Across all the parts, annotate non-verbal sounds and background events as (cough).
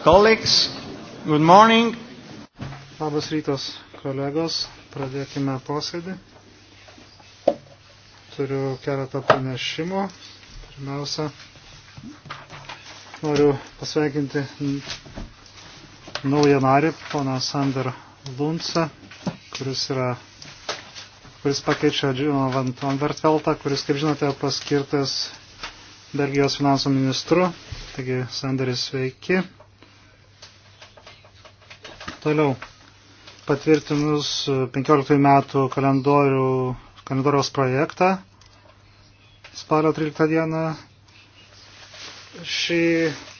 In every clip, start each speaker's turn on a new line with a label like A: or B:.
A: Colleagues, good morning. Labas rytas, kolegos. Pradėkime posėdį. Turiu keletą pranešimų. Pirmiausia, noriu pasveikinti naują narį, poną Sander Lunce, kuris yra kuris pakeičia Džino Van Vertveltą, kuris, kaip žinote, paskirtas Belgijos finansų ministru. Taigi, Sanderis, sveiki. Toliau, patvirtinus 15 metų kalendoriaus projektą spalio 13 dieną, šį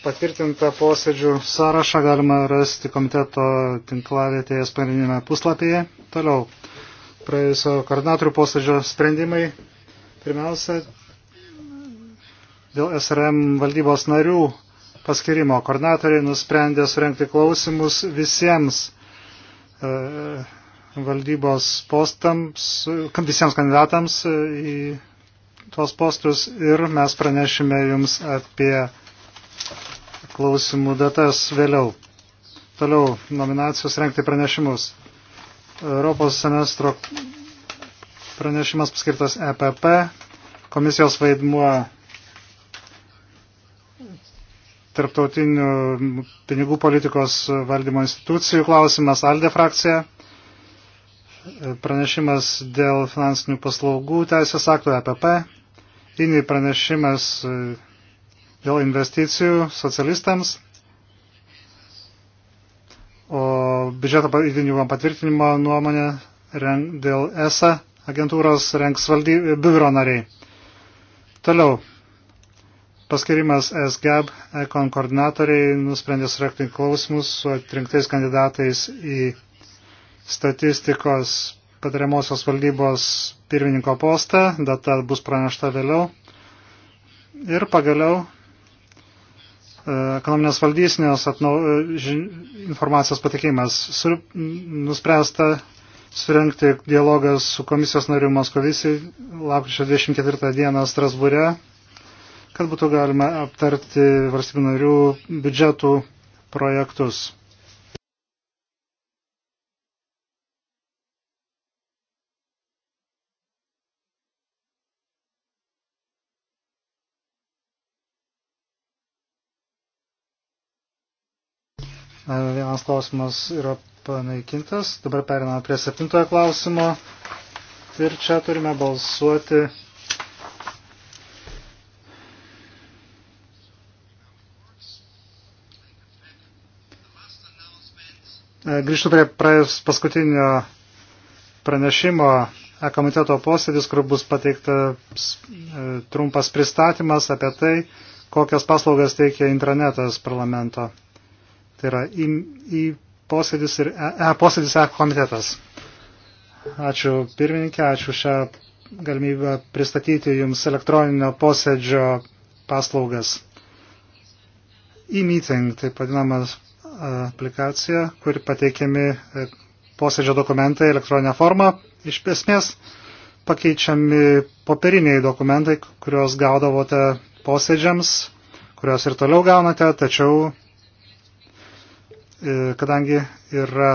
A: patvirtintą posėdžių sąrašą galima rasti komiteto tinklavietėje sprendinėme puslapyje. Toliau, praėjusio koordinatorių posėdžio sprendimai. Pirmiausia, dėl SRM valdybos narių paskirimo. Koordinatoriai nusprendė surenkti klausimus visiems e, valdybos postams, visiems kandidatams e, į tuos postus ir mes pranešime jums apie klausimų datas vėliau. Toliau nominacijos renkti pranešimus. Europos semestro pranešimas paskirtas EPP, komisijos vaidmuo tarptautinių pinigų politikos valdymo institucijų klausimas Alde frakcija. Pranešimas dėl finansinių paslaugų teisės aktų EPP. Ini pranešimas e, dėl investicijų socialistams. O biudžeto įdinimo patvirtinimo nuomonė dėl ESA agentūros renks valdy, biuro nariai. Toliau Paskirimas SGAB ekon koordinatoriai nusprendė surakti klausimus su atrinktais kandidatais į statistikos patariamosios valdybos pirmininko postą, data bus pranešta vėliau. Ir pagaliau e, ekonominės valdysinės atnau, e, žin, informacijos patikimas. Sur, nuspręsta surenkti dialogą su komisijos nariu Moskovisi lapkričio 24 dieną Strasbūre kad būtų galima aptarti valstybių narių biudžetų projektus. Vienas klausimas yra panaikintas. Dabar periname prie septintojo klausimo. Ir čia turime balsuoti E, grįžtu prie praėjus paskutinio pranešimo e komiteto posėdis, kur bus pateiktas e, trumpas pristatymas apie tai, kokias paslaugas teikia intranetas parlamento. Tai yra į, į posėdis ir e, e, posėdis e komitetas. Ačiū pirmininkė, ačiū šią galimybę pristatyti Jums elektroninio posėdžio paslaugas. E-meeting, taip vadinamas aplikaciją, kur pateikiami e, posėdžio dokumentai elektroninė forma. Iš esmės pakeičiami popieriniai dokumentai, kuriuos gaudavote posėdžiams, kuriuos ir toliau gaunate, tačiau e, kadangi yra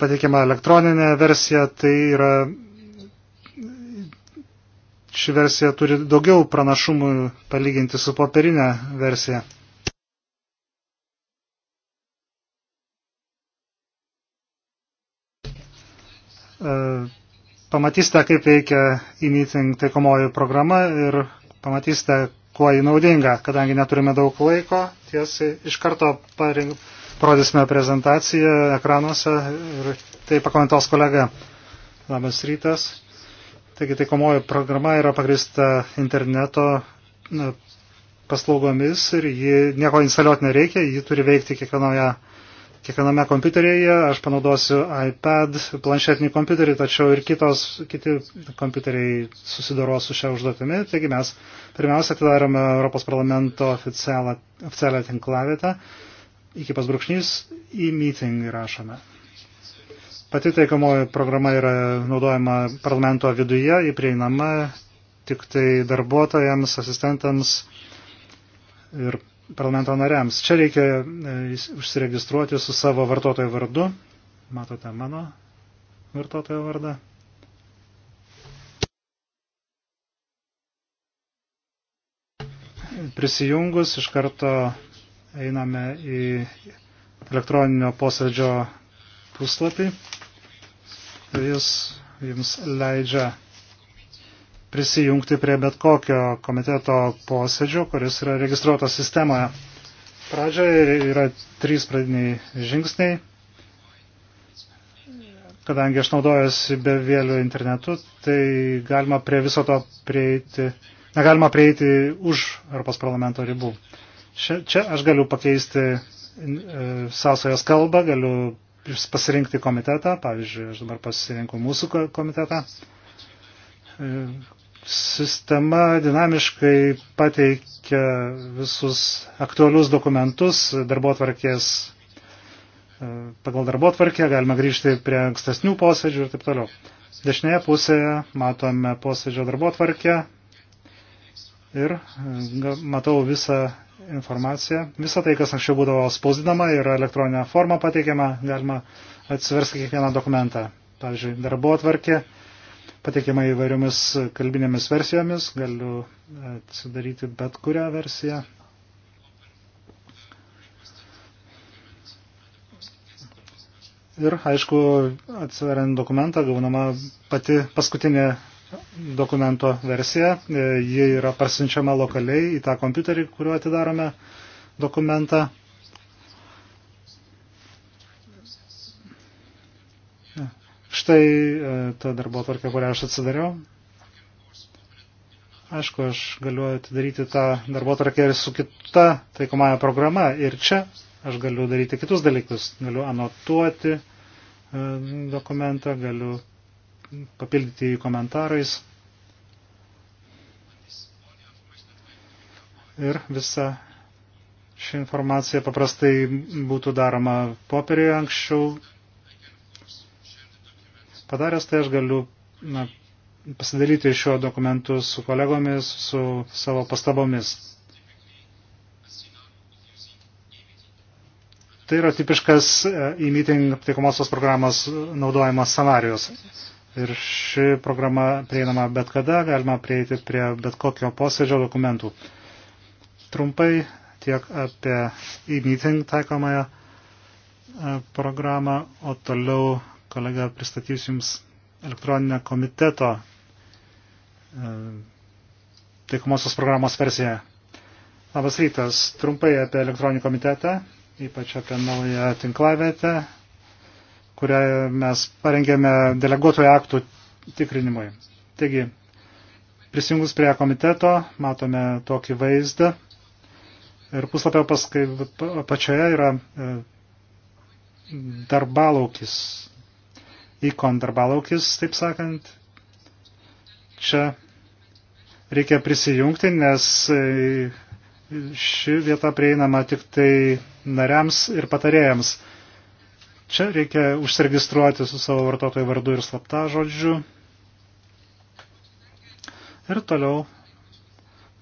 A: pateikiama elektroninė versija, tai yra ši versija turi daugiau pranašumų palyginti su popierinė versija. E, pamatysite, kaip veikia e-meeting taikomoji programa ir pamatysite, kuo ji naudinga. Kadangi neturime daug laiko, tiesiai iš karto parink, parodysime prezentaciją ekranuose ir tai pakomentos kolega. Labas rytas. Taigi taikomoji programa yra pagrista interneto e, paslaugomis ir ji nieko instaliuoti nereikia, ji turi veikti kiekvienoje kiekviename kompiuteryje, aš panaudosiu iPad, planšetinį kompiuterį, tačiau ir kitos, kiti kompiuteriai susidoros su šią užduotimi. Taigi mes pirmiausia atidarome Europos parlamento oficialą, oficialią tinklavietę, iki pasbrukšnys į meeting įrašome. Pati taikomoji programa yra naudojama parlamento viduje, įprieinama tik tai darbuotojams, asistentams ir parlamento nariams. Čia reikia e, užsiregistruoti su savo vartotojo vardu. Matote mano vartotojo vardą. Prisijungus iš karto einame į elektroninio posėdžio puslapį. Jis jums leidžia prisijungti prie bet kokio komiteto posėdžio, kuris yra registruotas sistemoje. Pradžioje yra trys pradiniai žingsniai. Kadangi aš naudojuosi be vėlių internetu, tai galima prie viso to prieiti, negalima prieiti už Europos parlamento ribų. Čia, čia aš galiu pakeisti e, sąsojos kalbą, galiu pasirinkti komitetą, pavyzdžiui, aš dabar pasirinku mūsų komitetą e, Sistema dinamiškai pateikia visus aktualius dokumentus darbo tvarkės. E, pagal darbo tvarkę galima grįžti prie ankstesnių posėdžių ir taip toliau. Dešinėje pusėje matome posėdžio darbo tvarkę ir e, matau visą informacija. Visą tai, kas anksčiau būdavo spausdinama, yra elektroninė forma pateikiama, galima atsiversti kiekvieną dokumentą. Pavyzdžiui, darbo atvarkė, pateikiama įvairiomis kalbinėmis versijomis, galiu atsidaryti bet kurią versiją. Ir, aišku, atsiveriant dokumentą, gaunama pati paskutinė dokumento versija. Ji yra parsinčiama lokaliai į tą kompiuterį, kuriuo atidarome dokumentą. Štai e, ta darbo tvarka, kurią aš atsidariau. Aišku, aš galiu atidaryti tą darbo tvarkę ir su kita taikomąją programa. Ir čia aš galiu daryti kitus dalykus. Galiu anotuoti e, dokumentą, galiu papildyti jį komentarais. Ir visa ši informacija paprastai būtų daroma popierioje anksčiau, padaręs, tai aš galiu na, pasidalyti šiuo dokumentu su kolegomis, su savo pastabomis. Tai yra tipiškas e, e-meeting taikomosios programos naudojimas scenarijus. Ir ši programa prieinama bet kada, galima prieiti prie bet kokio posėdžio dokumentų. Trumpai tiek apie e-meeting taikomąją e, programą, o toliau kolega pristatys jums elektroninę komiteto e, taikomosios programos versiją. Labas rytas, trumpai apie elektroninį komitetą, ypač apie naują tinklavietę, kurią mes parengėme deleguotojų aktų tikrinimui. Taigi, prisijungus prie komiteto, matome tokį vaizdą ir puslapio paskai, apačioje yra e, darbalaukis, į kontrabalaukis, taip sakant. Čia reikia prisijungti, nes e, ši vieta prieinama tik tai nariams ir patarėjams. Čia reikia užsiregistruoti su savo vartotojų vardu ir slapta žodžiu. Ir toliau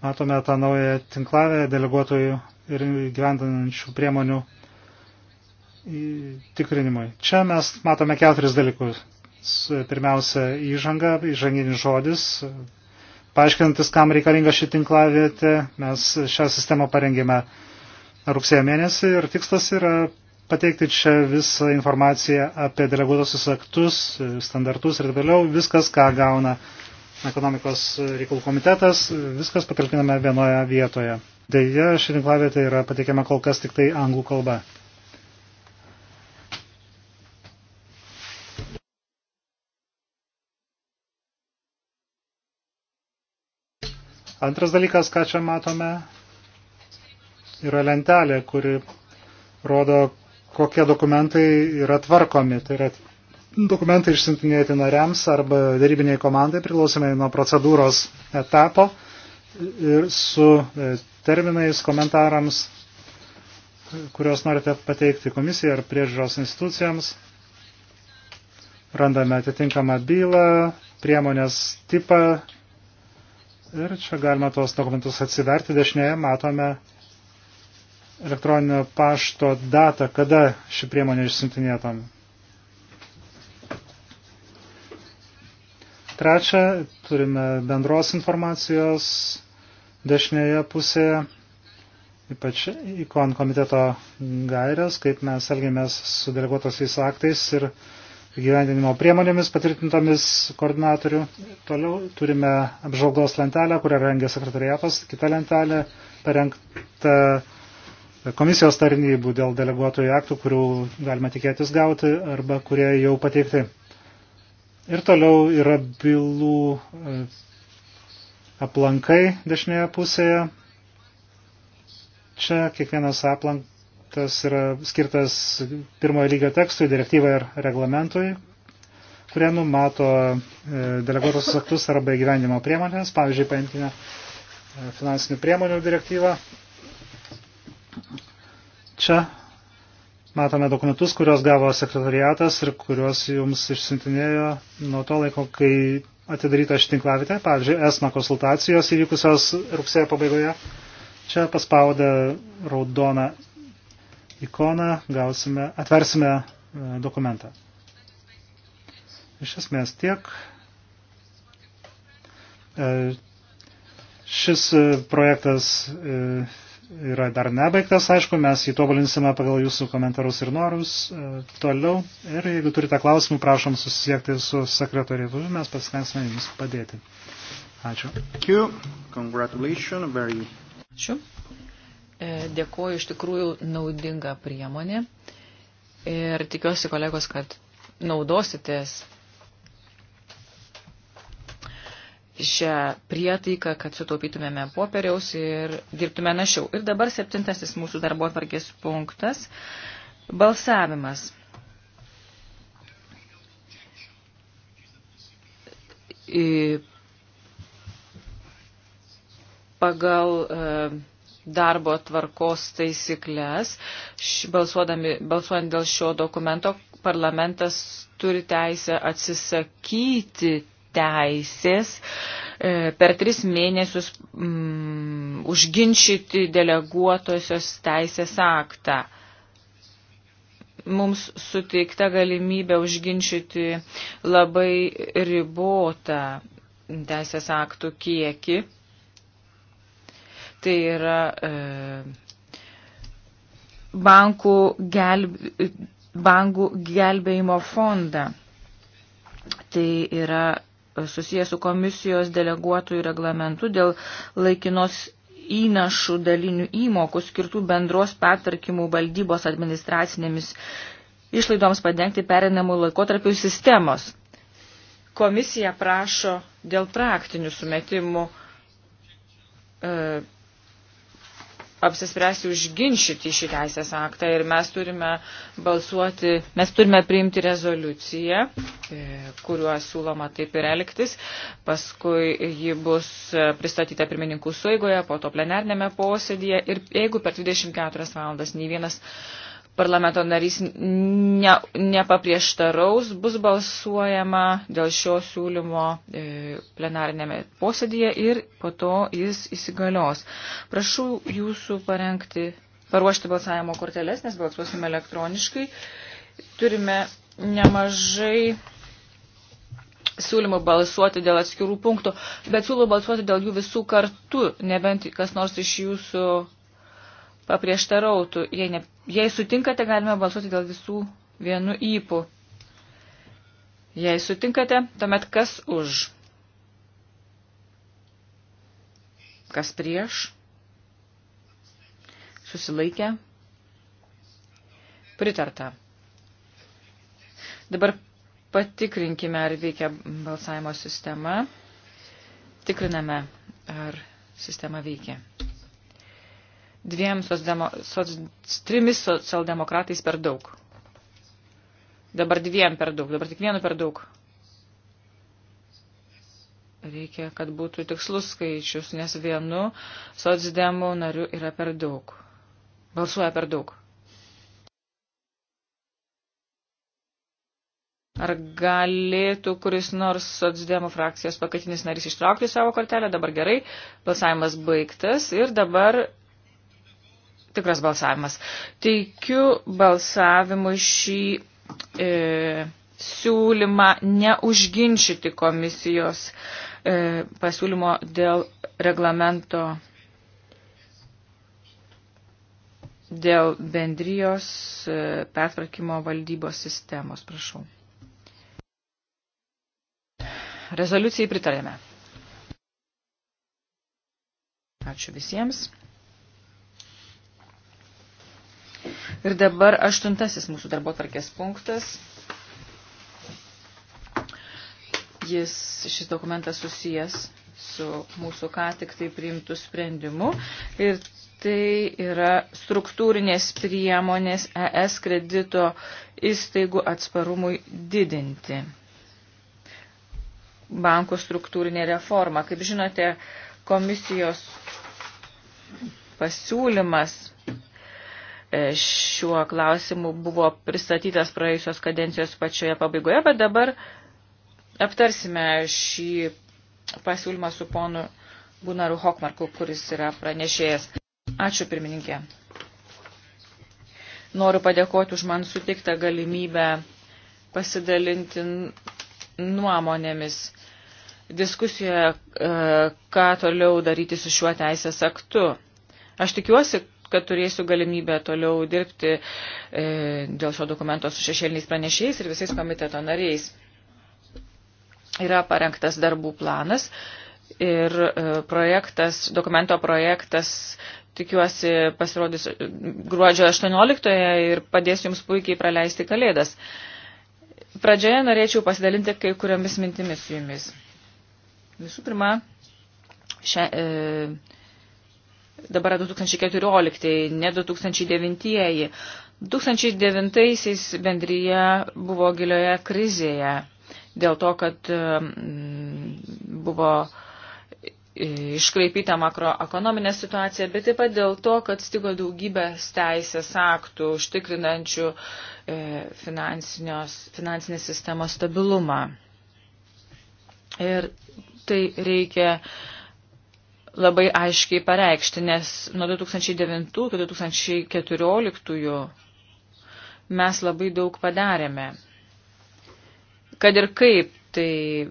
A: matome tą naują tinklavę deleguotojų ir gyvendinančių priemonių tikrinimui. Čia mes matome keturis dalykus. Pirmiausia, įžanga, įžanginis žodis, paaiškinantis, kam reikalinga ši tinklavietė. Mes šią sistemą parengėme rugsėjo mėnesį ir tikslas yra pateikti čia visą informaciją apie deleguotosius aktus, standartus ir vėliau viskas, ką gauna ekonomikos reikalų komitetas, viskas patalpiname vienoje vietoje. Deja, ši tinklavietė yra pateikiama kol kas tik tai anglų kalba. Antras dalykas, ką čia matome, yra lentelė, kuri rodo, kokie dokumentai yra tvarkomi. Tai yra dokumentai išsintinėti nariams arba darybiniai komandai priklausomai nuo procedūros etapo ir su e, terminais, komentarams, kuriuos norite pateikti komisijai ar priežiūros institucijams. Randame atitinkamą bylą, priemonės tipą, Ir čia galima tuos dokumentus atsiverti. Dešinėje matome elektroninio pašto datą, kada ši priemonė išsintinėtam. Trečia, turime bendros informacijos dešinėje pusėje, ypač ikon komiteto gairias, kaip mes elgiamės su deleguotos įsaktais ir gyvendinimo priemonėmis patvirtintomis koordinatorių. Toliau turime apžvalgos lentelę, kurią rengia sekretariatas. Kita lentelė parengta komisijos tarnybų dėl deleguotojų aktų, kurių galima tikėtis gauti arba kurie jau pateikti. Ir toliau yra bylų e, aplankai dešinėje pusėje. Čia kiekvienas aplankas tas yra skirtas pirmojo lygio tekstui, direktyvai ir reglamentui, kurie numato e, deleguotus aktus arba įgyvendimo priemonės, pavyzdžiui, paimkime e, finansinių priemonių direktyvą. Čia matome dokumentus, kuriuos gavo sekretariatas ir kuriuos jums išsintinėjo nuo to laiko, kai atidaryta ši tinklavietė, pavyzdžiui, ESMA konsultacijos įvykusios rugsėjo pabaigoje. Čia paspaudę raudoną ikoną, gausime, atversime e, dokumentą. Iš esmės tiek. E, šis e, projektas yra dar nebaigtas, aišku, mes jį tobulinsime pagal jūsų komentarus ir norus toliau. Ir jeigu turite klausimų, prašom susisiekti su sekretorietu, mes pasistengsime jums padėti. Ačiū. Ačiū. Congratulations. Very...
B: Ačiū. E, dėkuoju, iš tikrųjų naudinga priemonė ir tikiuosi, kolegos, kad naudositės šią prietaiką, kad sutaupytumėme popieriaus ir dirbtume našiau. Ir dabar septintasis mūsų darbo atvarkės punktas – balsavimas. Pagal uh, darbo tvarkos taisyklės. Balsuojant dėl šio dokumento, parlamentas turi teisę atsisakyti teisės e, per tris mėnesius mm, užginčyti deleguotosios teisės aktą. Mums suteikta galimybė užginčyti labai ribotą teisės aktų kiekį Tai yra e, bankų, gelb, bankų gelbėjimo fondą. Tai yra susijęs su komisijos deleguotojų reglamentu dėl laikinos įnašų dalinių įmokų skirtų bendros pertarkimų valdybos administracinėmis išlaidoms padengti perinamų laikotarpių sistemos. Komisija prašo dėl praktinių sumetimų e, apsispręsti užginčyti šį teisės aktą ir mes turime balsuoti, mes turime priimti rezoliuciją, e, kuriuo siūloma taip ir elgtis, paskui ji bus pristatyta pirmininkų suigoje, po to plenernėme posėdėje ir jeigu per 24 valandas nei vienas parlamento narys ne, nepaprieštaraus, bus balsuojama dėl šio siūlymo e, plenarinėme posėdėje ir po to jis įsigalios. Prašau jūsų parengti, paruošti balsavimo korteles, nes balsuosime elektroniškai. Turime nemažai siūlymų balsuoti dėl atskirų punktų, bet siūlau balsuoti dėl jų visų kartu, nebent kas nors iš jūsų paprieštarautų. Jei, ne, jei sutinkate, galime balsuoti dėl visų vienu įpų. Jei sutinkate, tuomet kas už? Kas prieš? Susilaikę? Pritarta. Dabar patikrinkime, ar veikia balsavimo sistema. Tikriname, ar sistema veikia dviem socdemo, soc, trimis socialdemokratais per daug. Dabar dviem per daug, dabar tik vienu per daug. Reikia, kad būtų tikslus skaičius, nes vienu socdemų nariu yra per daug. Balsuoja per daug. Ar galėtų kuris nors socdemų frakcijos pakaitinis narys ištraukti savo kortelę? Dabar gerai, balsavimas baigtas ir dabar tikras balsavimas. Teikiu balsavimui šį e, siūlymą neužginčyti komisijos e, pasiūlymo dėl reglamento dėl bendrijos e, pertvarkymo valdybos sistemos. Prašau. Rezoliucijai pritarėme. Ačiū visiems. Ir dabar aštuntasis mūsų darbo tvarkės punktas. Jis, šis dokumentas susijęs su mūsų ką tik tai priimtų sprendimu. Ir tai yra struktūrinės priemonės ES kredito įstaigų atsparumui didinti. Bankų struktūrinė reforma. Kaip žinote, komisijos pasiūlymas E, šiuo klausimu buvo pristatytas praėjusios kadencijos pačioje pabaigoje, bet dabar aptarsime šį pasiūlymą su ponu Gunaru Hokmarku, kuris yra pranešėjas. Ačiū pirmininkė. Noriu padėkoti už man sutiktą galimybę pasidalinti nuomonėmis diskusijoje, e, ką toliau daryti su šiuo teisės aktu. Aš tikiuosi, kad turėsiu galimybę toliau dirbti e, dėl šio dokumento su šešėliniais pranešėjais ir visais komiteto nariais. Yra parengtas darbų planas ir e, projektas, dokumento projektas, tikiuosi, pasirodys gruodžio 18 ir padės jums puikiai praleisti kalėdas. Pradžioje norėčiau pasidalinti kai kuriomis mintimis su jumis. Visų pirma, šia, e, dabar 2014, ne 2009. 2009-aisiais bendryje buvo gilioje krizėje dėl to, kad mm, buvo e, iškraipyta makroekonominė situacija, bet taip pat dėl to, kad stigo daugybės teisės aktų užtikrinančių e, finansinės sistemos stabilumą. Ir tai reikia labai aiškiai pareikšti, nes nuo 2009 iki 2014 mes labai daug padarėme. Kad ir kaip tai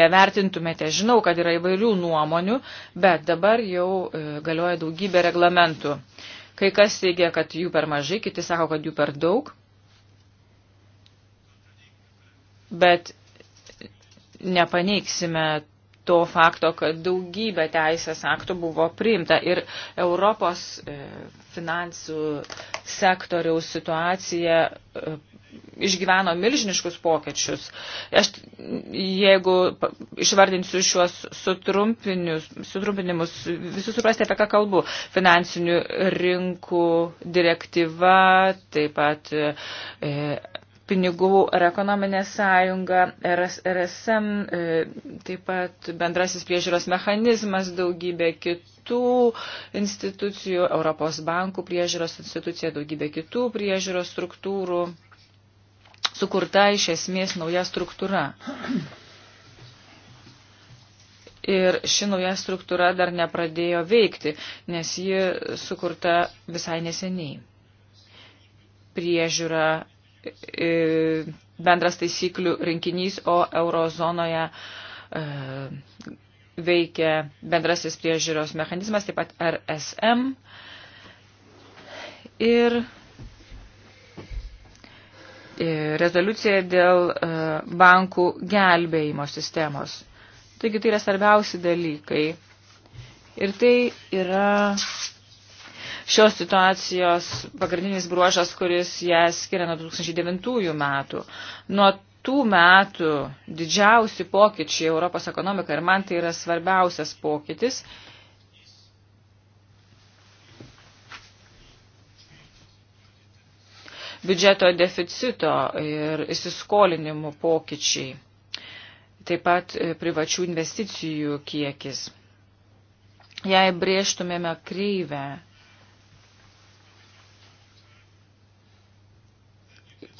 B: bevertintumėte, žinau, kad yra įvairių nuomonių, bet dabar jau e, galioja daugybė reglamentų. Kai kas teigia, kad jų per mažai, kiti sako, kad jų per daug. Bet nepaneiksime to fakto, kad daugybė teisės aktų buvo priimta ir Europos e, finansų sektoriaus situacija e, išgyveno milžiniškus pokyčius. Aš jeigu išvardinsiu šiuos sutrumpinimus, visus suprasti, apie ką kalbu. Finansinių rinkų direktyva, taip pat e, pinigų ar ekonominė sąjunga, RSM, e, taip pat bendrasis priežiūros mechanizmas, daugybė kitų institucijų, Europos bankų priežiūros institucija, daugybė kitų priežiūros struktūrų, sukurta iš esmės nauja struktūra. Ir ši nauja struktūra dar nepradėjo veikti, nes ji sukurta visai neseniai. Priežiūra E, bendras taisyklių rinkinys, o eurozonoje e, veikia bendrasis priežiūros mechanizmas, taip pat RSM. Ir e, rezoliucija dėl bankų gelbėjimo sistemos. Taigi tai yra svarbiausi dalykai. Ir tai yra šios situacijos pagrindinis bruožas, kuris ją skiria nuo 2009 metų. Nuo tų metų didžiausi pokyčiai Europos ekonomika ir man tai yra svarbiausias pokytis. Biudžeto deficito ir įsiskolinimų pokyčiai, taip pat e, privačių investicijų kiekis. Jei brėžtumėme kreivę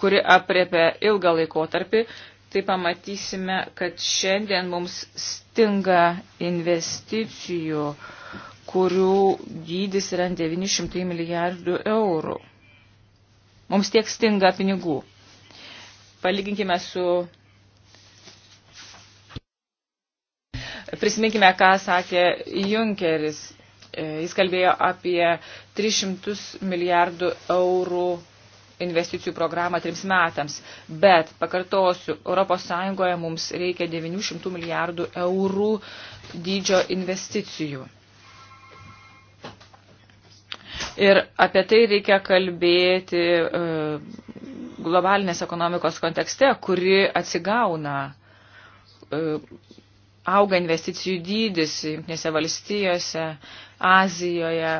B: kuri apriepia ilgą laikotarpį, tai pamatysime, kad šiandien mums stinga investicijų, kurių dydis yra 900 milijardų eurų. Mums tiek stinga pinigų. Palyginkime su. Prisiminkime, ką sakė Junkeris. E, jis kalbėjo apie 300 milijardų eurų investicijų programą trims metams. Bet, pakartosiu, ES mums reikia 900 milijardų eurų dydžio investicijų. Ir apie tai reikia kalbėti e, globalinės ekonomikos kontekste, kuri atsigauna, e, auga investicijų dydis Junktinėse valstijose, Azijoje.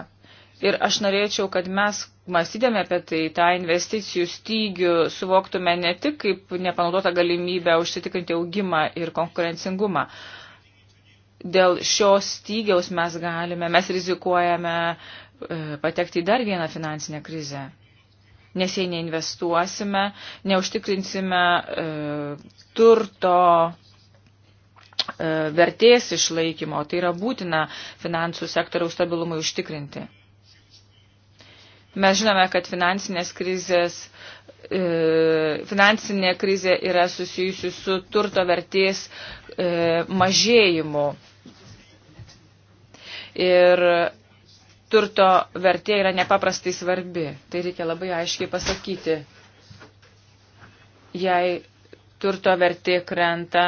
B: Ir aš norėčiau, kad mes mąstydami apie tai, tą investicijų stygių suvoktume ne tik kaip nepanaudotą galimybę užsitikrinti augimą ir konkurencingumą. Dėl šios stygiaus mes galime, mes rizikuojame e, patekti į dar vieną finansinę krizę. Nes jei neinvestuosime, neužtikrinsime e, turto e, vertės išlaikymo, tai yra būtina finansų sektoriaus stabilumui užtikrinti. Mes žinome, kad finansinės krizės, e, finansinė krizė yra susijusi su turto vertės e, mažėjimu. Ir turto vertė yra nepaprastai svarbi. Tai reikia labai aiškiai pasakyti. Jei turto vertė krenta,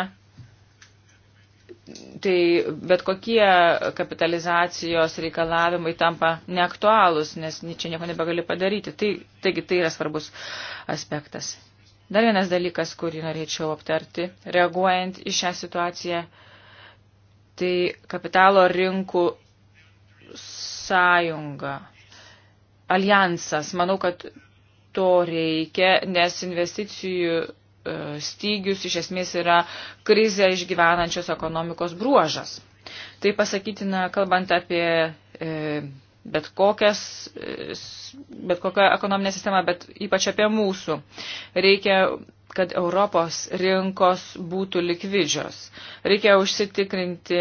B: tai bet kokie kapitalizacijos reikalavimai tampa neaktualūs, nes čia nieko nebegali padaryti. Tai, taigi tai yra svarbus aspektas. Dar vienas dalykas, kurį norėčiau aptarti, reaguojant į šią situaciją, tai kapitalo rinkų sąjunga, alijansas. Manau, kad to reikia, nes investicijų E, stygius iš esmės yra krizę išgyvenančios ekonomikos bruožas. Tai pasakytina, kalbant apie e, bet, kokias, e, bet kokią ekonominę sistemą, bet ypač apie mūsų. Reikia kad Europos rinkos būtų likvidžios. Reikia užsitikrinti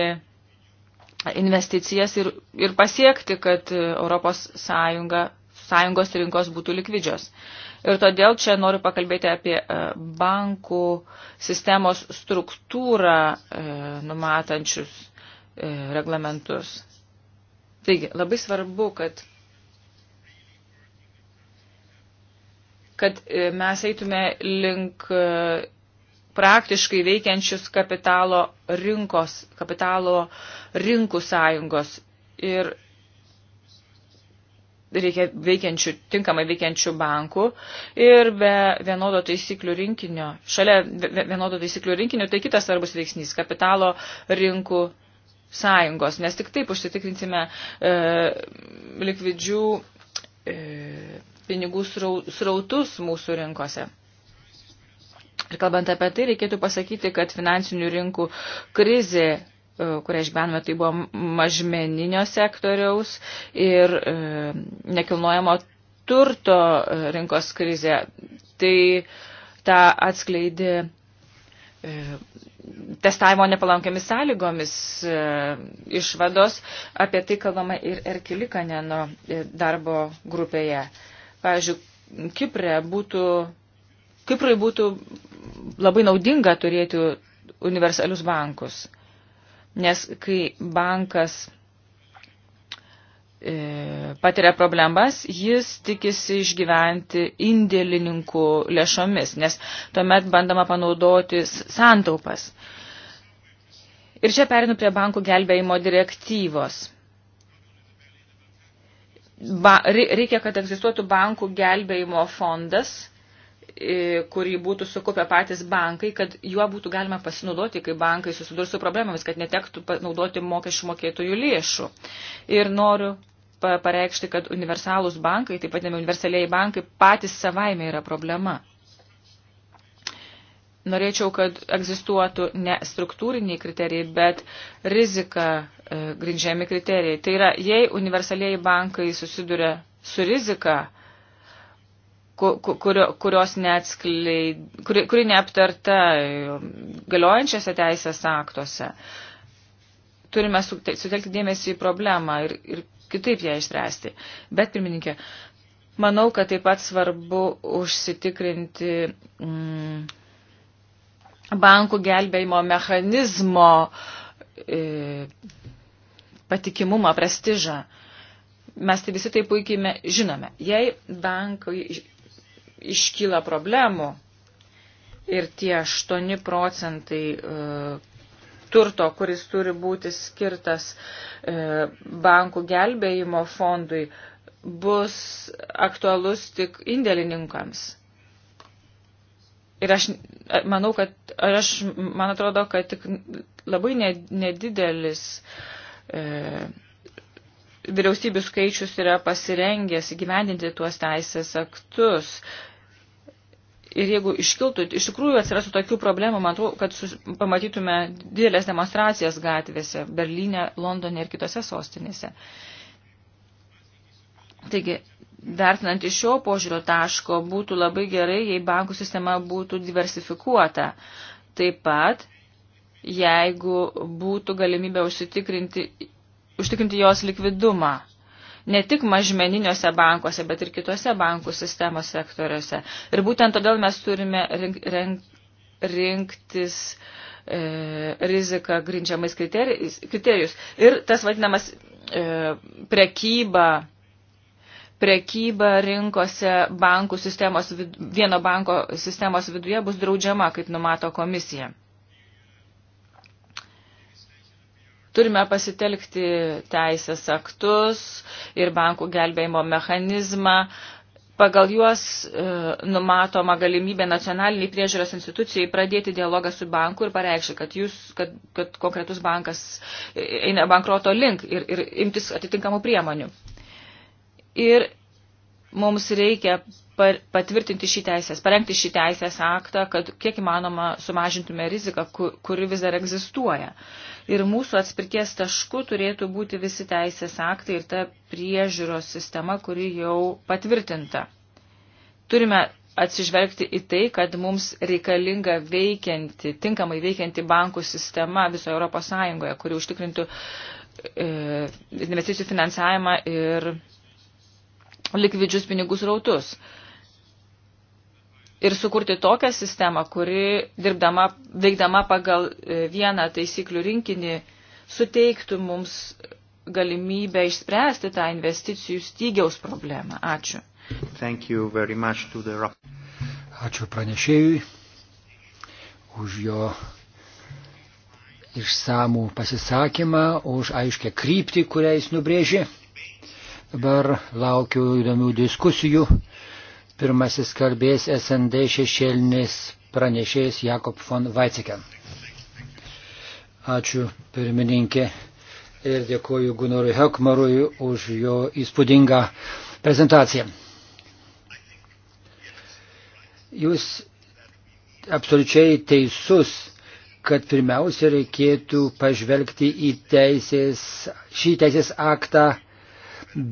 B: investicijas ir, ir pasiekti, kad Europos sąjunga, sąjungos rinkos būtų likvidžios. Uh, Ir todėl čia noriu pakalbėti apie e, bankų sistemos struktūrą e, numatančius e, reglamentus. Taigi, labai svarbu, kad, kad mes eitume link praktiškai veikiančius kapitalo rinkos, kapitalo rinkų sąjungos. Ir reikia veikiančių, tinkamai veikiančių bankų ir be vienodo taisyklių rinkinio, šalia vienodo taisyklių rinkinio, tai kitas svarbus veiksnys – kapitalo rinkų sąjungos, nes tik taip užsitikrinsime e, likvidžių e, pinigų srautus mūsų rinkose. Ir kalbant apie tai, reikėtų pasakyti, kad finansinių rinkų krizė E, kurią išgyvenome, tai buvo mažmeninio sektoriaus ir e, nekilnojamo turto e, rinkos krizė. Tai tą atskleidė testavimo nepalankiamis sąlygomis išvados, apie tai kalbama ir Erkilikaneno darbo grupėje. Pavyzdžiui, Kiprė būtų, Kiprui būtų labai naudinga turėti universalius bankus. Nes kai bankas e, patiria problemas, jis tikisi išgyventi indėlininkų lėšomis, nes tuomet bandama panaudoti santaupas. Ir čia perinu prie bankų gelbėjimo direktyvos. Ba, reikia, kad egzistuotų bankų gelbėjimo fondas, kurį būtų sukupę patys bankai, kad juo būtų galima pasinaudoti, kai bankai susidurs su problemomis, kad netektų naudoti mokesčių mokėtojų lėšų. Ir noriu pareikšti, kad universalūs bankai, taip pat universaliai bankai, patys savaime yra problema. Norėčiau, kad egzistuotų ne struktūriniai kriterijai, bet rizika e, grindžiami kriterijai. Tai yra, jei universaliai bankai susiduria su rizika, kurio, kurios neatskleid, kuri, kuri neaptarta galiojančiose teisės aktuose. Turime sutelkti dėmesį į problemą ir, ir kitaip ją išspręsti. Bet, pirmininkė, manau, kad taip pat svarbu užsitikrinti mm, bankų gelbėjimo mechanizmo e, patikimumą, prestižą. Mes tai visi tai puikiai žinome. Jei bankai iškyla problemų. Ir tie 8 procentai e, turto, kuris turi būti skirtas e, bankų gelbėjimo fondui, bus aktualus tik indėlininkams. Ir aš manau, kad aš, man atrodo, kad tik labai nedidelis e, vyriausybių skaičius yra pasirengęs įgyvendinti tuos teisės aktus. Ir jeigu iškiltų, iš tikrųjų atsirastų tokių problemų, matau, kad sus, pamatytume didelės demonstracijas gatvėse Berlyne, Londone ir kitose sostinėse. Taigi, vertinant iš šio požiūrio taško, būtų labai gerai, jei bankų sistema būtų diversifikuota. Taip pat, jeigu būtų galimybė užsitikrinti, užtikrinti jos likvidumą ne tik mažmeniniuose bankuose, bet ir kitose bankų sistemos sektoriuose. Ir būtent todėl mes turime rink, rink, rinktis e, riziką grindžiamais kriterijus, kriterijus. Ir tas vadinamas e, prekyba, prekyba rinkose bankų sistemos, vieno banko sistemos viduje bus draudžiama, kaip numato komisija. Turime pasitelkti teisės aktus ir bankų gelbėjimo mechanizmą. Pagal juos e, numatoma galimybė nacionaliniai priežiūros institucijai pradėti dialogą su banku ir pareikšti, kad, jūs, kad, kad konkretus bankas e, eina bankroto link ir, ir imtis atitinkamų priemonių. Ir mums reikia patvirtinti šį teisės, parengti šį teisės aktą, kad kiek įmanoma sumažintume riziką, kuri vis dar egzistuoja. Ir mūsų atspirties tašku turėtų būti visi teisės aktai ir ta priežiūros sistema, kuri jau patvirtinta. Turime atsižvelgti į tai, kad mums reikalinga veikianti, tinkamai veikianti bankų sistema visoje Europos Sąjungoje, kuri užtikrintų e, investicijų finansavimą ir likvidžius pinigus rautus. E, ir sukurti tokią sistemą, kuri dirbdama, veikdama pagal e, vieną taisyklių rinkinį suteiktų mums galimybę išspręsti tą investicijų stygiaus problemą. Ačiū.
A: The...
C: Ačiū pranešėjui už jo išsamų pasisakymą, už aiškę kryptį, kurią jis nubrėžė. Dabar laukiu įdomių diskusijų. Pirmasis kalbės SND šešėlinis pranešėjas Jakob von Weizsäcker. Ačiū pirmininkė ir dėkoju Gunorui Hekmarui už jo įspūdingą prezentaciją. Jūs absoliučiai teisus, kad pirmiausia reikėtų pažvelgti į teisės, šį teisės aktą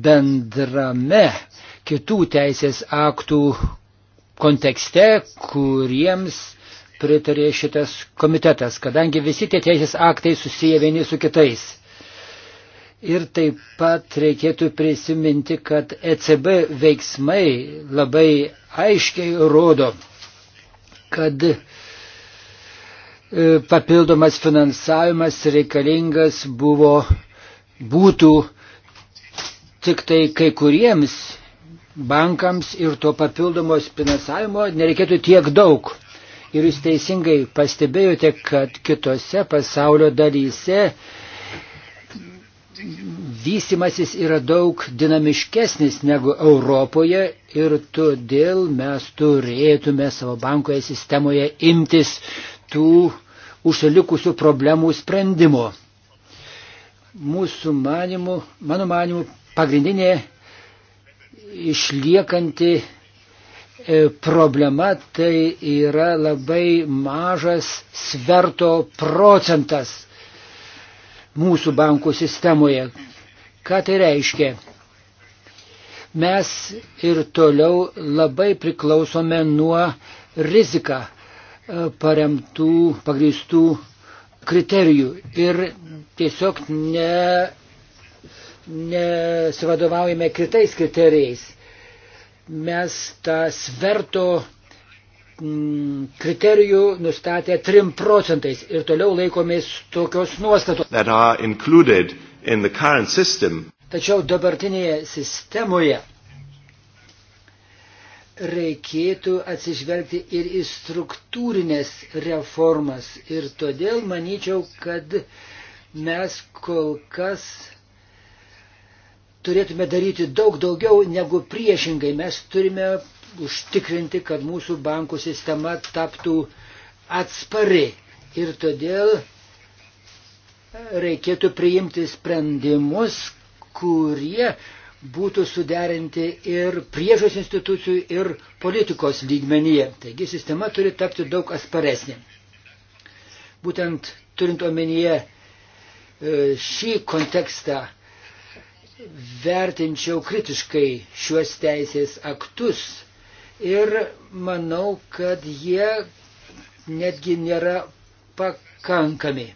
C: bendrame kitų teisės aktų kontekste, kuriems pritarė šitas komitetas, kadangi visi tie teisės aktai susiję vieni su kitais. Ir taip pat reikėtų prisiminti, kad ECB veiksmai labai aiškiai rodo, kad e, papildomas finansavimas reikalingas buvo, būtų tik tai kai kuriems bankams ir to papildomos finansavimo nereikėtų tiek daug. Ir jūs teisingai pastebėjote, kad kitose pasaulio dalyse vystimasis yra daug dinamiškesnis negu Europoje ir todėl mes turėtume savo bankoje sistemoje imtis tų užsilikusių problemų sprendimo. Mūsų manimu, mano manimu, pagrindinė išliekanti e, problema tai yra labai mažas sverto procentas mūsų bankų sistemoje. Ką tai reiškia? Mes ir toliau labai priklausome nuo riziką e, paremtų, pagrįstų kriterijų ir tiesiog ne nesivadovaujame kitais kriterijais. Mes tą sverto mm, kriterijų nustatė 3 procentais ir toliau laikomės tokios nuostatos. In Tačiau dabartinėje sistemoje reikėtų atsižvelgti ir į struktūrinės reformas. Ir todėl manyčiau, kad mes kol kas turėtume daryti daug daugiau negu priešingai. Mes turime užtikrinti, kad mūsų bankų sistema taptų atspari. Ir todėl reikėtų priimti sprendimus, kurie būtų suderinti ir priežos institucijų, ir politikos lygmenyje. Taigi sistema turi tapti daug asparesnė. Būtent turint omenyje e, šį kontekstą vertinčiau kritiškai šiuos teisės aktus ir manau, kad jie netgi nėra pakankami.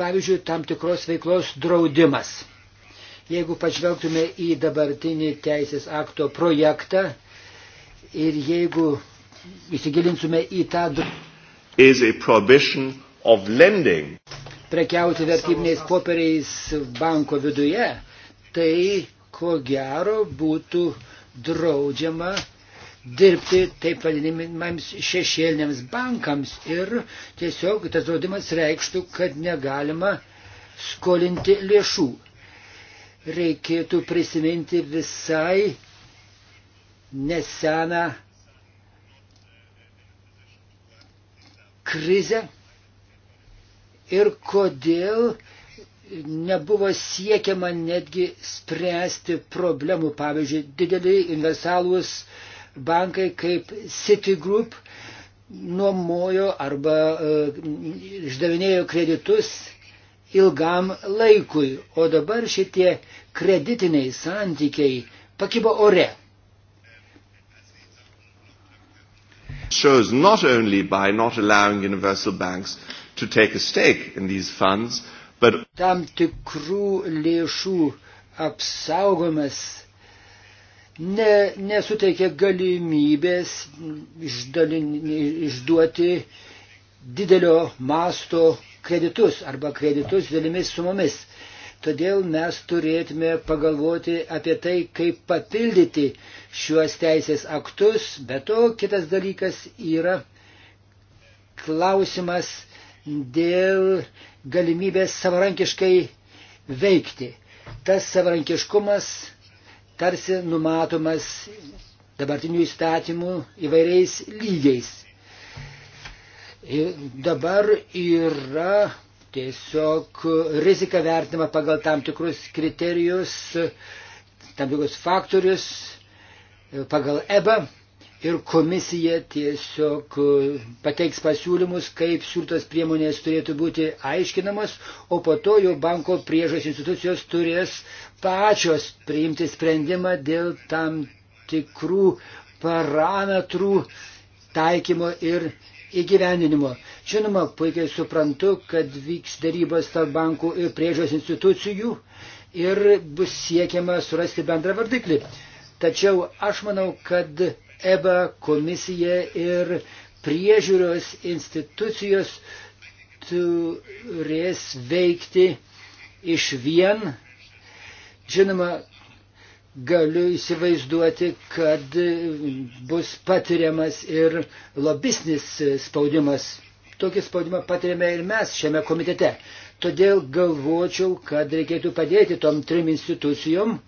C: Pavyzdžiui, tam tikros veiklos draudimas. Jeigu pažvelgtume į dabartinį teisės akto projektą ir jeigu įsigilintume į tą.
D: Is a prohibition of lending
C: prekiauti vertybiniais popieriais banko viduje, tai ko gero būtų draudžiama dirbti taip vadinimams šešėliniams bankams ir tiesiog tas draudimas reikštų, kad negalima skolinti lėšų. Reikėtų prisiminti visai neseną krizę, ir kodėl nebuvo siekiama netgi spręsti problemų. Pavyzdžiui, dideli universalūs bankai kaip Citigroup nuomojo arba uh, išdavinėjo kreditus ilgam laikui, o dabar šitie kreditiniai santykiai pakibo ore.
D: Shows not only by not allowing universal banks to take a stake in these funds, but
C: tam tikrų lėšų apsaugomas ne, nesuteikia galimybės išdalin, išduoti didelio masto kreditus arba kreditus dėlimis sumomis. Todėl mes turėtume pagalvoti apie tai, kaip papildyti šiuos teisės aktus, bet to kitas dalykas yra klausimas dėl galimybės savarankiškai veikti. Tas savarankiškumas tarsi numatomas dabartinių įstatymų įvairiais lygiais. Ir dabar yra tiesiog rizika vertinama pagal tam tikrus kriterijus, tam tikrus faktorius, pagal EBA ir komisija tiesiog e, pateiks pasiūlymus, kaip siūlytos priemonės turėtų būti aiškinamas, o po to jau banko priežos institucijos turės pačios priimti sprendimą dėl tam tikrų parametrų taikymo ir įgyvendinimo. Žinoma, puikiai suprantu, kad vyks darybos tarp bankų ir priežos institucijų ir bus siekiama surasti bendrą vardiklį. Tačiau aš manau, kad EBA komisija ir priežiūros institucijos turės veikti iš vien. Žinoma, galiu įsivaizduoti, kad bus patiriamas ir lobisnis spaudimas. Tokį spaudimą patiriame ir mes šiame komitete. Todėl galvočiau, kad reikėtų padėti tom trim institucijom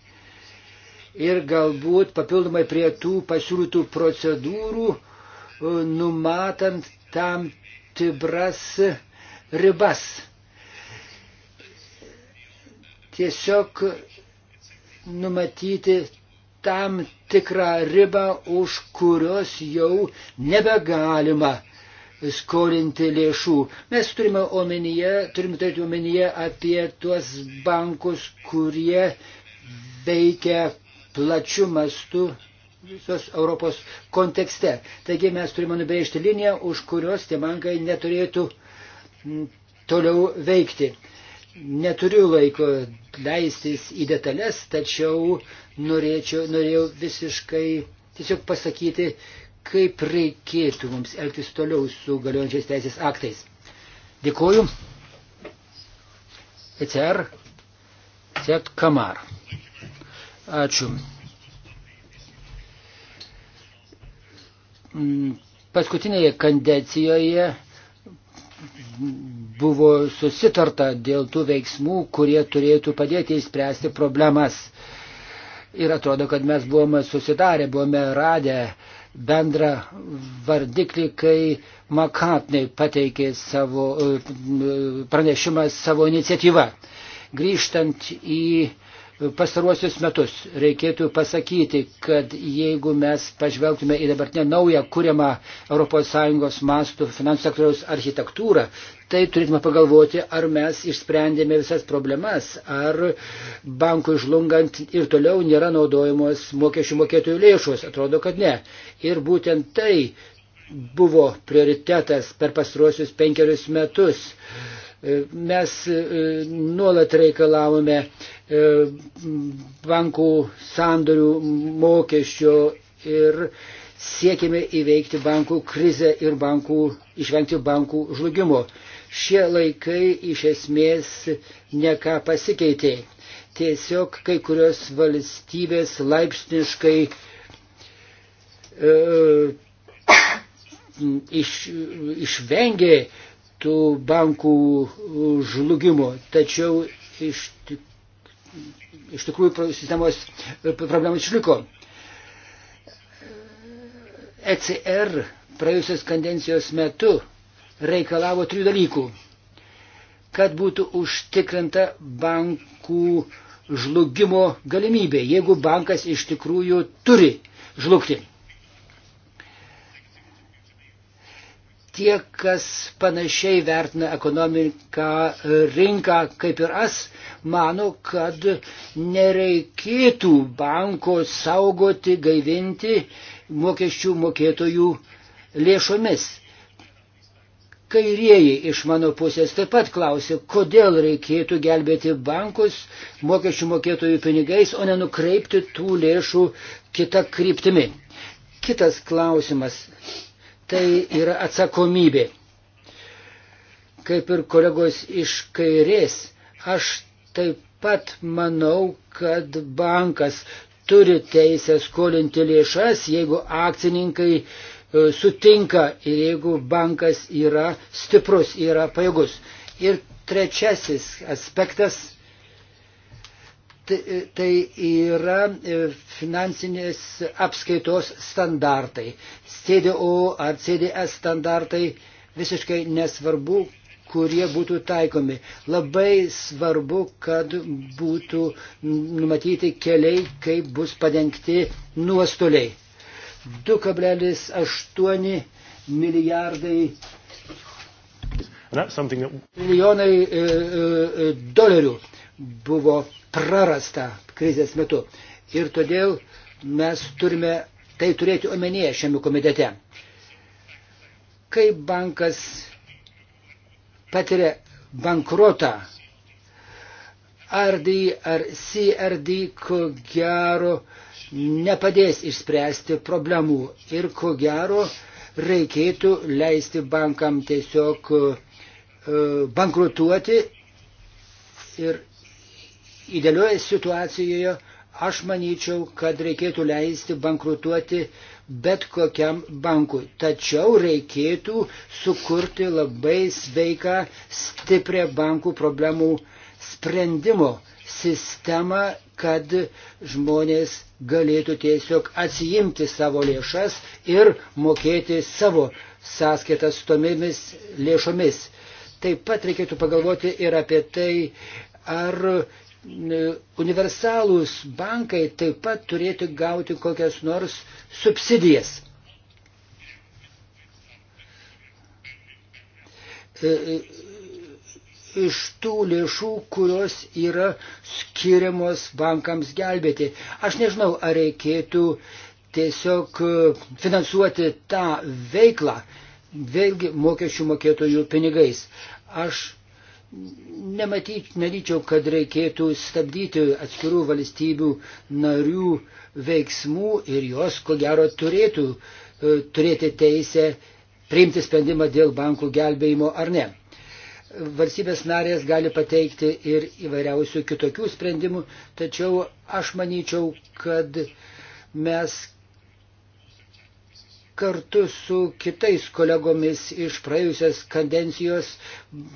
C: ir galbūt papildomai prie tų pasiūlytų procedūrų e, numatant tam tibras ribas. Tiesiog numatyti tam tikrą ribą, už kurios jau nebegalima skolinti lėšų. Mes turime omenyje, turime turėti omenyje apie tuos bankus, kurie veikia plačių mastų visos Europos kontekste. Taigi mes turime nubrėžti liniją, už kurios tie bankai neturėtų toliau veikti. Neturiu laiko leistis į detalės, tačiau norėčiau, norėjau visiškai tiesiog pasakyti, kaip reikėtų mums elgtis toliau su galiojančiais teisės aktais. Dėkuoju. ECR. Set Kamar. Ačiū. Mm, paskutinėje kandencijoje buvo susitarta dėl tų veiksmų, kurie turėtų padėti įspręsti problemas. Ir atrodo, kad mes buvome susidarę, buvome radę bendrą vardiklį, kai Makatnai pateikė savo, mm, pranešimą savo iniciatyvą. Grįžtant į pastaruosius metus. Reikėtų pasakyti, kad jeigu mes pažvelgtume į dabartinę naują kūriamą ES mastų finansų sektoriaus architektūrą, tai turėtume pagalvoti, ar mes išsprendėme visas problemas, ar bankui žlungant ir toliau nėra naudojamos mokesčių mokėtojų lėšos. Atrodo, kad ne. Ir būtent tai buvo prioritetas per pastaruosius penkerius metus. Uh, Mes e, nuolat reikalavome e, bankų sandorių mokesčio ir siekime įveikti bankų krizę ir bankų, išvengti bankų žlugimo. Šie laikai iš esmės neką pasikeitė. Tiesiog kai kurios valstybės laipsniškai e, (coughs) iš, išvengė tų bankų žlugimo. Tačiau iš, iš tikrųjų sistemos problemos išliko. ECR praėjusios kandencijos metu reikalavo trijų dalykų. Kad būtų užtikrinta bankų žlugimo galimybė, jeigu bankas iš tikrųjų turi žlugti. tie, kas panašiai vertina ekonomiką rinką kaip ir aš, mano, kad nereikėtų banko saugoti, gaivinti mokesčių mokėtojų lėšomis. Kairieji iš mano pusės taip pat klausė, kodėl reikėtų gelbėti bankus mokesčių mokėtojų pinigais, o nenukreipti tų lėšų kitą kryptimį. Kitas klausimas tai yra atsakomybė. Kaip ir kolegos iš kairės, aš taip pat manau, kad bankas turi teisę skolinti lėšas, jeigu akcininkai e, sutinka ir jeigu bankas yra stiprus, yra pajėgus. Ir trečiasis aspektas E, tai yra e, finansinės apskaitos standartai. CDO ar CDS standartai visiškai nesvarbu, kurie būtų taikomi. Labai svarbu, kad būtų numatyti keliai, kaip bus padengti nuostoliai. 2,8 milijardai milijonai e, e, dolerių buvo prarasta krizės metu. Ir todėl mes turime tai turėti omenyje šiame komitete. Kai bankas patiria bankrotą, RD ar CRD ko gero nepadės išspręsti problemų ir ko gero reikėtų leisti bankam tiesiog e, bankrutuoti ir idealioje situacijoje aš manyčiau, kad reikėtų leisti bankrutuoti bet kokiam bankui. Tačiau reikėtų sukurti labai sveiką, stiprią bankų problemų sprendimo sistemą, kad žmonės galėtų tiesiog atsijimti savo lėšas ir mokėti savo sąskaitas tomis lėšomis. Taip pat reikėtų pagalvoti ir apie tai, ar E, universalūs bankai taip pat turėtų gauti kokias nors subsidijas. E, e, iš tų lėšų, kurios yra skiriamos bankams gelbėti. Aš nežinau, ar reikėtų tiesiog finansuoti tą veiklą, vėlgi mokesčių mokėtojų pinigais. Aš nematyt, neryčiau, kad reikėtų stabdyti atskirų valstybių narių veiksmų ir jos, ko gero, turėtų e, turėti teisę priimti sprendimą dėl bankų gelbėjimo ar ne. Valstybės narės gali pateikti ir įvairiausių kitokių sprendimų, tačiau aš manyčiau, kad mes kartu su kitais kolegomis iš praėjusios kadencijos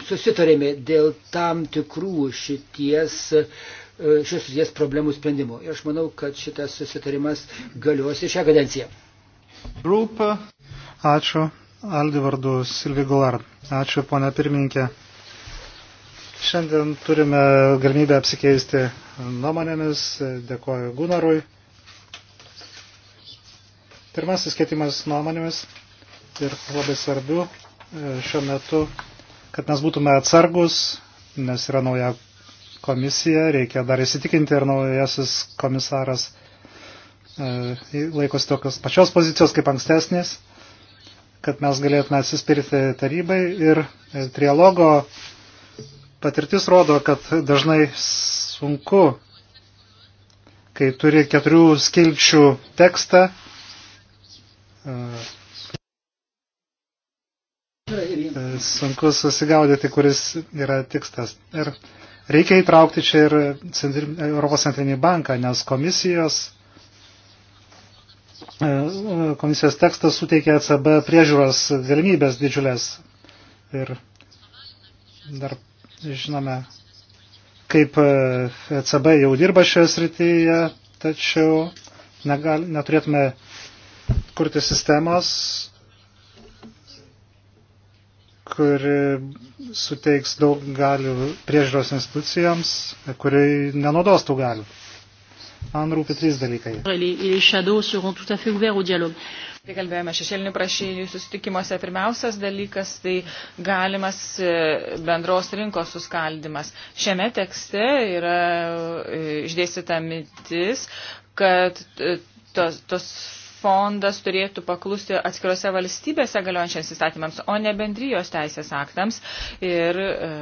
C: susitarėme dėl tam tikrų šities e, šios sudės problemų sprendimo. Ir aš manau, kad šitas susitarimas galios ir šią kadenciją.
A: Grupą. Ačiū. Aldi vardu Silvi Gular. Ačiū, ponia pirmininkė. Šiandien turime galimybę apsikeisti nuomonėmis. Dėkoju Gunarui. Pirmasis keitimas nuomonėmis ir labai svarbių e, šiuo metu, kad mes būtume atsargus, nes yra nauja komisija, reikia dar įsitikinti ir naujasis komisaras e, laikosi tokios pačios pozicijos kaip ankstesnės, kad mes galėtume atsispirti tarybai ir e, trialogo patirtis rodo, kad dažnai sunku, kai turi keturių skilčių tekstą, sunku susigaudyti, kuris yra tikslas. Ir reikia įtraukti čia ir Europos centrinį banką, nes komisijos, e, komisijos tekstas suteikia ECB priežiūros galimybės didžiulės. Ir dar žinome, kaip ECB e jau dirba šioje srityje, tačiau negal, neturėtume kurti sistemos, kuri suteiks daug galių priežiūros institucijoms, kuri nenaudos tų galių. Man rūpi trys dalykai.
B: Tai kalbėjome šešėlinių prašyjų susitikimuose. Pirmiausias dalykas tai galimas e, bendros rinkos suskaldimas. Šiame tekste yra e, išdėstyta mitis, kad e, tos, tos fondas turėtų paklusti atskirose valstybėse galiojančiams įstatymams, o ne bendrijos teisės aktams. Ir e,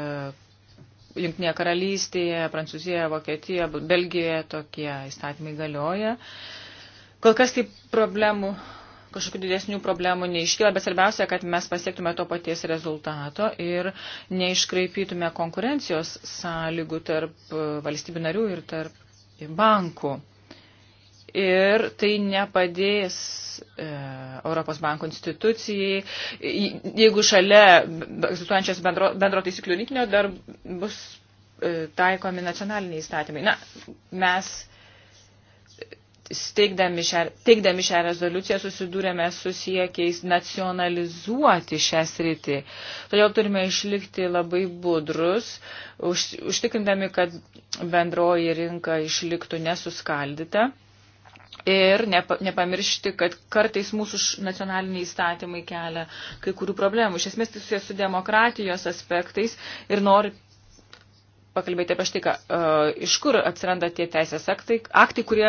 B: Junktinėje karalystėje, Prancūzijoje, Vokietijoje, Belgijoje tokie įstatymai galioja. Kol kas tai problemų, kažkokių didesnių problemų neiškyla, bet svarbiausia, kad mes pasiektume to paties rezultato ir neiškraipytume konkurencijos sąlygų tarp e, valstybių narių ir tarp bankų ir tai nepadės e, Europos banko institucijai, jeigu šalia egzistuojančios bendro, bendro taisyklių rinkinio dar bus e, taikomi nacionaliniai įstatymai. Na, mes steigdami šią, teikdami šią rezoliuciją susidūrėme su siekiais nacionalizuoti šią sritį. Todėl turime išlikti labai budrus, už, užtikrindami, kad bendroji rinka išliktų nesuskaldyta Ir nepamiršti, kad kartais mūsų nacionaliniai įstatymai kelia kai kurių problemų. Iš esmės tai susijęs su demokratijos aspektais ir noriu pakalbėti apie štai, ką, e, iš kur atsiranda tie teisės aktai, aktai kurie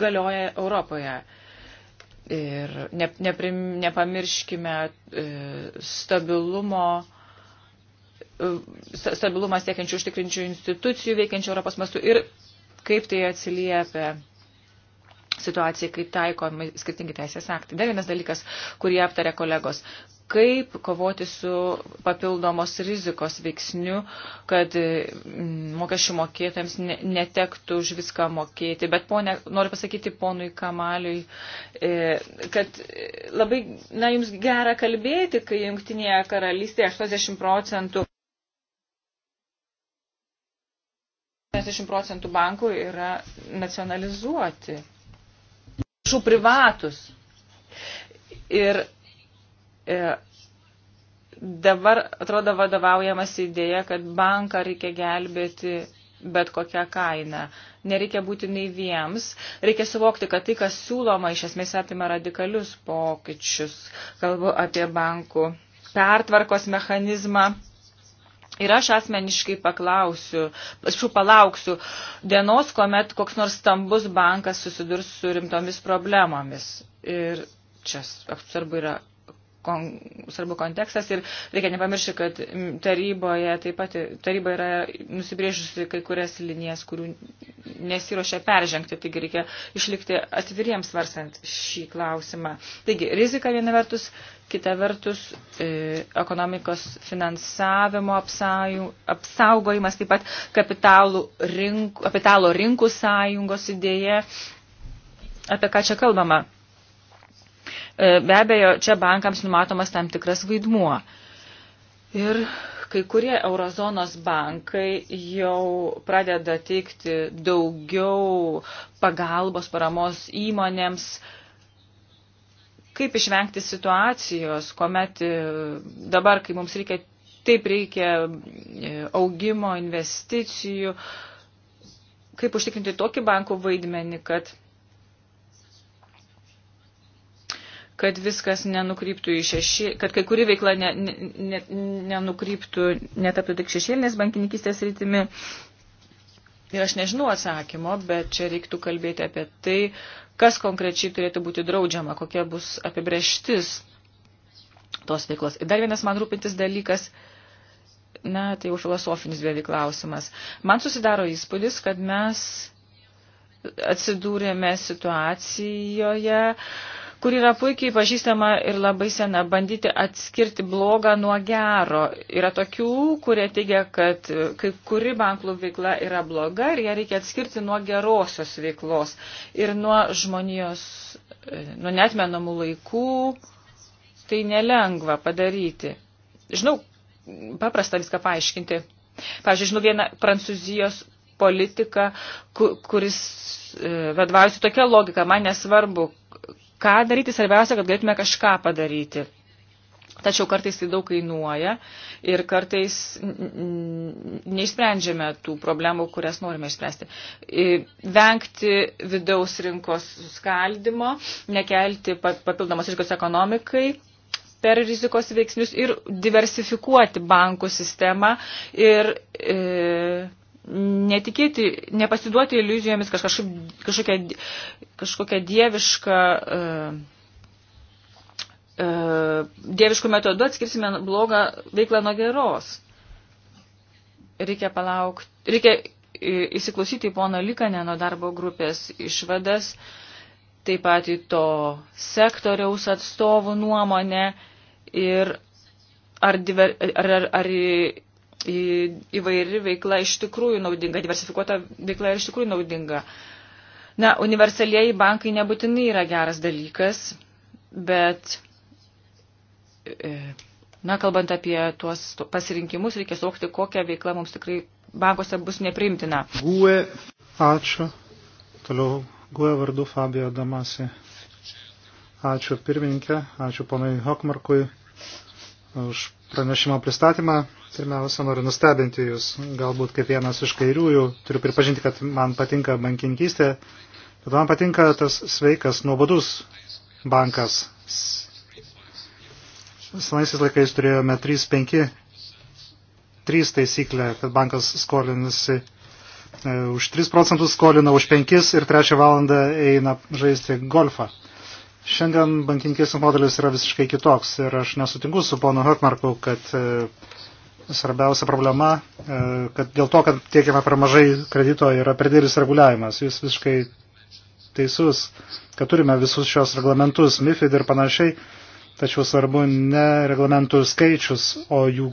B: galioja Europoje. Ir ne, neprim, nepamirškime e, stabilumo e, stabilumą siekiančių užtikrinčių institucijų veikiančių Europos mastu ir kaip tai atsiliepia situacijai, kaip taikomi skirtingi teisės aktai. Dar vienas dalykas, kurį aptarė kolegos. Kaip kovoti su papildomos rizikos veiksniu, kad mm, mokesčių mokėtams netektų už viską mokėti. Bet ponė, noriu pasakyti ponui Kamaliui, e, kad e, labai, na, jums gera kalbėti, kai jungtinėje karalystėje 80 procentų. 80 procentų bankų yra nacionalizuoti lėšų privatus. Ir e, dabar atrodo vadovaujamas idėja, kad banką reikia gelbėti bet kokią kainą. Nereikia būti nei viems. Reikia suvokti, kad tai, kas siūloma, iš esmės apima radikalius pokyčius. Kalbu apie bankų pertvarkos mechanizmą Ir aš asmeniškai paklausiu, aš palauksiu dienos, kuomet koks nors stambus bankas susidurs su rimtomis problemomis. Ir čia svarbu yra kon, svarbu kontekstas ir reikia nepamiršti, kad taryboje taip pat taryba yra nusibrėžusi kai kurias linijas, kurių nesiuošia peržengti, taigi reikia išlikti atviriems svarstant šį klausimą. Taigi, rizika viena vertus kita vertus e, ekonomikos finansavimo apsaugojimas, taip pat rink, kapitalo rinkų sąjungos idėja, apie ką čia kalbama. E, be abejo, čia bankams numatomas tam tikras vaidmuo. Ir kai kurie eurozonos bankai jau pradeda teikti daugiau pagalbos paramos įmonėms, uh, Kaip išvengti situacijos, kuomet e, dabar, kai mums reikia, taip reikia e, augimo, investicijų, kaip užtikrinti tokį bankų vaidmenį, kad kad viskas nenukryptų į šešį, kad kai kuri veikla ne, ne, ne, nenukryptų, netaptų tik šešėlinės bankininkistės rytimi, Ir aš nežinau atsakymo, bet čia reiktų kalbėti apie tai, kas konkrečiai turėtų būti draudžiama, kokia bus apibrieštis tos veiklos. Ir dar vienas man rūpintis dalykas, na, tai jau filosofinis beveik klausimas. Man susidaro įspūdis, kad mes atsidūrėme situacijoje, kur yra puikiai pažįstama ir labai sena bandyti atskirti blogą nuo gero. Yra tokių, kurie teigia, kad kai kuri banklų veikla yra bloga ir ją reikia atskirti nuo gerosios veiklos ir nuo žmonijos, e, nuo netmenamų laikų. Tai nelengva padaryti. Žinau, paprasta viską paaiškinti. Pavyzdžiui, žinau vieną prancūzijos politiką, kuris e, vadovaujasi tokia logika, man nesvarbu, ką daryti, svarbiausia, kad galėtume kažką padaryti. Tačiau kartais tai daug kainuoja ir kartais neišsprendžiame tų problemų, kurias norime išspręsti. Vengti vidaus rinkos suskaldimo, nekelti papildomos rizikos ekonomikai per rizikos veiksnius ir diversifikuoti bankų sistemą ir e, netikėti, nepasiduoti iliuzijomis kažkaip, kažkokia, kažkokia dieviška, uh, e, uh, e, dieviškų metodų atskirsime blogą veiklą nuo geros. Reikia palaukti, reikia e, įsiklausyti į pono Likanę nuo darbo grupės išvadas, taip pat į to sektoriaus atstovų nuomonę ir ar, diver, ar, ar, ar įvairi veikla iš tikrųjų naudinga, diversifikuota veikla iš tikrųjų naudinga. Na, universalieji bankai nebūtinai yra geras dalykas, bet, e, na, kalbant apie tuos pasirinkimus, reikia suvokti, kokia veikla mums tikrai bankuose bus nepriimtina.
A: Gue, ačiū. Toliau Gue vardu Fabija Damasi. Ačiū pirmininkė, ačiū ponai Hokmarkui už pranešimo pristatymą. Pirmiausia, noriu nustebinti Jūs. Galbūt kaip vienas iš kairiųjų turiu pripažinti, kad man patinka bankininkystė, bet man patinka tas sveikas, nuobodus bankas. Senaisiais laikais turėjome 3-5 3 taisyklę, kad bankas skolinasi e, už 3 procentus skolina už 5 ir 3 valandą eina žaisti golfą. Šiandien bankininkės modelis yra visiškai kitoks ir aš nesutinku su ponu Hokmarku, kad e, svarbiausia problema, e, kad dėl to, kad tiekiame per mažai kredito, yra pridėlis reguliavimas. Jūs visiškai teisus, kad turime visus šios reglamentus, MIFID ir panašiai, tačiau svarbu ne reglamentų skaičius, o jų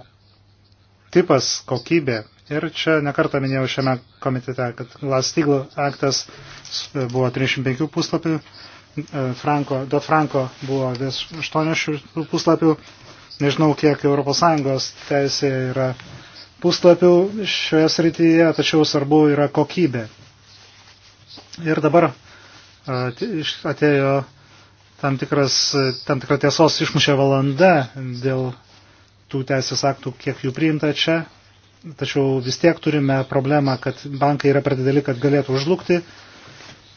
A: tipas, kokybė. Ir čia nekartą minėjau šiame komitete, kad Last Eagle aktas buvo 35 puslapių E, Franko, Do Franko buvo vis 800 puslapių. Nežinau, kiek ES teisė yra puslapių šioje srityje, tačiau svarbu yra kokybė. Ir dabar e, atėjo tam, tikras, e, tam tikra tiesos išmušė valanda dėl tų teisės aktų, kiek jų priimta čia. Tačiau vis tiek turime problemą, kad bankai yra per dideli, kad galėtų užlūkti.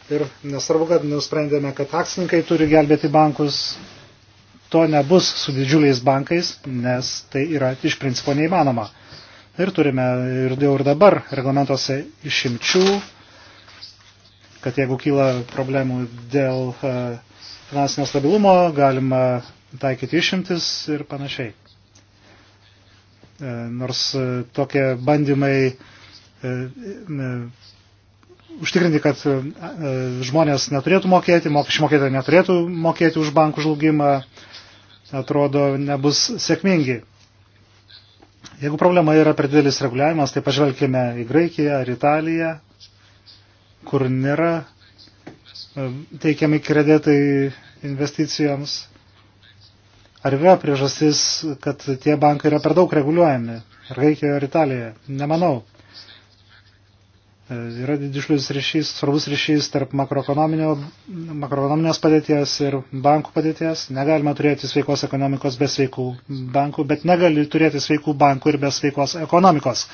A: Ir nesvarbu, kad nusprendėme, kad akcininkai turi gelbėti bankus, to nebus su didžiuliais bankais, nes tai yra iš principo neįmanoma. Ir turime ir jau ir dabar reglamentuose išimčių, kad jeigu kyla problemų dėl e, finansinio stabilumo, galima taikyti išimtis ir panašiai. E, nors e, tokie bandymai užtikrinti, kad e, e, žmonės neturėtų mokėti, mokesčių mokėtojai neturėtų mokėti už bankų žlugimą, atrodo, nebus sėkmingi. Jeigu problema yra per didelis reguliavimas, tai pažvelkime į Graikiją ar Italiją, kur nėra e, teikiami kreditai investicijoms. Ar yra priežastis, kad tie bankai yra per daug reguliuojami Graikijoje ar Italijoje? Nemanau. E, yra didžiulis ryšys, svarbus ryšys tarp makroekonominės padėties ir bankų padėties. Negalima turėti sveikos ekonomikos be sveikų bankų, bet negali turėti sveikų bankų ir be sveikos ekonomikos. E,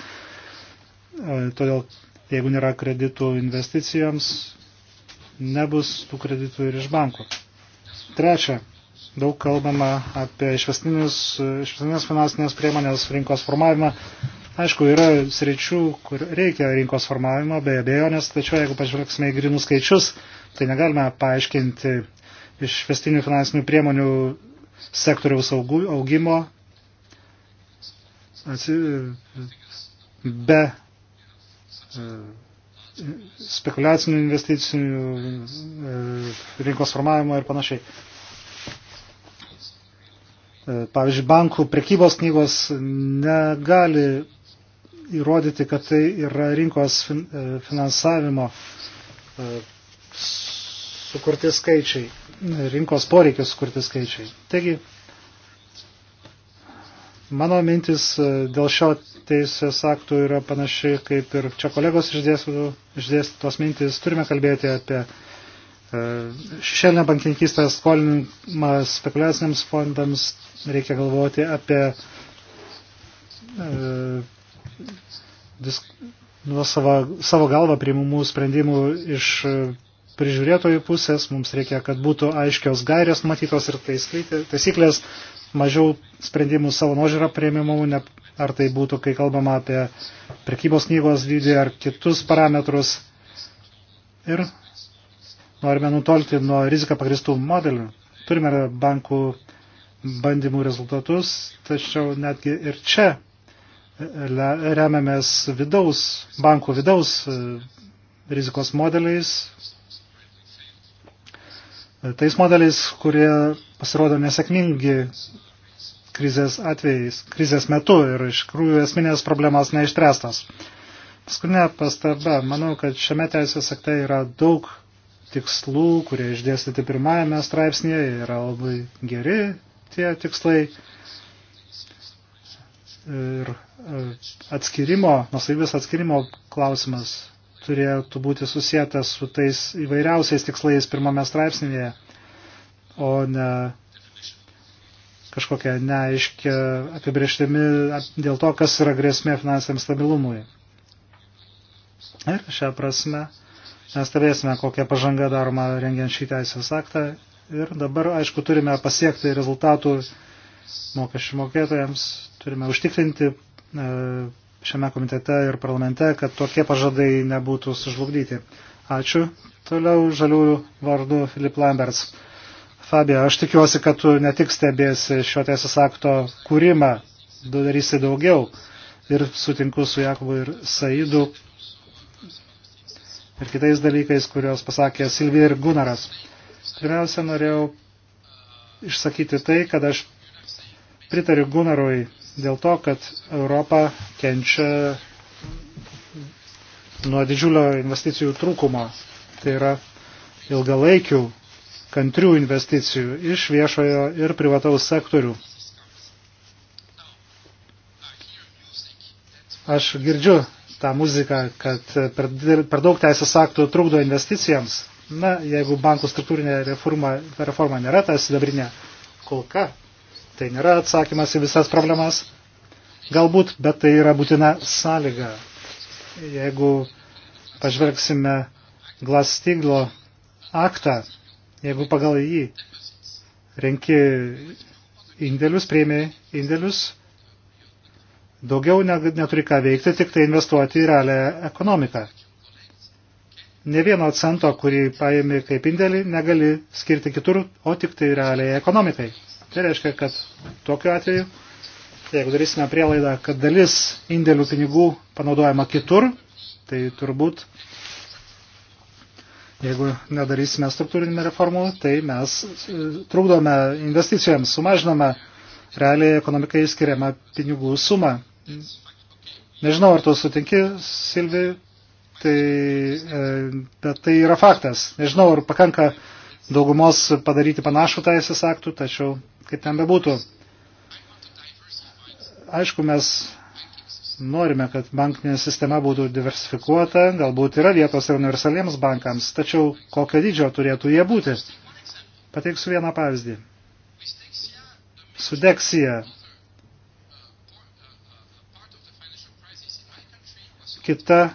A: todėl, jeigu nėra kreditų investicijoms, nebus tų kreditų ir iš bankų. Trečia, daug kalbama apie išvestinės finansinės priemonės rinkos formavimą Aišku, yra sričių, kur reikia rinkos formavimo, be abejonės, tačiau jeigu pažvelgsime į grinų skaičius, tai negalime paaiškinti iš vestinių finansinių priemonių sektoriaus augimo be e, spekuliacinių investicinių e, rinkos formavimo ir panašiai. E, pavyzdžiui, bankų prekybos knygos negali įrodyti, kad tai yra rinkos e, finansavimo e, sukurti skaičiai, rinkos poreikis sukurti skaičiai. Taigi, mano mintis e, dėl šio teisės aktų yra panašiai kaip ir čia kolegos išdėstytos mintis. Turime kalbėti apie šešėlinę bankininkystę skolinimą spekuliaciniams fondams. Reikia galvoti apie disk, nuo savo, savo galvą priimamų sprendimų iš e, prižiūrėtojų pusės. Mums reikia, kad būtų aiškios gairės matytos ir taisyklės, mažiau sprendimų savo nuožiūrą priimimų, ne, ar tai būtų, kai kalbama apie prekybos knygos dydį ar kitus parametrus. Ir norime nutolti nuo riziką pagristų modelių. Turime bankų bandymų rezultatus, tačiau netgi ir čia remiamės vidaus, bankų vidaus e, rizikos modeliais, e, tais modeliais, kurie pasirodo nesėkmingi krizės atvejais, krizės metu ir iš tikrųjų esminės problemas neištręstas. Paskutinė pastaba. Manau, kad šiame teisės akte yra daug tikslų, kurie išdėstyti pirmajame straipsnėje, yra labai geri tie tikslai ir e, atskirimo, nusaivės atskirimo klausimas turėtų būti susijęs su tais įvairiausiais tikslais pirmame straipsnėje, o ne kažkokia neaiškia apibrieštimi dėl to, kas yra grėsmė finansiniam stabilumui. Ir šią prasme mes stebėsime, kokia pažanga daroma rengiant šį teisės aktą. Ir dabar, aišku, turime pasiekti rezultatų mokesčių mokėtojams. Turime užtikrinti e, šiame komitete ir parlamente, kad tokie pažadai nebūtų sužlugdyti. Ačiū. Toliau žaliųjų vardu Filip Lamberts. Fabija, aš tikiuosi, kad tu ne tik stebėsi šio teisės akto kūrimą, darysi daugiau. Ir sutinku su Jakubu ir Saidu ir kitais dalykais, kuriuos pasakė Silvija ir Gunaras. Pirmiausia, norėjau išsakyti tai, kad aš pritariu Gunarui dėl to, kad Europa kenčia nuo didžiulio investicijų trūkumo. Tai yra ilgalaikių kantrių investicijų iš viešojo ir privataus sektorių. Aš girdžiu tą muziką, kad per, per daug teisės aktų trukdo investicijams. Na, jeigu bankų struktūrinė reforma, reforma nėra ta sidabrinė kulka, Tai nėra atsakymas į visas problemas. Galbūt, bet tai yra būtina sąlyga. Jeigu pažvelgsime Glastiglo aktą, jeigu pagal jį renki indėlius, prieimė indėlius, daugiau neturi ką veikti, tik tai investuoti į realią ekonomiką. Ne vieno cento, kurį paėmė kaip indėlį, negali skirti kitur, o tik tai realiai ekonomikai. Tai reiškia, kad tokiu atveju, jeigu darysime prielaidą, kad dalis indėlių pinigų panaudojama kitur, tai turbūt, jeigu nedarysime struktūrinį reformų, tai mes e, trukdome investicijoms, sumažiname realiai ekonomikai skiriamą pinigų sumą. Nežinau, ar tu sutinki, Silvi, tai, e, bet tai yra faktas. Nežinau, ar pakanka daugumos padaryti panašų teisės aktų, tačiau kaip ten bebūtų. Aišku, mes norime, kad bankinė sistema būtų diversifikuota, galbūt yra vietos ir universaliems bankams, tačiau kokio dydžio turėtų jie būti. Pateiksiu vieną pavyzdį. Su Dexia. Kita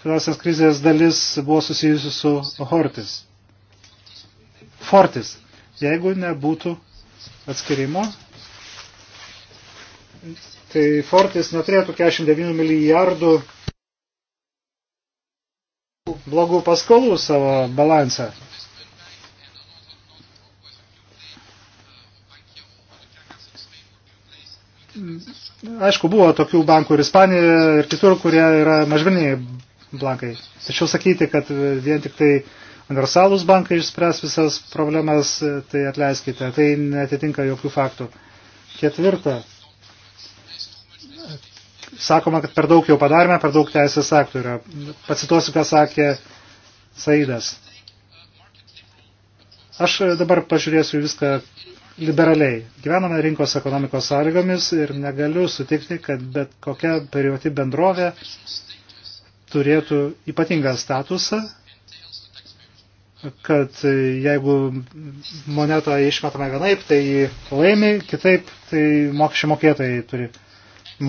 A: finansės krizės dalis buvo susijusi su Hortis. Fortis. Jeigu nebūtų atskirimo, tai Fortis neturėtų 49 milijardų blogų paskolų savo balansą. Aišku, buvo tokių bankų ir Ispanijoje, ir kitur, kurie yra mažviniai blankai. Tačiau sakyti, kad vien tik tai uh, universalūs bankai išspręs visas problemas, e, tai atleiskite, tai netitinka jokių faktų. Ketvirta. Sakoma, kad per daug jau padarėme, per daug teisės aktų yra. Pacituosiu, ką sakė Saidas. Aš e, dabar pažiūrėsiu viską liberaliai. Gyvename rinkos ekonomikos sąlygomis ir negaliu sutikti, kad bet kokia perioti bendrovė turėtų ypatingą statusą kad jeigu monetą išmetame vienaip, tai jį laimi, kitaip tai mokesčių mokėtojai turi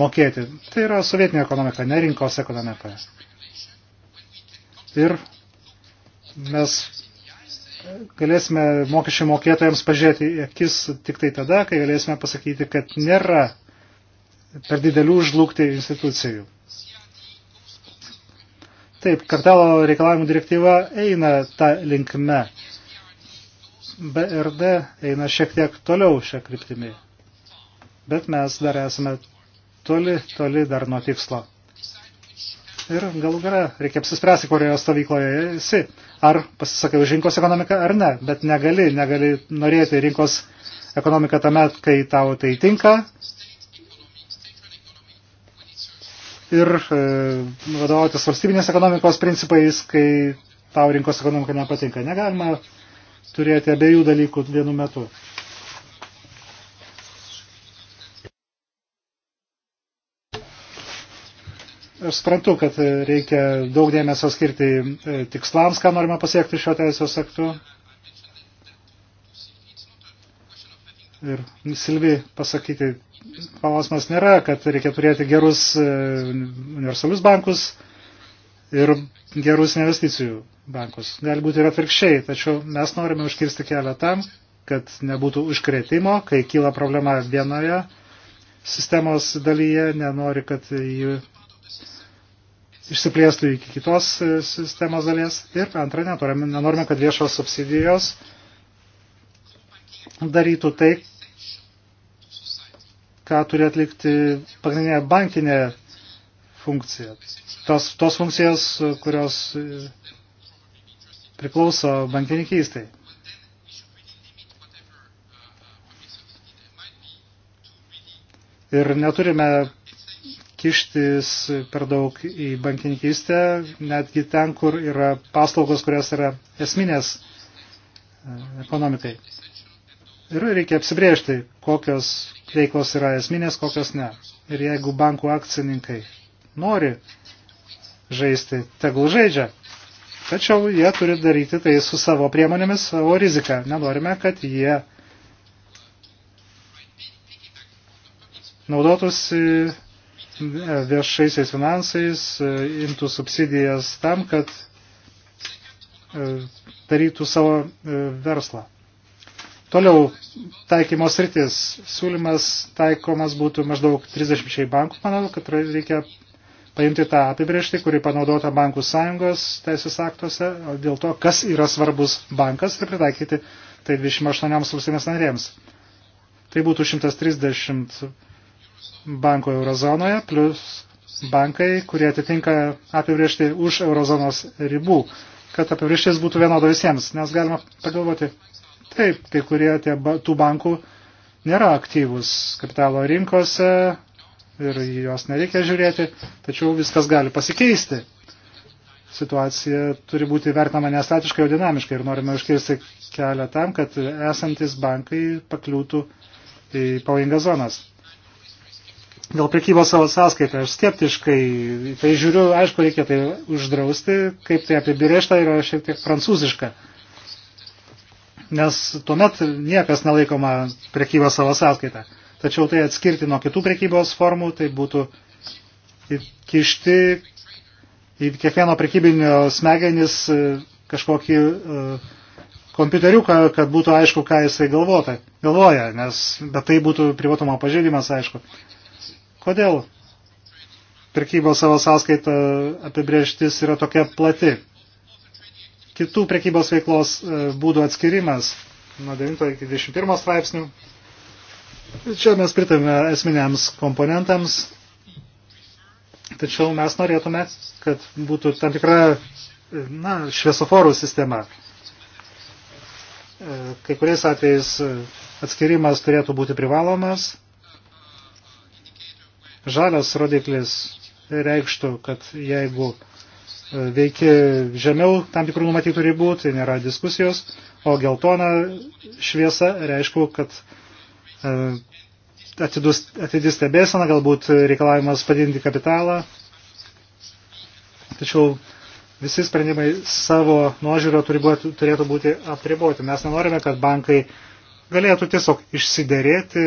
A: mokėti. Tai yra sovietinė ekonomika, ne rinkos ekonomika. Ir mes galėsime mokesčių mokėtojams pažiūrėti akis tik tai tada, kai galėsime pasakyti, kad nėra per didelių žlugti institucijų. Taip, kapitalo reikalavimų direktyva eina tą linkme. BRD eina šiek tiek toliau šią kryptimį. Bet mes dar esame toli, toli dar nuo tikslo. Ir galų gale reikia apsispręsti, kurioje stovykloje esi. Ar pasisakai už rinkos ekonomiką ar ne. Bet negali, negali norėti rinkos ekonomiką tame, kai tau tai tinka, ir e, vadovautis valstybinės ekonomikos principais, kai tau rinkos ekonomika nepatinka. Negalima turėti abiejų dalykų vienu metu. Aš suprantu, kad reikia daug dėmesio skirti e, tikslams, ką norime pasiekti šio teisės aktu. Ir Silvi pasakyti, klausimas nėra, kad reikia turėti gerus e, universalius bankus ir gerus investicijų bankus. Gali būti ir atvirkščiai, tačiau mes norime užkirsti kelią tam, kad nebūtų užkretimo, kai kyla problema vienoje sistemos dalyje, nenori, kad jį išsiplėstų iki kitos e, sistemos dalies. Ir antra, nenorime, kad viešos subsidijos darytų tai, ką turi atlikti pagrindinė bankinė funkcija. Tos, tos funkcijos, kurios e, priklauso bankininkystai. Ir neturime kištis per daug į bankininkystę, netgi ten, kur yra paslaugos, kurios yra esminės e, ekonomikai. Ir reikia apsibriežti, kokios veiklos yra esminės, kokios ne. Ir jeigu bankų akcininkai nori žaisti, tegul žaidžia. Tačiau jie turi daryti tai su savo priemonėmis, savo rizika. Nenorime, kad jie naudotųsi e, viešaisiais finansais, e, imtų subsidijas tam, kad e, darytų savo verslą. Toliau taikymos rytis. Siūlymas taikomas būtų maždaug 30 bankų. Manau, kad reikia paimti tą apibriežtį, kuri panaudota bankų sąjungos teisės aktuose, dėl to, kas yra svarbus bankas ir pritaikyti tai 28 valstybės narėms. Tai būtų 130 bankų eurozonoje, plus bankai, kurie atitinka apibriežti už eurozonos ribų, kad apibriežtis būtų vienodo visiems, nes galima pagalvoti, Taip, kai kurie tie, tų bankų nėra aktyvus kapitalo rinkose ir jos nereikia žiūrėti, tačiau viskas gali pasikeisti. Situacija turi būti vertinama nestatiškai, o dinamiškai ir norime užkirsti kelią tam, kad esantis bankai pakliūtų į pavojingas zonas. Dėl prekybos savo sąskaitą aš skeptiškai tai žiūriu, aišku, reikia tai uždrausti, kaip tai apibrėžta yra šiek tiek prancūziška nes tuomet niekas nelaikoma prekyba savo sąskaitą. Tačiau tai atskirti nuo kitų prekybos formų, tai būtų kišti į kiekvieno prekybinio smegenis e, kažkokį uh, kompiuteriuką, kad būtų aišku, ką jisai galvota, galvoja, nes bet tai būtų privatumo pažeidimas, aišku. Kodėl prekybos savo sąskaita apibrieštis yra tokia plati? Kitų prekybos veiklos e, būdų atskirimas nuo 9 iki 21 straipsnių. Čia mes pritarime esminiams komponentams, tačiau mes norėtume, kad būtų tam tikra e, na, šviesoforų sistema. E, kai kuriais atvejais atskirimas turėtų būti privalomas. Žalias rodiklis reikštų, kad jeigu veiki žemiau tam tikrų numatytų ribų, tai nėra diskusijos, o geltona šviesa reiškia, kad e, atidus, atidis stebėsena, galbūt reikalavimas padidinti kapitalą. Tačiau visi sprendimai savo nuožiūrio turėtų būti apriboti. Mes nenorime, kad bankai galėtų tiesiog išsiderėti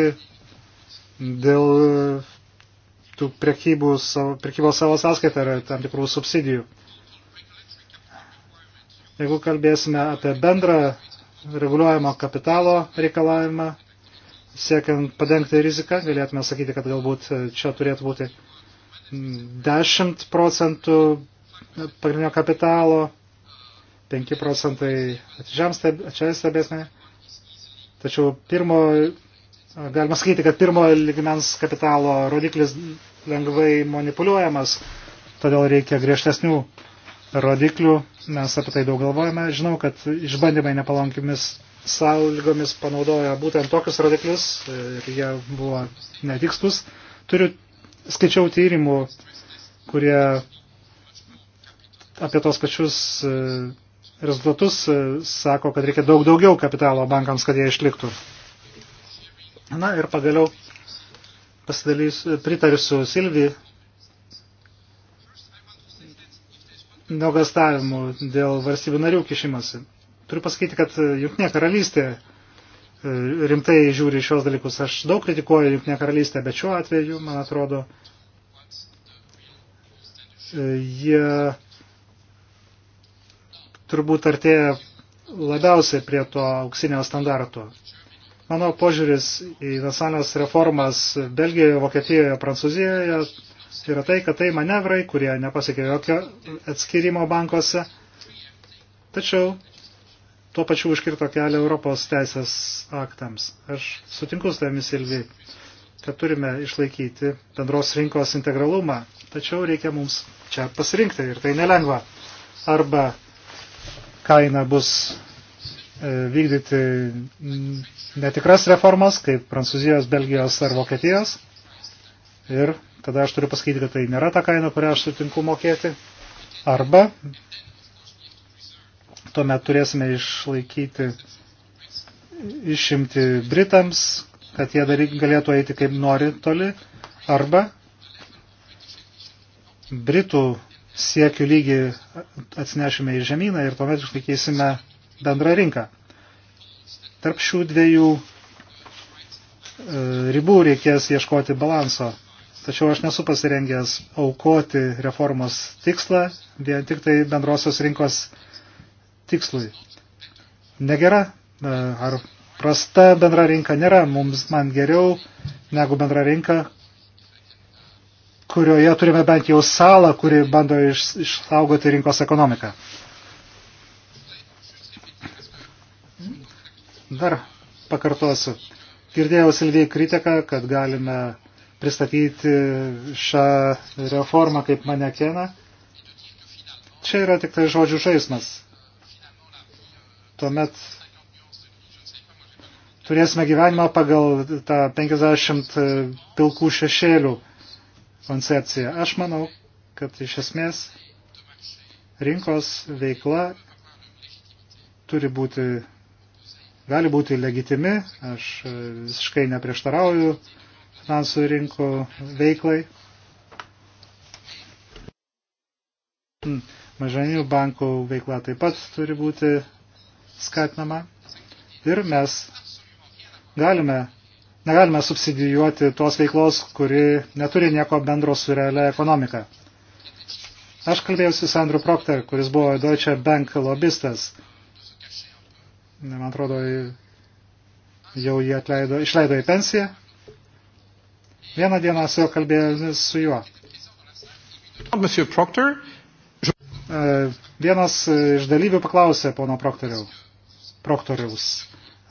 A: dėl tų prekybų, prekybos savo sąskaitą ar tam tikrų subsidijų. Jeigu kalbėsime apie bendrą reguliuojamo kapitalo reikalavimą, siekiant padengti riziką, galėtume sakyti, kad galbūt čia turėtų būti 10 procentų pagrindinio kapitalo, 5 procentai atidžiai stebėsime. Tačiau pirmo, galima sakyti, kad pirmo ligmens kapitalo rodiklis lengvai manipuliuojamas, todėl reikia griežtesnių rodiklių, mes apie tai daug galvojame. Žinau, kad išbandymai nepalankiamis sąlygomis panaudoja būtent tokius rodiklius ir jie buvo netikslus. Turiu skaičiau tyrimų, kurie apie tos pačius e, rezultatus e, sako, kad reikia daug daugiau kapitalo bankams, kad jie išliktų. Na ir pagaliau pasidalys, pritarsiu Silvi nuogastavimų dėl valstybių narių kišimasi. Turiu pasakyti, kad Junktinė karalystė e, rimtai žiūri šios dalykus. Aš daug kritikuoju Junktinę karalystę, bet šiuo atveju, man atrodo, e, jie turbūt artėja labiausiai prie to auksinio standarto. Mano požiūris į nacionalinės reformas Belgijoje, Vokietijoje, Prancūzijoje yra tai, kad tai manevrai, kurie nepasiekė jokio atskirimo bankuose, tačiau tuo pačiu užkirto kelią Europos teisės aktams. Aš sutinku su tavimi, Silvi, kad turime išlaikyti bendros rinkos integralumą, tačiau reikia mums čia pasirinkti ir tai nelengva. Arba kaina bus e, vykdyti netikras reformas, kaip Prancūzijos, Belgijos ar Vokietijos, ir kada aš turiu pasakyti, kad tai nėra ta kaina, kurią aš sutinku mokėti. Arba tuomet turėsime išlaikyti išimti Britams, kad jie dar galėtų eiti kaip nori toli. Arba Britų siekių lygį atsinešime į žemyną ir tuomet išlaikysime bendrą rinką. Tarp šių dviejų e, ribų reikės ieškoti balanso tačiau aš nesu pasirengęs aukoti reformos tikslą vien tik tai bendrosios rinkos tikslui. Negera e, ar prasta bendra rinka nėra, mums man geriau negu bendra rinka, kurioje turime bent jau salą, kuri bando iš, išsaugoti rinkos ekonomiką. Dar pakartosiu. Girdėjau Silvijai kritiką, kad galime pristatyti šią reformą kaip manekeną. Čia yra tik tai žodžių žaismas. Tuomet turėsime gyvenimą pagal tą 50 pilkų šešėlių koncepciją. Aš manau, kad iš esmės rinkos veikla turi būti, gali būti legitimi, aš visiškai neprieštarauju finansų rinkų veiklai. Hmm. Mažaninių bankų veikla taip pat turi būti skatinama. Ir mes galime, negalime subsidijuoti tos veiklos, kuri neturi nieko bendro su realia ekonomika. Aš kalbėjausi su Andrew Procter, kuris buvo Deutsche Bank lobistas. Man atrodo, jau jį atleido, išleido į pensiją. Vieną dieną su juo kalbėjau su juo. Monsieur Proctor. E, vienas iš dalyvių paklausė pono Proktoriau, Proktoriaus,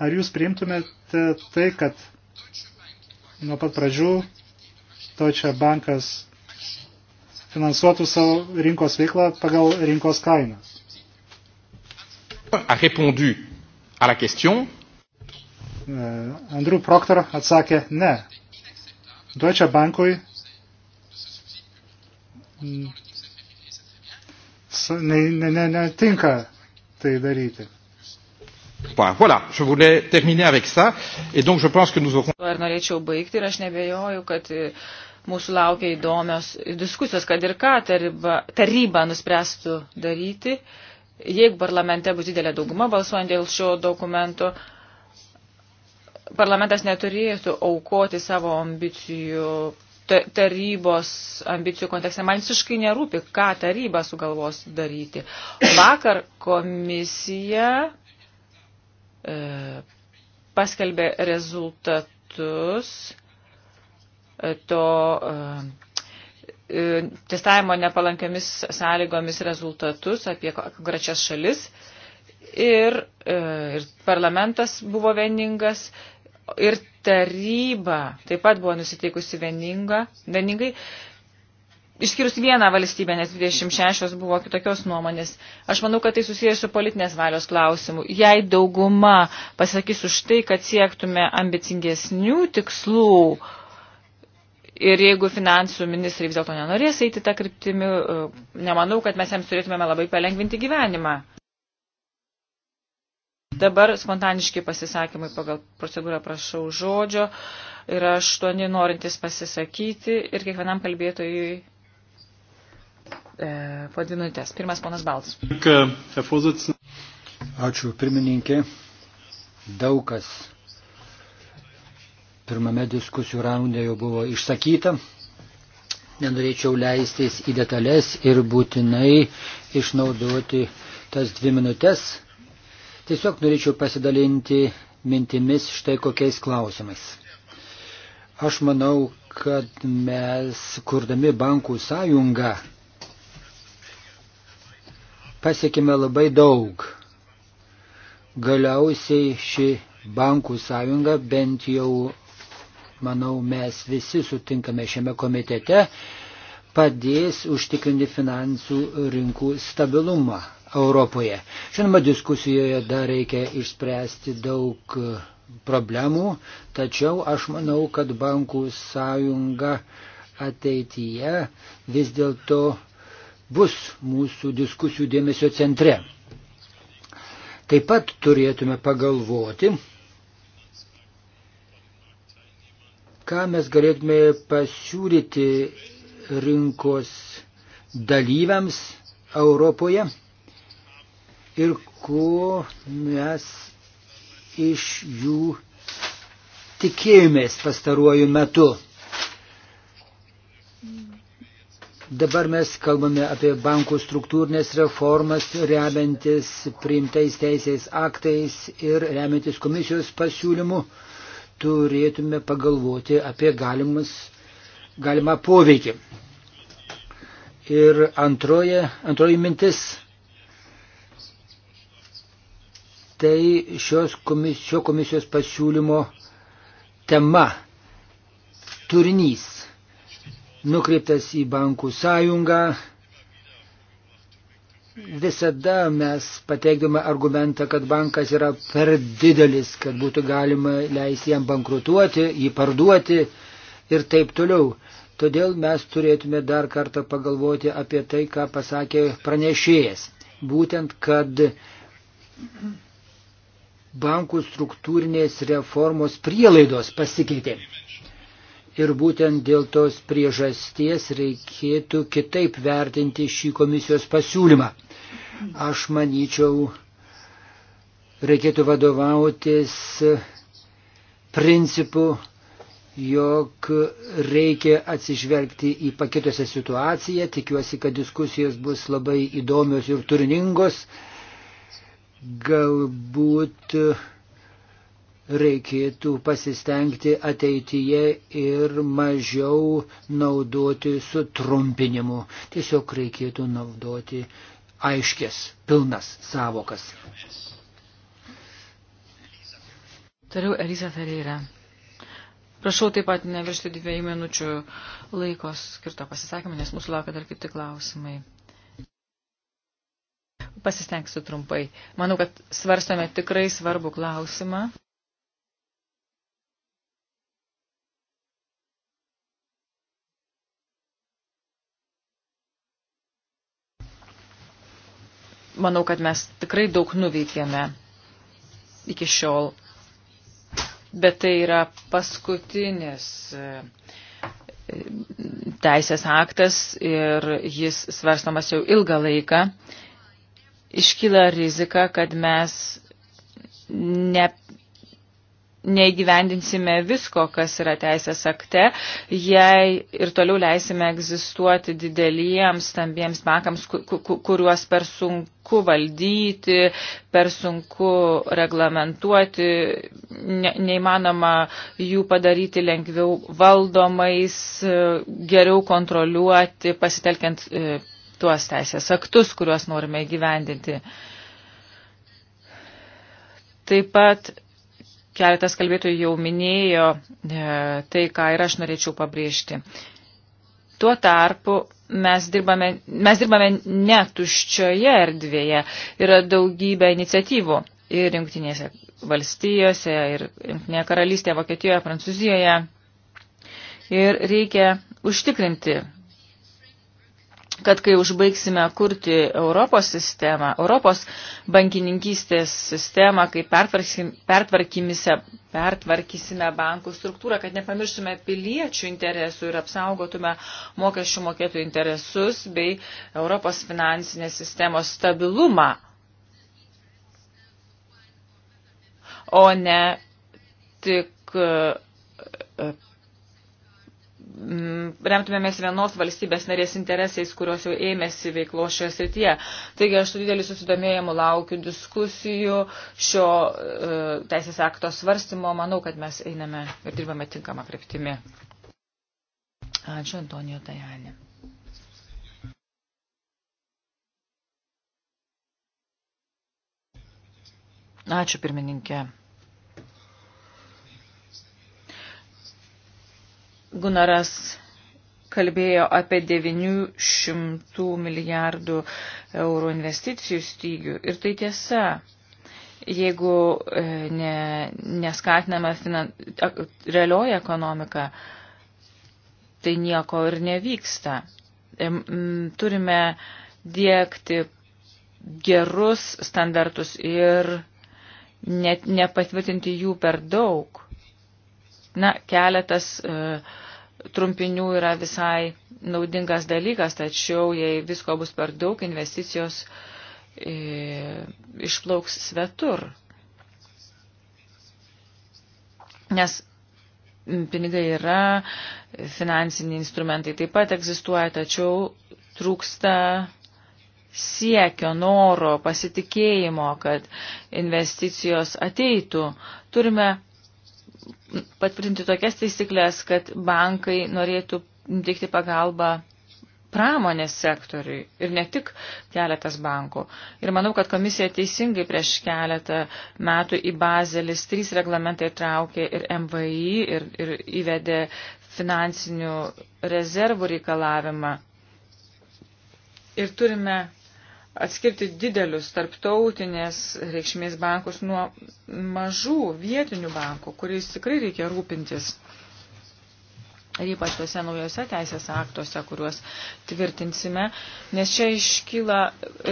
A: ar jūs priimtumėte tai, kad nuo pat pradžių Deutsche Bankas finansuotų savo rinkos veiklą pagal rinkos kainą?
D: A répondu à la question.
A: E, Andrew Proctor atsakė ne. Deutsche Bankui netinka ne, ne, ne tai daryti. Point. Voilà, je voulais terminer avec ça et donc je pense que nous aurons.
B: Ir norėčiau baigti ir aš nebejoju, kad e, mūsų laukia įdomios diskusijos, kad ir ką taryba, taryba nuspręstų daryti. Jeigu parlamente bus didelė dauguma balsuojant dėl šio dokumento, parlamentas neturėtų aukoti savo ambicijų tarybos ambicijų kontekste. Man visiškai nerūpi, ką taryba sugalvos daryti. Vakar komisija e, paskelbė rezultatus e, to e, e, testavimo nepalankiamis sąlygomis rezultatus apie gračias šalis. Ir, e, ir parlamentas buvo vieningas, ir taryba taip pat buvo nusiteikusi vieninga, vieningai, išskyrus vieną valstybę, nes 26 buvo kitokios nuomonės. Aš manau, kad tai susijęs su politinės valios klausimu. Jei dauguma pasakys už tai, kad siektume ambicingesnių tikslų, Ir jeigu finansų ministrai vis dėlto nenorės eiti tą kryptimį, nemanau, kad mes jiems turėtumėme labai palengvinti gyvenimą. Dabar spontaniški pasisakymai pagal procedūrą prašau žodžio. Yra aštuoni norintys pasisakyti ir kiekvienam kalbėtojui e, po dvi minutės. Pirmas ponas Balts.
C: Ačiū pirmininkė. Daug kas pirmame diskusijų raunde jau buvo išsakyta. Nenorėčiau leistis į detalės ir būtinai išnaudoti tas dvi minutės Tiesiog norėčiau pasidalinti mintimis štai kokiais klausimais. Aš manau, kad mes, kurdami bankų sąjungą, pasiekime labai daug. Galiausiai ši bankų sąjunga, bent jau, manau, mes visi sutinkame šiame komitete, padės užtikrinti finansų rinkų stabilumą. Europoje. Žinoma, diskusijoje dar reikia išspręsti daug e, problemų, tačiau aš manau, kad bankų sąjunga ateityje vis dėlto bus mūsų diskusijų dėmesio centre. Taip pat turėtume pagalvoti, ką mes galėtume pasiūlyti rinkos dalyviams Europoje ir ko mes iš jų tikėjomės pastaruoju metu. Dabar mes kalbame apie bankų struktūrinės reformas, remiantis priimtais teisės aktais ir remiantis komisijos pasiūlymu, turėtume pagalvoti apie galimus, galimą poveikį. Ir antroje, antroji mintis tai šios komis, šio komisijos pasiūlymo tema, turinys nukreiptas į bankų sąjungą. Visada mes pateikdome argumentą, kad bankas yra per didelis, kad būtų galima leisti jam bankrutuoti, jį parduoti ir taip toliau. Todėl mes turėtume dar kartą pagalvoti apie tai, ką pasakė pranešėjas. Būtent, kad bankų struktūrinės reformos prielaidos pasikeitė. Ir būtent dėl tos priežasties reikėtų kitaip vertinti šį komisijos pasiūlymą. Aš manyčiau, reikėtų vadovautis principu, jog reikia atsižvelgti į pakitusią situaciją. Tikiuosi, kad diskusijos bus labai įdomios ir turiningos galbūt reikėtų pasistengti ateityje ir mažiau naudoti sutrumpinimu. Tiesiog reikėtų naudoti aiškės, pilnas savokas.
B: Tariau Elisa Ferreira. Prašau taip pat neviršti dviejų minučių laiko skirto pasisakymą, nes mūsų laukia dar kiti klausimai. Pasistengsiu trumpai. Manau, kad svarstame tikrai svarbų klausimą. Manau, kad mes tikrai daug nuveikėme iki šiol. Bet tai yra paskutinis e, teisės aktas ir jis svarstamas jau ilgą laiką iškyla rizika, kad mes ne, neįgyvendinsime visko, kas yra teisės akte, jei ir toliau leisime egzistuoti dideliems, stambiems bankams, kuriuos per sunku valdyti, per sunku reglamentuoti, ne, neįmanoma jų padaryti lengviau valdomais, geriau kontroliuoti, pasitelkiant e, tuos teisės aktus, kuriuos norime įgyvendinti. Taip pat keletas kalbėtojų jau minėjo e, tai, ką ir aš norėčiau pabrėžti. Tuo tarpu mes dirbame, mes dirbame netuščioje erdvėje, yra daugybė iniciatyvų ir jungtinėse valstijose, ir jungtinėje karalystėje, Vokietijoje, Prancūzijoje. Ir reikia užtikrinti kad kai užbaigsime kurti Europos sistemą, Europos bankininkystės sistemą, kai pertvarkysime bankų struktūrą, kad nepamirštume piliečių interesų ir apsaugotume mokesčių mokėtų interesus bei Europos finansinės sistemos stabilumą, o ne tik Mm, remtumėmės vienos valstybės narės interesais, kurios jau ėmėsi veiklo šioje srityje. Taigi aš su dideliu susidomėjimu laukiu diskusijų šio e, teisės akto svarstymo. Manau, kad mes einame ir dirbame tinkamą kryptimį. Ačiū Antonijo Tajani. Ačiū pirmininkė. Gunaras kalbėjo apie 900 milijardų eurų investicijų stygių. Ir tai tiesa, jeigu e, ne, neskatinama finan, realioji ekonomika, tai nieko ir nevyksta. E, turime dėkti gerus standartus ir net nepatvirtinti jų per daug. Na, keletas uh, trumpinių yra visai naudingas dalykas, tačiau jei visko bus per daug, investicijos e, išplauks svetur. Nes pinigai yra, finansiniai instrumentai taip pat egzistuoja, tačiau trūksta siekio, noro, pasitikėjimo, kad investicijos ateitų. Turime patvirtinti tokias taisyklės, kad bankai norėtų teikti pagalbą pramonės sektoriui ir ne tik keletas bankų. Ir manau, kad komisija teisingai prieš keletą metų į bazelis trys reglamentai traukė ir MVI ir, ir įvedė finansinių rezervų reikalavimą. Ir turime atskirti didelius tarptautinės reikšmės bankus nuo mažų vietinių bankų, kuriais tikrai reikia rūpintis. Ir ypač tuose naujose teisės aktuose, kuriuos tvirtinsime, nes čia iškyla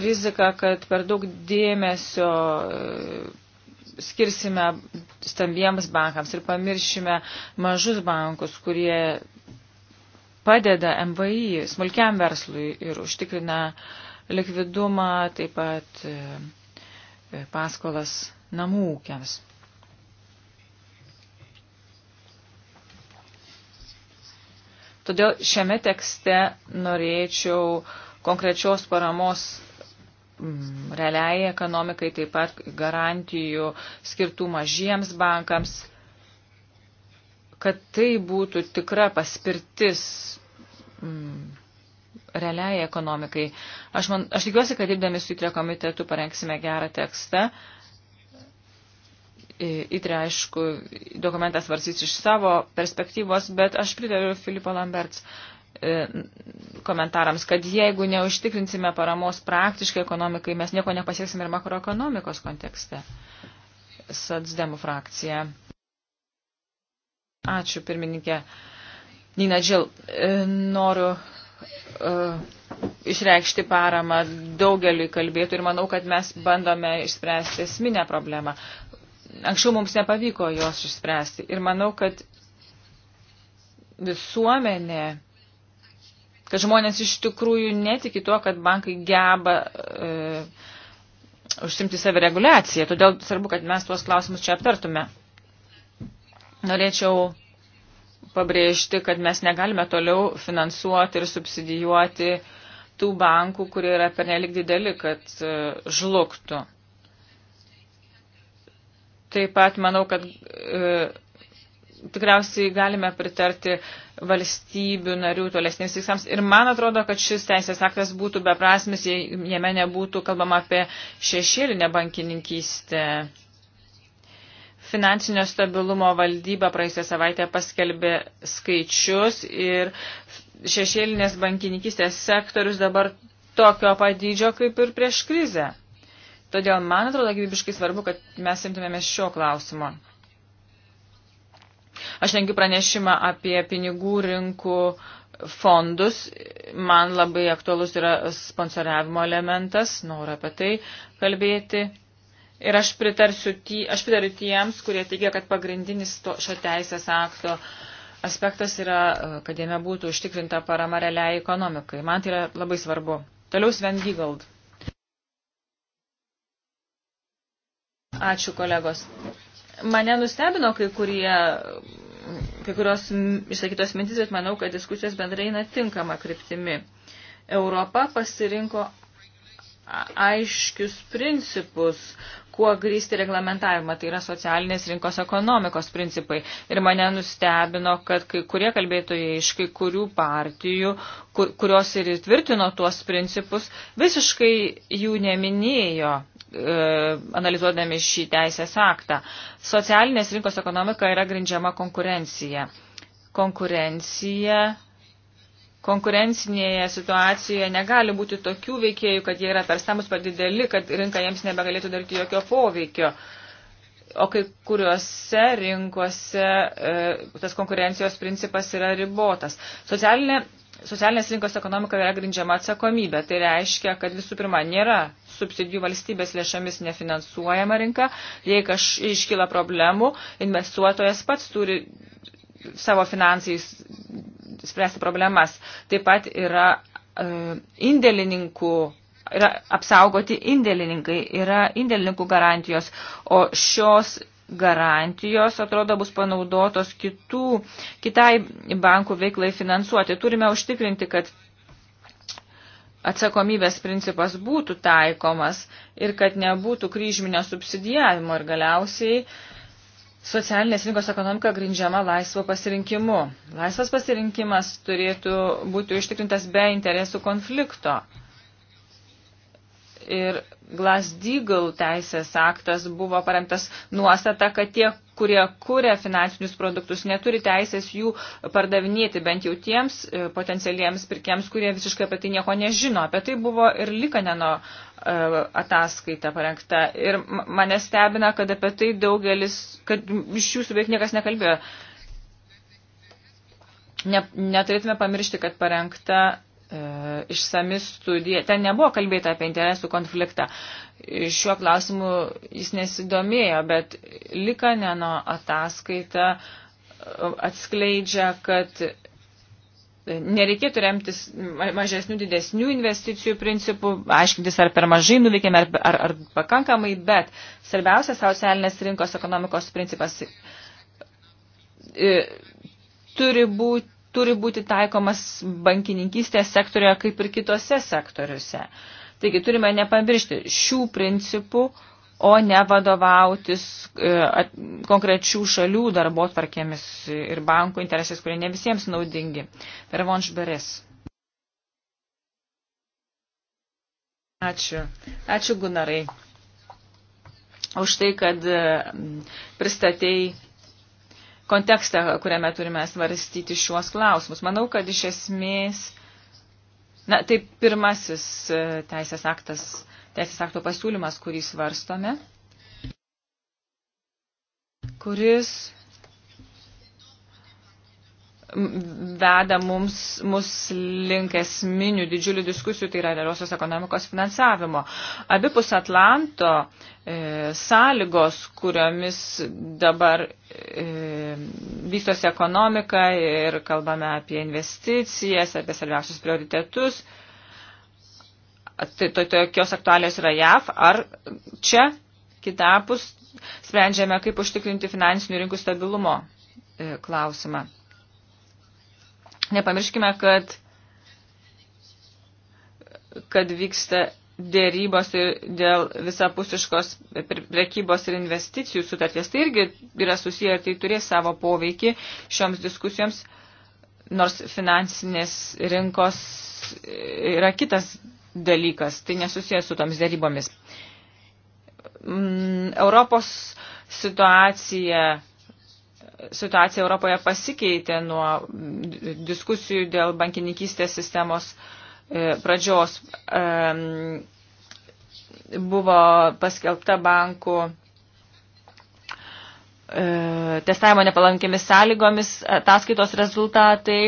B: rizika, kad per daug dėmesio e, skirsime stambiems bankams ir pamiršime mažus bankus, kurie padeda MVI, smulkiam verslui ir užtikrina uh, likvidumą, taip pat e, paskolas namų ūkiams. Todėl šiame tekste norėčiau konkrečios paramos realiai ekonomikai, taip pat garantijų skirtų mažiems bankams, kad tai būtų tikra paspirtis realiai ekonomikai. Aš, man, aš tikiuosi, kad dirbdami su ITRE komitetu parengsime gerą tekstą. ITRE, aišku, dokumentas varsys iš savo perspektyvos, bet aš pritariu Filipo Lamberts e, komentarams, kad jeigu neužtikrinsime paramos praktiškai ekonomikai, mes nieko nepasieksime ir makroekonomikos kontekste. Satsdemų frakcija. Ačiū, pirmininkė. Nina Džil, e, noriu Uh, išreikšti paramą daugeliui kalbėtų ir manau, kad mes bandome išspręsti esminę problemą. Anksčiau mums nepavyko jos išspręsti ir manau, kad visuomenė, kad žmonės iš tikrųjų netiki tuo, kad bankai geba e, užsimti savireguliaciją. Todėl svarbu, kad mes tuos klausimus čia aptartume. Norėčiau pabrėžti, kad mes negalime toliau finansuoti ir subsidijuoti tų bankų, kurie yra pernelik dideli, kad e, žlugtų. Taip pat manau, kad e, tikriausiai galime pritarti valstybių narių tolesnėms tikslams. Ir man atrodo, kad šis teisės aktas būtų beprasmis, jei jame nebūtų kalbama apie šešėlinę bankininkystę. Finansinio stabilumo valdyba praėjusią savaitę paskelbė skaičius ir šešėlinės bankininkistės sektorius dabar tokio pat dydžio kaip ir prieš krizę. Todėl man atrodo gyvybiškai svarbu, kad mes imtumėme šio klausimo. Aš rengiu pranešimą apie pinigų rinkų fondus. Man labai aktualus yra sponsoriavimo elementas, noriu apie tai kalbėti. Ir aš, ty, aš pritariu tiems, kurie teigia, kad pagrindinis to, šio teisės akto aspektas yra, e, kad jame būtų užtikrinta parama realiai ekonomikai. Man tai yra labai svarbu. Toliau Sven Gigald. Ačiū kolegos. Mane nustebino kai kurie kai kurios išsakytos mintis, bet manau, kad diskusijos bendrai eina tinkama kryptimi. Europa pasirinko aiškius principus, kuo grįsti reglamentavimą, tai yra socialinės rinkos ekonomikos principai. Ir mane nustebino, kad kai kurie kalbėtojai iš kai kurių partijų, kur, kurios ir įtvirtino tuos principus, visiškai jų neminėjo e, analizuodami šį teisės aktą. Socialinės rinkos ekonomika yra grindžiama konkurencija. Konkurencija konkurencinėje situacijoje negali būti tokių veikėjų, kad jie yra per stambus, per dideli, kad rinka jiems nebegalėtų daryti jokio poveikio. O kai kuriuose rinkose e, tas konkurencijos principas yra ribotas. Socialinė, socialinės rinkos ekonomika yra grindžiama atsakomybė. Tai reiškia, kad visų pirma, nėra subsidijų valstybės lėšomis nefinansuojama rinka. Jei kažkaip iškyla problemų, investuotojas pats turi savo finansais spręsti problemas. Taip pat yra e, indėlininkų, yra apsaugoti indėlininkai, yra indėlininkų garantijos, o šios garantijos, atrodo, bus panaudotos kitų, kitai bankų veiklai finansuoti. Turime užtikrinti, kad atsakomybės principas būtų taikomas ir kad nebūtų kryžminio subsidijavimo ir galiausiai uh, Socialinės rinkos ekonomika grindžiama laisvo pasirinkimu. Laisvas pasirinkimas turėtų būti užtikrintas be interesų konflikto ir Glass-Steagall teisės aktas buvo paremtas nuostata, kad tie, kurie kūrė finansinius produktus, neturi teisės jų pardavinėti, bent jau tiems e, potencialiems pirkiems, kurie visiškai apie tai nieko nežino. Apie tai buvo ir Likaneno e, ataskaita parengta. Ir mane stebina, kad apie tai daugelis, kad iš jūsų beveik niekas nekalbėjo. Ne, neturėtume pamiršti, kad parengta E, išsami studija. Ten nebuvo kalbėta apie interesų konfliktą. Šiuo klausimu jis nesidomėjo, bet Likaneno ataskaita e, atskleidžia, kad Nereikėtų remtis mažesnių, didesnių investicijų principų, aiškintis ar per mažai nuveikėme, ar, ar, ar pakankamai, bet svarbiausia socialinės rinkos ekonomikos principas e, turi būti turi būti taikomas bankininkystės sektorioje kaip ir kitose sektoriuose. Taigi turime nepamiršti šių principų, o ne vadovautis e, konkrečių šalių darbo tvarkėmis ir bankų interesais, kurie ne visiems naudingi. Pervonš Beres. Ačiū. Ačiū, Gunarai, už tai, kad e, pristatėjai kontekstą, kuriame turime svarstyti šiuos klausimus. Manau, kad iš esmės, na, tai pirmasis e, teisės aktas, teisės akto pasiūlymas, kurį svarstome, kuris veda mums, mus link esminių didžiulių diskusijų, tai yra realiosios ekonomikos finansavimo. Abipus Atlanto e, sąlygos, kuriomis dabar e, vystosi ekonomika ir kalbame apie investicijas, apie svarbiausius prioritetus, tai to, tai tokios aktualios yra JAV, ar čia kitapus sprendžiame, kaip užtikrinti finansinių rinkų stabilumo e, klausimą. Nepamirškime, kad, kad vyksta dėrybos dėl visapusiškos prekybos ir investicijų sutarties. Tai irgi yra susiję ir tai turės savo poveikį šioms diskusijoms, nors finansinės rinkos yra kitas dalykas, tai nesusijęs su toms dėrybomis. Mm, Europos situacija situacija Europoje pasikeitė nuo diskusijų dėl bankininkystės sistemos e, pradžios. Buvo paskelbta bankų e, testavimo nepalankėmis sąlygomis, ataskaitos rezultatai.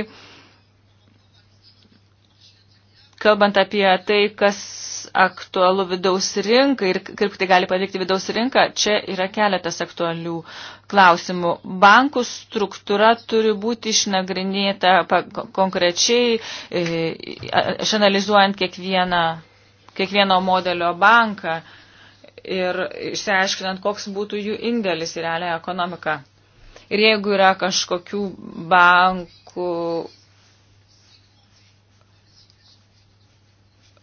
B: Kalbant apie tai, kas aktualu vidaus rinkai ir kaip tai gali paveikti vidaus rinką, čia yra keletas aktualių klausimų. Bankų struktūra turi būti išnagrinėta konkrečiai, e, išanalizuojant kiekvieną, kiekvieno modelio banką ir išsiaiškinant, koks būtų jų indėlis į realią ekonomiką. Ir jeigu yra kažkokių bankų,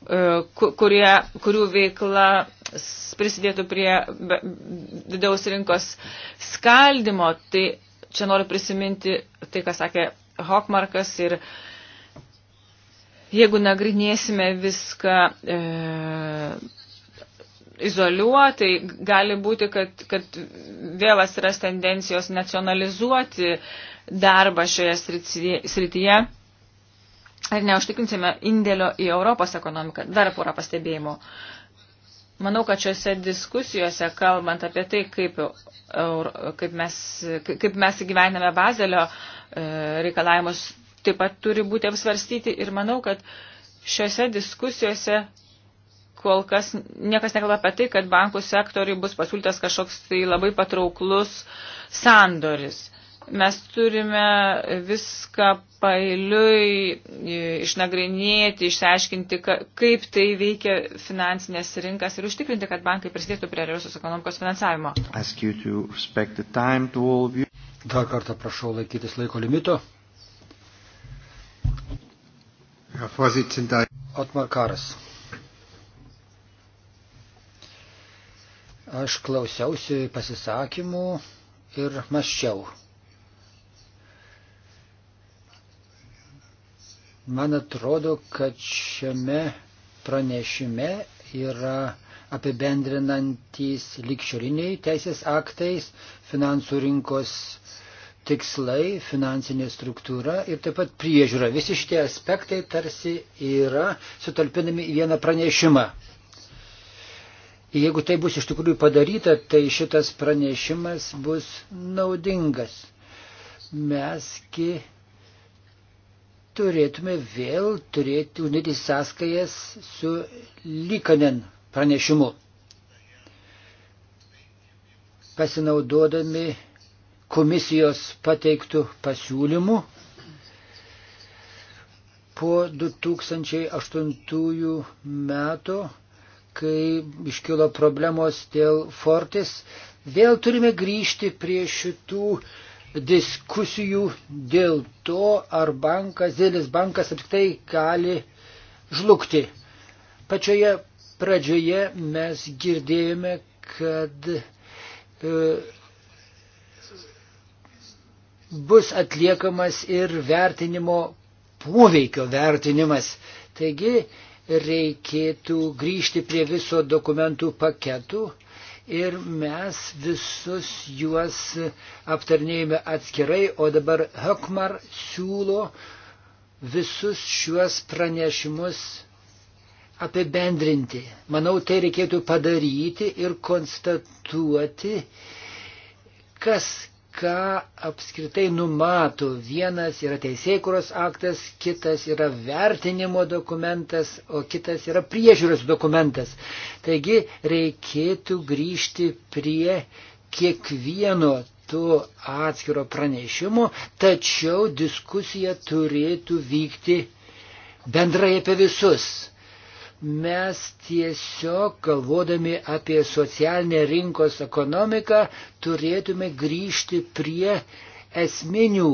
B: E, kurie, kurių veikla prisidėtų prie vidaus rinkos skaldimo. Tai čia noriu prisiminti tai, ką sakė Hokmarkas ir jeigu nagrinėsime viską e, izoliuotai, gali būti, kad, kad vėl atsiras tendencijos nacionalizuoti darbą šioje srityje. srityje ar neužtikrinsime indėlio į Europos ekonomiką. Dar porą pastebėjimų. Manau, kad šiuose diskusijose, kalbant apie tai, kaip, kaip, mes, kaip mes įgyvename bazelio e, reikalavimus, taip pat turi būti apsvarstyti. Ir manau, kad šiuose diskusijose kol kas niekas nekalba apie tai, kad bankų sektoriui bus pasiūlytas kažkoks tai labai patrauklus sandoris. Mes turime viską pailiui išnagrinėti, išsiaiškinti, kaip tai veikia finansinės rinkas ir užtikrinti, kad bankai prisidėtų prie realiosios ekonomikos finansavimo.
C: Dar kartą prašau laikytis laiko limito. Otmar Karas. Aš klausiausi pasisakymų ir maščiau. Man atrodo, kad šiame pranešime yra apibendrinantis likščioriniai teisės aktais, finansų rinkos tikslai, finansinė struktūra ir taip pat priežiūra. Visi šitie aspektai tarsi yra sutalpinami į vieną pranešimą. Jeigu tai bus iš tikrųjų padaryta, tai šitas pranešimas bus naudingas. Meski turėtume vėl turėti uždėti sąskajas su Lykanen pranešimu. Pasinaudodami komisijos pateiktų pasiūlymų po 2008 metų, kai iškilo problemos dėl Fortis, vėl turime grįžti prie šitų uh, diskusijų dėl to, ar bankas, dėlis bankas apskritai gali žlugti. Pačioje pradžioje mes girdėjome, kad e, bus atliekamas ir vertinimo poveikio vertinimas. Taigi reikėtų grįžti prie viso dokumentų paketų ir mes visus juos aptarnėjame atskirai, o dabar Hokmar siūlo visus šiuos pranešimus apibendrinti. Manau, tai reikėtų padaryti ir konstatuoti, kas ką apskritai numato. Vienas yra teisėkuros aktas, kitas yra vertinimo dokumentas, o kitas yra priežiūros dokumentas. Taigi reikėtų grįžti prie kiekvieno to atskiro pranešimo, tačiau diskusija turėtų vykti bendrai apie visus mes tiesiog galvodami apie socialinę rinkos ekonomiką turėtume grįžti prie esminių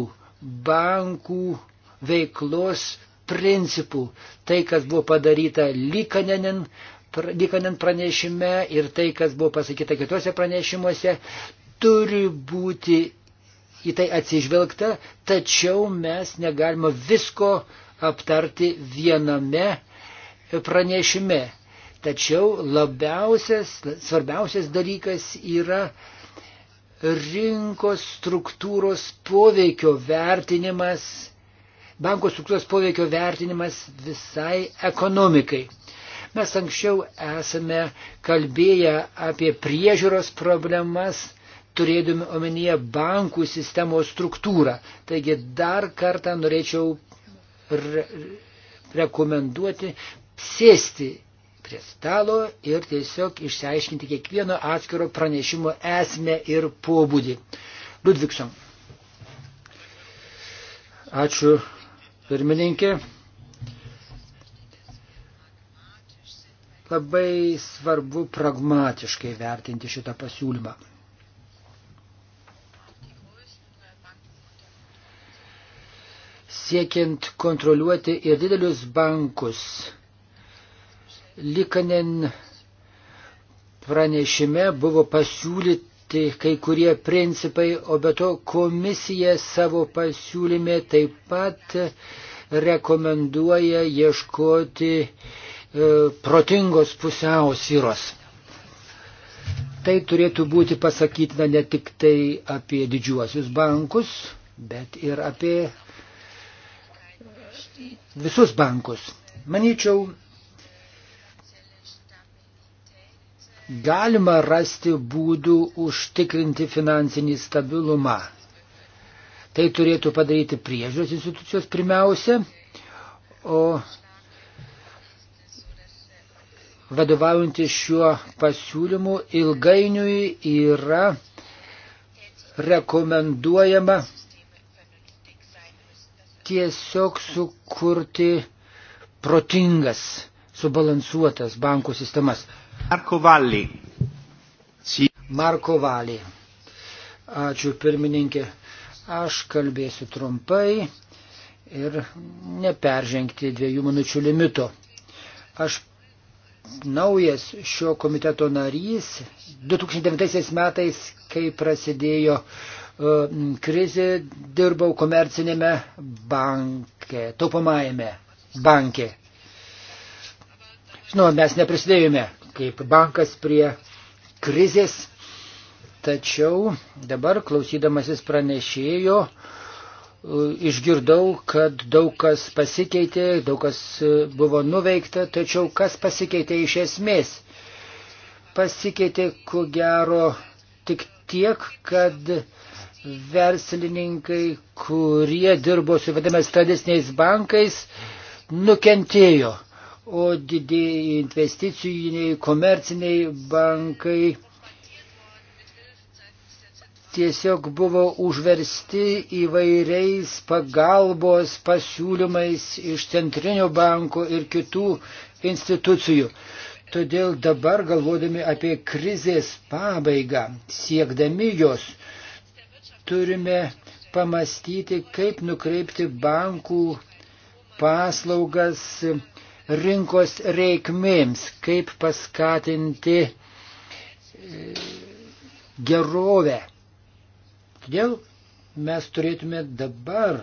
C: bankų veiklos principų. Tai, kas buvo padaryta Likanenin, Likanen pranešime ir tai, kas buvo pasakyta kitose pranešimuose, turi būti į tai atsižvelgta, tačiau mes negalime visko aptarti viename pranešime. Tačiau labiausias, svarbiausias dalykas yra rinkos struktūros poveikio vertinimas, banko struktūros poveikio vertinimas visai ekonomikai. Mes anksčiau esame kalbėję apie priežiūros problemas, turėdami omenyje bankų sistemos struktūrą. Taigi dar kartą norėčiau rekomenduoti sėsti prie stalo ir tiesiog išsiaiškinti kiekvieno atskiro pranešimo esmę ir pobūdį. Ludvigson. Ačiū, pirmininkė. Labai svarbu pragmatiškai vertinti šitą pasiūlymą. Siekiant kontroliuoti ir didelius bankus Likanen pranešime buvo pasiūlyti kai kurie principai, o be to komisija savo pasiūlyme taip pat rekomenduoja ieškoti e, protingos pusiausvyros. Tai turėtų būti pasakytina ne tik tai apie didžiuosius bankus, bet ir apie visus bankus. Manyčiau, galima rasti būdų užtikrinti finansinį stabilumą. Tai turėtų padaryti priežiūros institucijos pirmiausia, o vadovaujantis šiuo pasiūlymu ilgainiui yra rekomenduojama tiesiog sukurti protingas, subalansuotas bankų sistemas. Marko Valį. Si. Marko Valį. Ačiū pirmininkė. Aš kalbėsiu trumpai ir neperžengti dviejų minučių limito. Aš naujas šio komiteto narys 2009 metais, kai prasidėjo e, krizė, dirbau komercinėme banke, taupamajame banke. Žinoma, mes neprisidėjome kaip bankas prie krizės. Tačiau dabar klausydamasis pranešėjo, išgirdau, kad daug kas pasikeitė, daug kas e, buvo nuveikta, tačiau kas pasikeitė iš esmės? Pasikeitė, ko gero, tik tiek, kad verslininkai, kurie dirbo su vadinamais tradiciniais bankais, nukentėjo o didieji investiciniai, komerciniai bankai tiesiog buvo užversti įvairiais pagalbos pasiūlymais iš centrinio banko ir kitų institucijų. Todėl dabar galvodami apie krizės pabaigą, siekdami jos, turime pamastyti, kaip nukreipti bankų paslaugas rinkos reikmėms, kaip paskatinti e, gerovę. Todėl mes turėtume dabar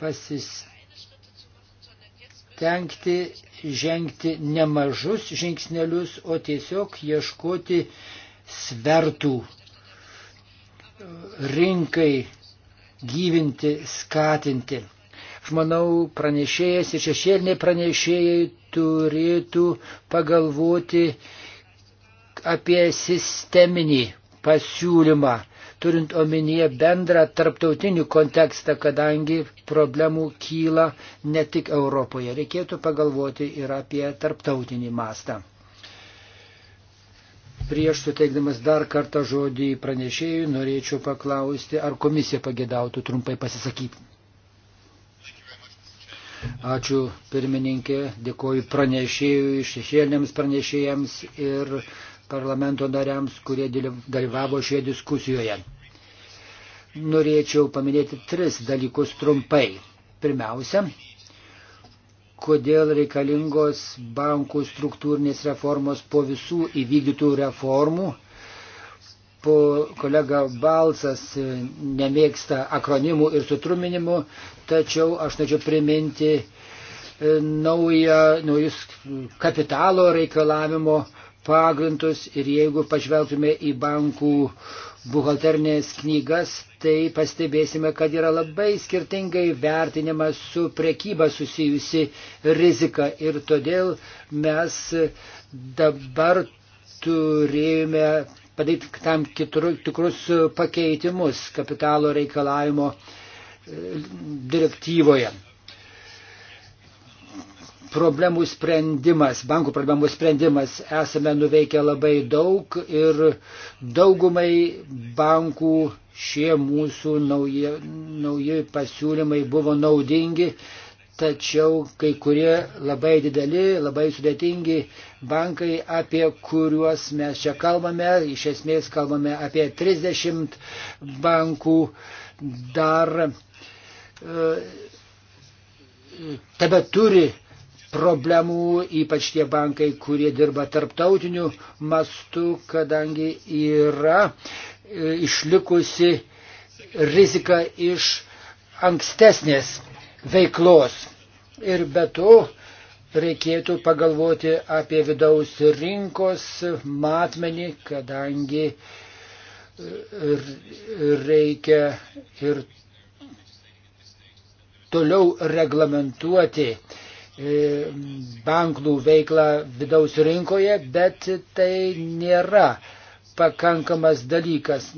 C: pasistengti žengti nemažus žingsnelius, o tiesiog ieškoti svertų e, rinkai gyvinti, skatinti. Aš manau, pranešėjas ir šešėliniai pranešėjai turėtų pagalvoti apie sisteminį pasiūlymą, turint omenyje bendrą tarptautinį kontekstą, kadangi problemų kyla ne tik Europoje. Reikėtų pagalvoti ir apie tarptautinį mastą. Prieš suteikdamas dar kartą žodį pranešėjui, norėčiau paklausti, ar komisija pagėdautų trumpai pasisakyti. Ačiū pirmininkė, dėkoju pranešėjui, šešėlėms pranešėjams ir parlamento nariams, kurie dalyvavo šioje diskusijoje. Norėčiau paminėti tris dalykus trumpai. Pirmiausia, kodėl reikalingos bankų struktūrinės reformos po visų įvykdytų reformų kolega Balsas nemėgsta akronimų ir sutruminimų, tačiau aš norėčiau priminti e, naują, naujus kapitalo reikalavimo pagrindus ir jeigu pažvelgtume į bankų buhalternės knygas, tai pastebėsime, kad yra labai skirtingai vertinima su prekyba susijusi rizika ir todėl mes dabar turėjome padaryti tam kitru, tikrus pakeitimus kapitalo reikalavimo e, direktyvoje. Problemų sprendimas, bankų problemų sprendimas esame nuveikę labai daug ir daugumai bankų šie mūsų nauji, nauji pasiūlymai buvo naudingi tačiau kai kurie labai dideli, labai sudėtingi bankai, apie kuriuos mes čia kalbame, iš esmės kalbame apie 30 bankų, dar e, tebe turi problemų, ypač tie bankai, kurie dirba tarptautiniu mastu, kadangi yra e, išlikusi rizika iš ankstesnės veiklos. Ir be to reikėtų pagalvoti apie vidaus rinkos matmenį, kadangi e, reikia ir toliau reglamentuoti e, bankų veiklą vidaus rinkoje, bet tai nėra pakankamas dalykas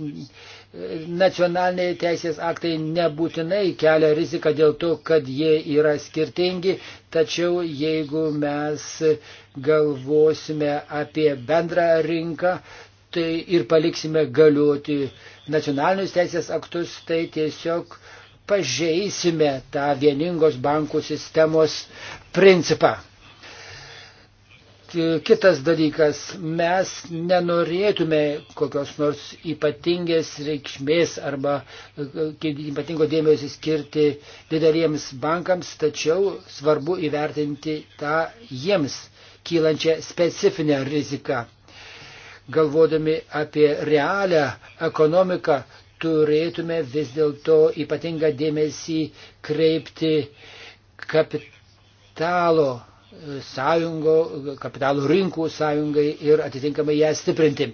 C: nacionaliniai teisės aktai nebūtinai kelia riziką dėl to, kad jie yra skirtingi, tačiau jeigu mes galvosime apie bendrą rinką tai ir paliksime galioti nacionalinius teisės aktus, tai tiesiog pažeisime tą vieningos bankų sistemos principą. E, kitas dalykas, mes nenorėtume kokios nors ypatingės reikšmės arba e, ypatingo dėmesio skirti dideliems bankams, tačiau svarbu įvertinti tą jiems kylančią specifinę riziką. Galvodami apie realią ekonomiką, turėtume vis dėlto ypatingą dėmesį kreipti kapitalo sąjungo, kapitalų rinkų sąjungai ir atitinkamai ją stiprinti.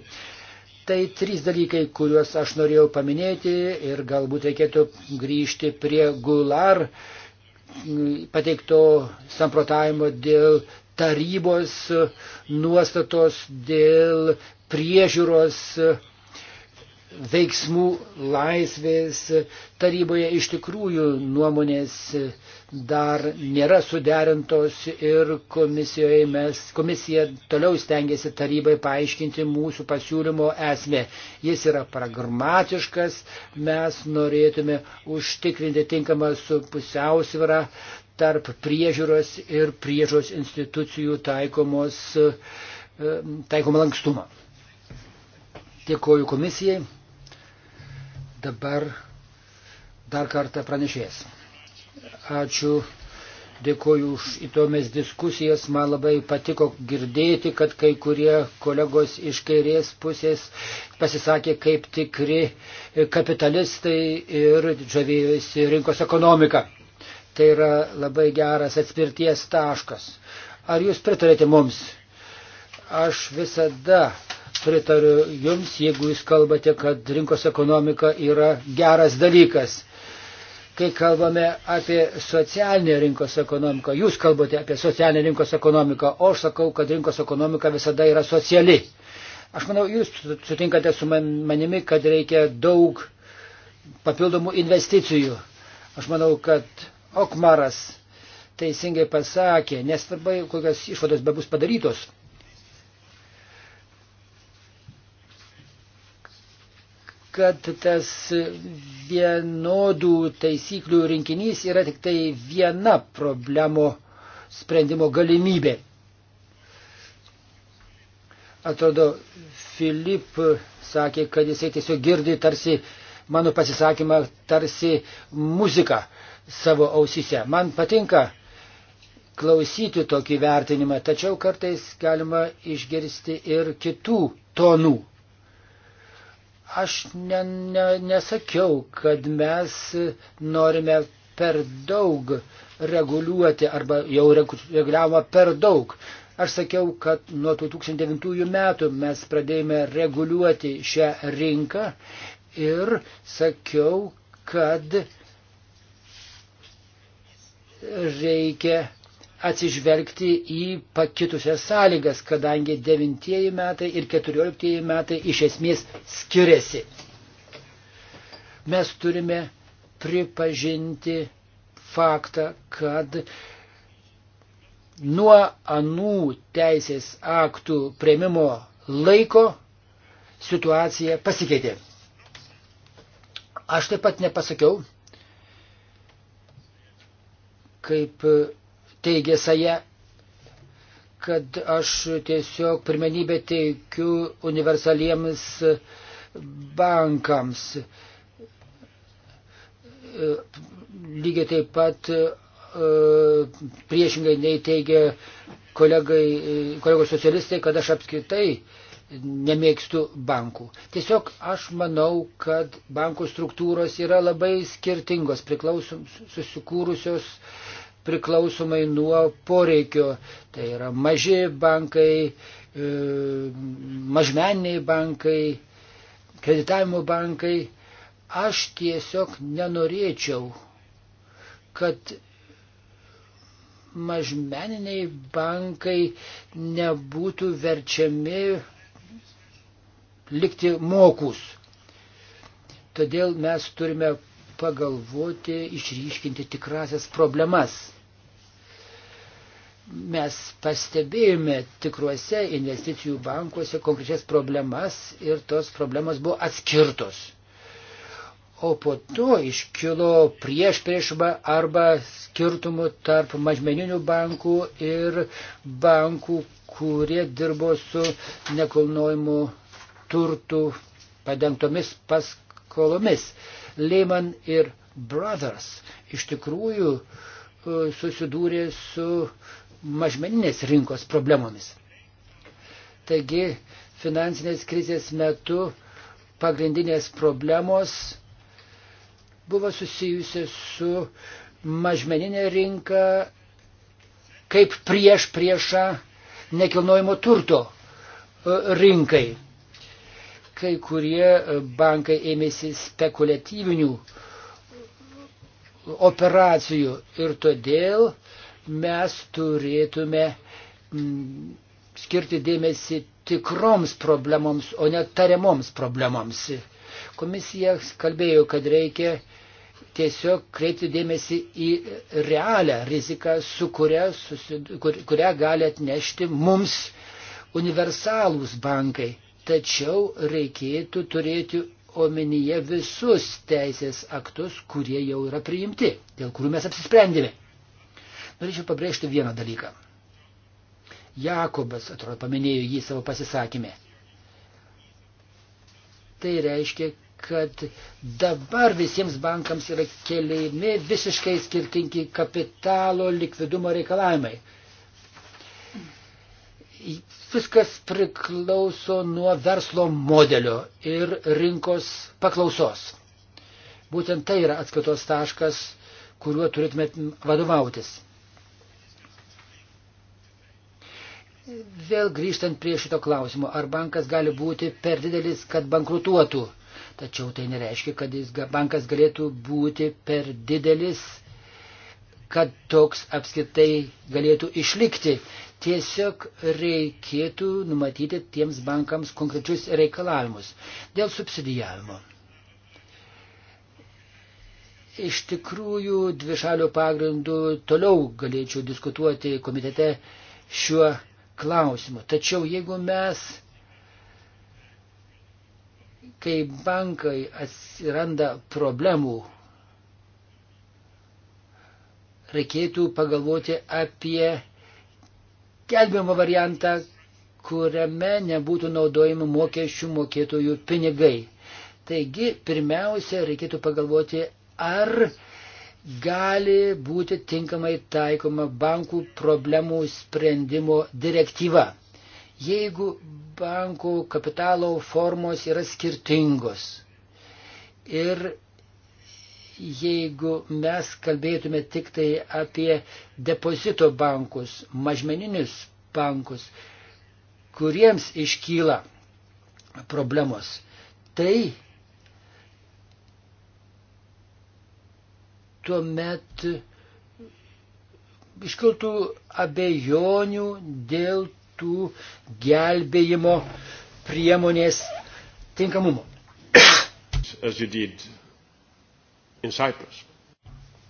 C: Tai trys dalykai, kuriuos aš norėjau paminėti ir galbūt reikėtų grįžti prie Gular pateikto samprotavimo dėl tarybos nuostatos, dėl priežiūros veiksmų laisvės taryboje iš tikrųjų nuomonės dar nėra suderintos ir komisijoje mes, komisija toliau stengiasi tarybai paaiškinti mūsų pasiūlymo esmę. Jis yra pragmatiškas, mes norėtume užtikrinti tinkamą su pusiausvyrą tarp priežiūros ir priežos institucijų taikomos, e, taikomą lankstumą. Dėkoju komisijai. Dabar dar kartą pranešėjas. Ačiū, dėkoju už įdomias diskusijas. Man labai patiko girdėti, kad kai kurie kolegos iš kairės pusės pasisakė kaip tikri kapitalistai ir žavėjosi rinkos ekonomika. Tai yra labai geras atspirties taškas. Ar jūs pritarėte mums? Aš visada pritariu Jums, jeigu Jūs kalbate, kad rinkos ekonomika yra geras dalykas. Kai kalbame apie socialinę rinkos ekonomiką, Jūs kalbate apie socialinę rinkos ekonomiką, o aš sakau, kad rinkos ekonomika visada yra sociali. Aš manau, Jūs sutinkate su manimi, kad reikia daug papildomų investicijų. Aš manau, kad Okmaras teisingai pasakė, nesvarbai kokios išvados be bus padarytos kad tas vienodų taisyklių rinkinys yra tik tai viena problemo sprendimo galimybė. Atrodo, Filip sakė, kad jisai tiesiog girdi tarsi mano pasisakymą, tarsi muziką savo ausyse. Man patinka klausyti tokį vertinimą, tačiau kartais galima išgirsti ir kitų tonų. Aš ne, ne, nesakiau, kad mes norime per daug reguliuoti arba jau reguliavome per daug. Aš sakiau, kad nuo 2009 metų mes pradėjome reguliuoti šią rinką ir sakiau, kad reikia atsižvelgti į pakitusias sąlygas, kadangi 9 metai ir 14 metai iš esmės skiriasi. Mes turime pripažinti faktą, kad nuo anų teisės aktų prieimimo laiko situacija pasikeitė. Aš taip pat nepasakiau, kaip teigė Saje, kad aš tiesiog pirmenybę teikiu universaliems bankams. Lygiai taip pat e, priešingai nei teigia kolegai, kolegos socialistai, kad aš apskritai nemėgstu bankų. Tiesiog aš manau, kad bankų struktūros yra labai skirtingos, priklausom susikūrusios priklausomai nuo poreikio. Tai yra maži bankai, e, mažmeniniai bankai, kreditavimo bankai. Aš tiesiog nenorėčiau, kad mažmeniniai bankai nebūtų verčiami likti mokus. Todėl mes turime pagalvoti, išryškinti tikrasias problemas mes pastebėjome tikruose investicijų bankuose konkrečias problemas ir tos problemos buvo atskirtos. O po to iškilo prieš priešba arba skirtumų tarp mažmeninių bankų ir bankų, kurie dirbo su nekulnojimu turtų padengtomis paskolomis. Lehman ir Brothers iš tikrųjų e, susidūrė su uh, mažmeninės rinkos problemomis. Taigi finansinės krizės metu pagrindinės problemos buvo susijusi su mažmeninė rinka kaip prieš priešą nekilnojimo turto e, rinkai. Kai kurie e, bankai ėmėsi spekuliatyvinių operacijų ir todėl uh, mes turėtume mm, skirti dėmesį tikroms problemoms, o ne tariamoms problemoms. Komisija kalbėjo, kad reikia tiesiog kreipti dėmesį į realią riziką, su kuria, susid... kur, kuria gali atnešti mums universalūs bankai. Tačiau reikėtų turėti omenyje visus teisės aktus, kurie jau yra priimti, dėl kurių mes apsisprendėme. Norėčiau pabrėžti vieną dalyką. Jakobas, atrodo, paminėjo jį savo pasisakymę. Tai reiškia, kad dabar visiems bankams yra keliami visiškai skirtingi kapitalo likvidumo reikalavimai. Viskas priklauso nuo verslo modelio ir rinkos paklausos. Būtent tai yra atskaitos taškas, kuriuo turėtume vadovautis. Vėl grįžtant prie šito klausimo, ar bankas gali būti per didelis, kad bankrutuotų. Tačiau tai nereiškia, kad jis, bankas galėtų būti per didelis, kad toks apskritai galėtų išlikti. Tiesiog reikėtų numatyti tiems bankams konkrečius reikalavimus dėl subsidijavimo. Iš tikrųjų, dvišalių pagrindų toliau galėčiau diskutuoti komitete šiuo klausimų. Tačiau jeigu mes, kai bankai atsiranda problemų, reikėtų pagalvoti apie kelbimo variantą, kuriame nebūtų naudojami mokesčių mokėtojų pinigai. Taigi, pirmiausia, reikėtų pagalvoti, ar gali būti tinkamai taikoma bankų problemų sprendimo direktyva. Jeigu bankų kapitalo formos yra skirtingos ir jeigu mes kalbėtume tik tai apie depozito bankus, mažmeninius bankus, kuriems iškyla problemos, tai tuomet iškiltų abejonių dėl tų gelbėjimo priemonės tinkamumo.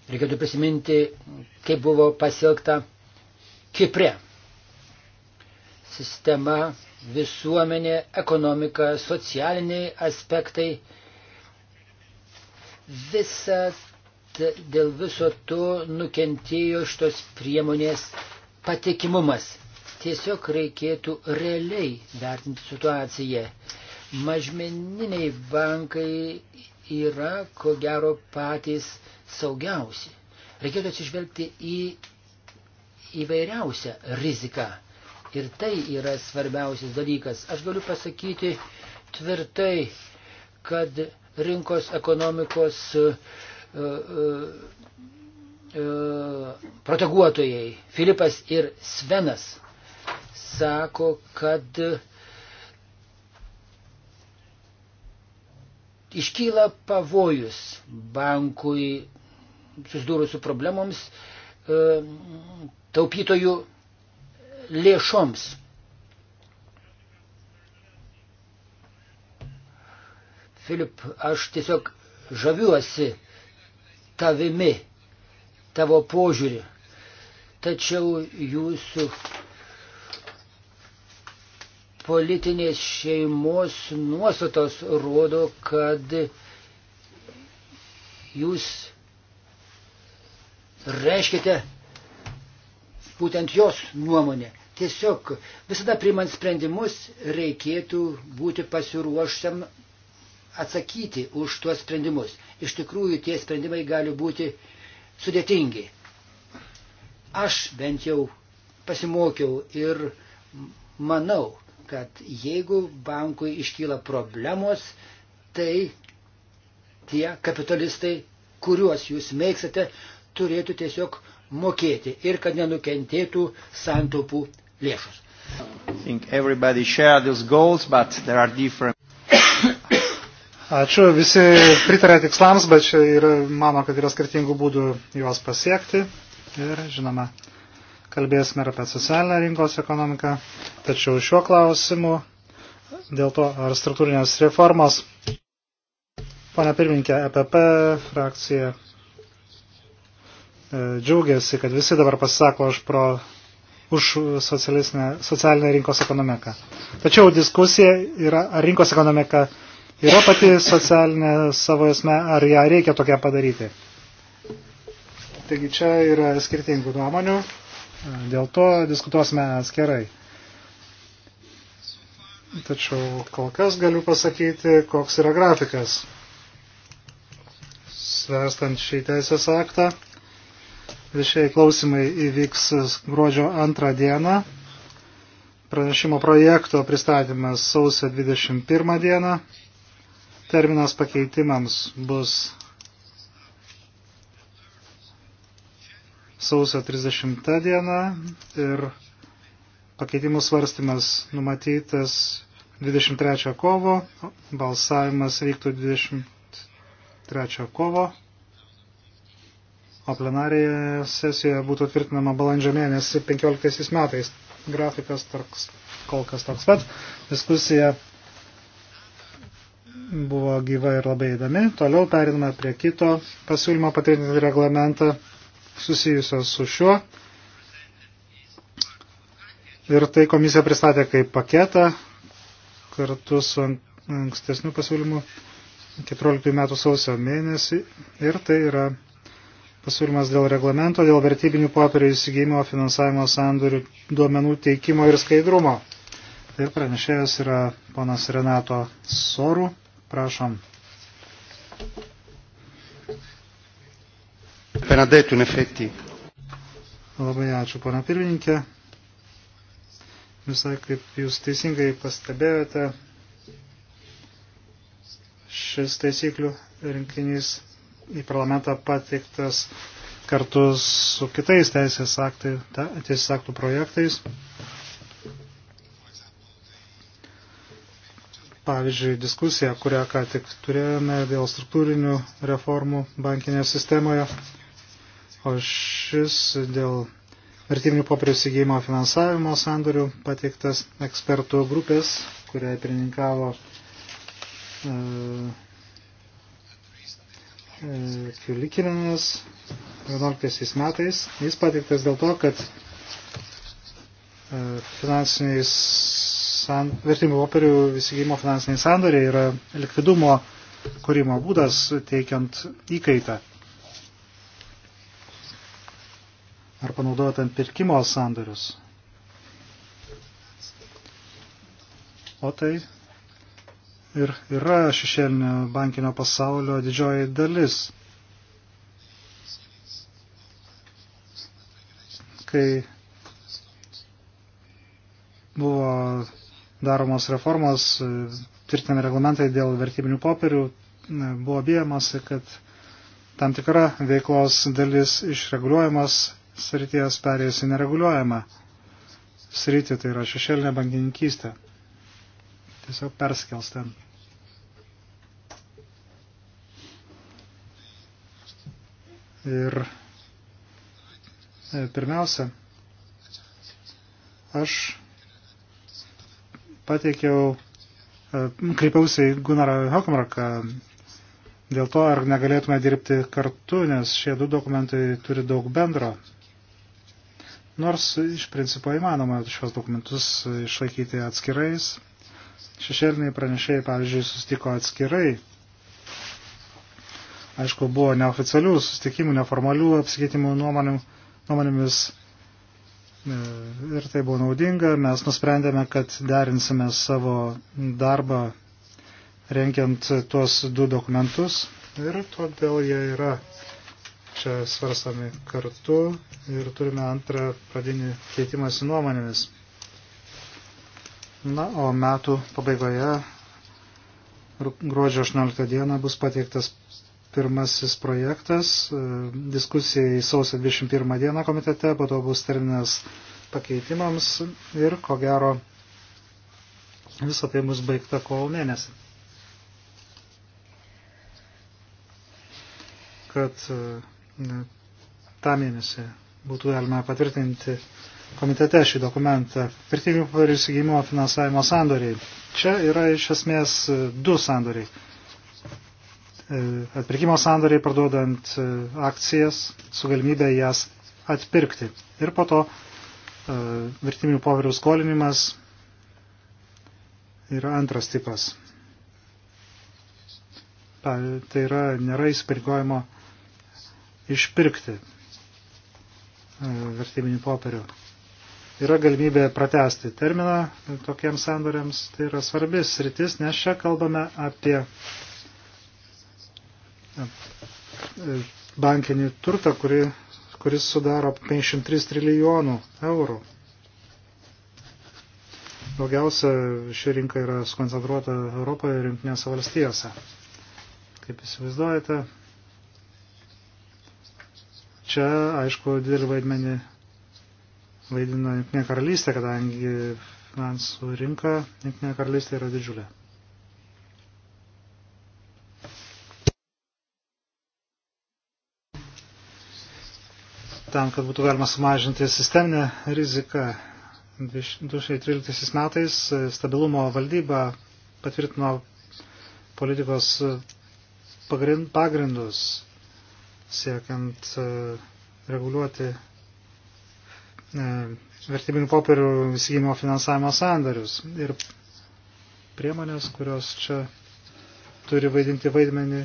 C: Reikėtų prisiminti, kaip buvo pasilgta Kipre. Sistema, visuomenė, ekonomika, socialiniai aspektai. Visa dėl viso to nukentėjo šitos priemonės patikimumas. Tiesiog reikėtų realiai vertinti situaciją. Mažmeniniai bankai yra ko gero patys saugiausi. Reikėtų atsižvelgti į įvairiausią riziką. Ir tai yra svarbiausias dalykas. Aš galiu pasakyti tvirtai, kad rinkos ekonomikos uh, E, e, proteguotojai Filipas ir Svenas sako, kad iškyla pavojus bankui susidūrusių problemoms e, taupytojų lėšoms. Filip, aš tiesiog žaviuosi tavimi, tavo požiūrį. Tačiau jūsų politinės šeimos nuostatos rodo, kad jūs reiškite būtent jos nuomonę. Tiesiog visada primant sprendimus reikėtų būti pasiruoštam atsakyti už tuos sprendimus. Iš tikrųjų, tie sprendimai gali būti sudėtingi. Aš bent jau pasimokiau ir manau, kad jeigu bankui iškyla problemos, tai tie kapitalistai, kuriuos jūs mėgstate, turėtų tiesiog mokėti ir kad nenukentėtų santaupų lėšos. Goals, different... (coughs)
A: Ačiū, visi pritarė tikslams, bet čia ir mano, kad yra skirtingų būdų juos pasiekti. Ir žinoma, kalbėsime ir apie socialinę rinkos ekonomiką. Tačiau šiuo klausimu, dėl to ar struktūrinės reformos, pane pirmininkė, EPP frakcija e, džiaugiasi, kad visi dabar pasisako už, pro, už socialinę rinkos ekonomiką. Tačiau diskusija yra, ar rinkos ekonomika yra pati socialinė savo esme, ar ją reikia tokią padaryti. Taigi čia yra skirtingų nuomonių, dėl to diskutuosime atskirai. Tačiau kol kas galiu pasakyti, koks yra grafikas. Sverstant šį teisės aktą, viešieji klausimai įvyks gruodžio antrą dieną, pranešimo projekto pristatymas sausio 21 dieną. Terminas pakeitimams bus sausio 30 diena ir pakeitimų svarstymas numatytas 23 kovo, balsavimas vyktų 23 kovo, o plenarėje sesijoje būtų tvirtinama balandžio mėnesį 15 metais. Grafikas toks, kol kas toks pat, diskusija buvo gyva ir labai įdomi. Toliau periname prie kito pasiūlymo patvirtinti reglamentą susijusio su šiuo. Ir tai komisija pristatė kaip paketą kartu su ankstesniu pasiūlymu 14 metų sausio mėnesį. Ir tai yra pasiūlymas dėl reglamento, dėl vertybinių popierių įsigijimo, finansavimo sandorių, duomenų teikimo ir skaidrumo. Ir pranešėjas yra ponas Renato Sorų. Prašom. Benedettų nefektį. Labai ačiū, pana pirmininkė. Visai kaip jūs teisingai pastebėjote, šis taisyklių rinkinys į parlamentą pateiktas kartu su kitais teisės, aktai, teisės aktų projektais. Pavyzdžiui, diskusija, kurią ką tik turėjome dėl struktūrinių reformų bankinėje sistemoje, o šis dėl vertybinių popierių įsigijimo finansavimo sandorių pateiktas ekspertų grupės, kuriai pirmininkavo e, e, Kiulikirinas 11 metais. Jis pateiktas dėl to, kad e, finansiniais san, vertimių popierių įsigijimo finansiniai sandoriai yra likvidumo kūrimo būdas teikiant įkaitą ar panaudojant ant pirkimo sandorius. O tai ir yra šešėlinio bankinio pasaulio didžioji dalis. Kai buvo daromos reformos, tvirtinami reglamentai dėl vertybinių popierių, e, buvo bijamasi, kad tam tikra veiklos dalis iš reguliuojamos srities perėjus į nereguliuojamą sritį, tai yra šešėlinė bankininkystė. Tiesiog perskels ten. Ir e, pirmiausia, aš pateikiau, e, kreipiausi į Gunarą Hokmarką dėl to, ar negalėtume dirbti kartu, nes šie du dokumentai turi daug bendro. Nors iš principo įmanoma šios dokumentus išlaikyti atskirais. Šešėliniai pranešėjai, pavyzdžiui, sustiko atskirai. Aišku, buvo neoficialių sustikimų, neformalių apsikeitimų nuomonėmis E, ir tai buvo naudinga. Mes nusprendėme, kad derinsime savo darbą renkiant tuos du dokumentus ir todėl jie yra čia svarstami kartu ir turime antrą pradinį keitimąsi nuomonėmis. Na, o metų pabaigoje, gruodžio 18 dieną, bus pateiktas pirmasis projektas e, diskusijai sausio 21 dieną komitete, po to bus terminas pakeitimams ir ko gero visą tai bus baigta kovo mėnesį. Kad e, tą mėnesį būtų galima patvirtinti komitete šį dokumentą. Vertybinių popierių įsigijimo finansavimo sandoriai. Čia yra iš esmės e, du sandoriai E, atpirkimo sandoriai parduodant e, akcijas su galimybė jas atpirkti. Ir po to e, vertiminių poverių skolinimas yra antras tipas. Tai yra nėra įsipareigojimo išpirkti vertybinių popierių. Yra galimybė pratesti terminą tokiems sandoriams. Tai yra svarbis rytis, nes čia kalbame apie bankinį turtą, kuri, kuris sudaro 53 trilijonų eurų. Daugiausia ši rinka yra skoncentruota Europoje ir Junktinėse valstijose. Kaip įsivaizduojate, čia, aišku, didelį vaidmenį vaidina Junktinė karalystė, kadangi finansų rinka Junktinė karalystė yra didžiulė. tam, kad būtų galima sumažinti sisteminę riziką. 2013 metais e, stabilumo valdyba patvirtino politikos e, pagrindus siekiant e, reguliuoti vertybinių popierių įsigymimo finansavimo sandarius ir priemonės, kurios čia turi vaidinti vaidmenį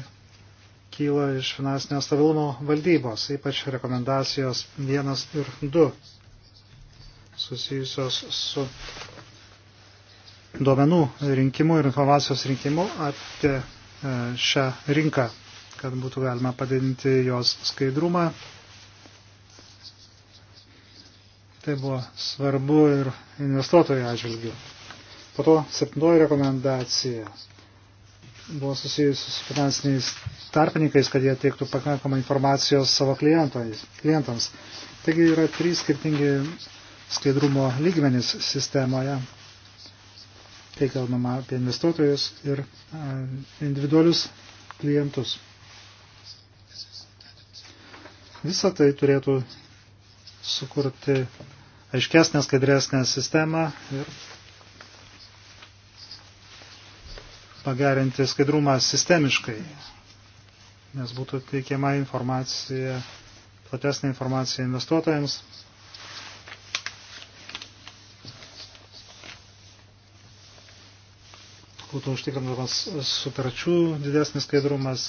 A: kyla iš finansinio stabilumo valdybos, ypač rekomendacijos 1 ir 2 susijusios su duomenų rinkimu ir informacijos rinkimu apie e, šią rinką, kad būtų galima padidinti jos skaidrumą. Tai buvo svarbu ir investuotojų atžvilgių. Po to septintoji rekomendacija buvo susijusi su finansiniais tarpininkais, kad jie teiktų pakankamą informacijos savo klientams. Taigi yra trys skirtingi skaidrumo lygmenys sistemoje. Tai kalbama apie investuotojus ir individualius klientus. Visą tai turėtų sukurti aiškesnę, skaidresnę sistemą ir pagerinti skaidrumą sistemiškai, nes būtų teikiama informacija, platesnė informacija investuotojams. Būtų užtikrinamas sutarčių didesnis skaidrumas.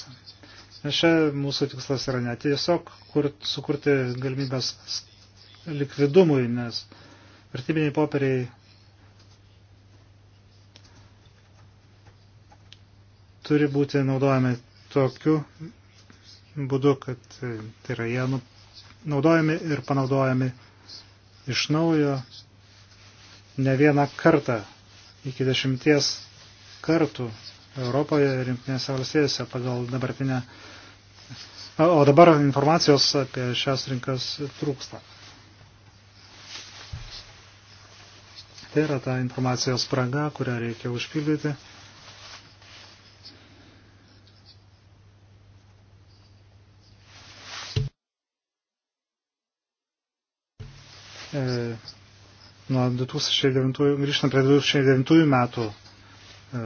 A: Nes čia mūsų tikslas yra ne tiesiog kur, sukurti galimybės likvidumui, nes vertybiniai popieriai turi būti naudojami tokiu būdu, kad e, tai yra jie nu, naudojami ir panaudojami iš naujo ne vieną kartą iki dešimties kartų Europoje ir Junktinėse valstijose pagal dabartinę. O dabar informacijos apie šias rinkas trūksta. Tai yra ta informacijos spraga, kurią reikia užpildyti. nuo 2009, grįžtant prie 2009 metų e,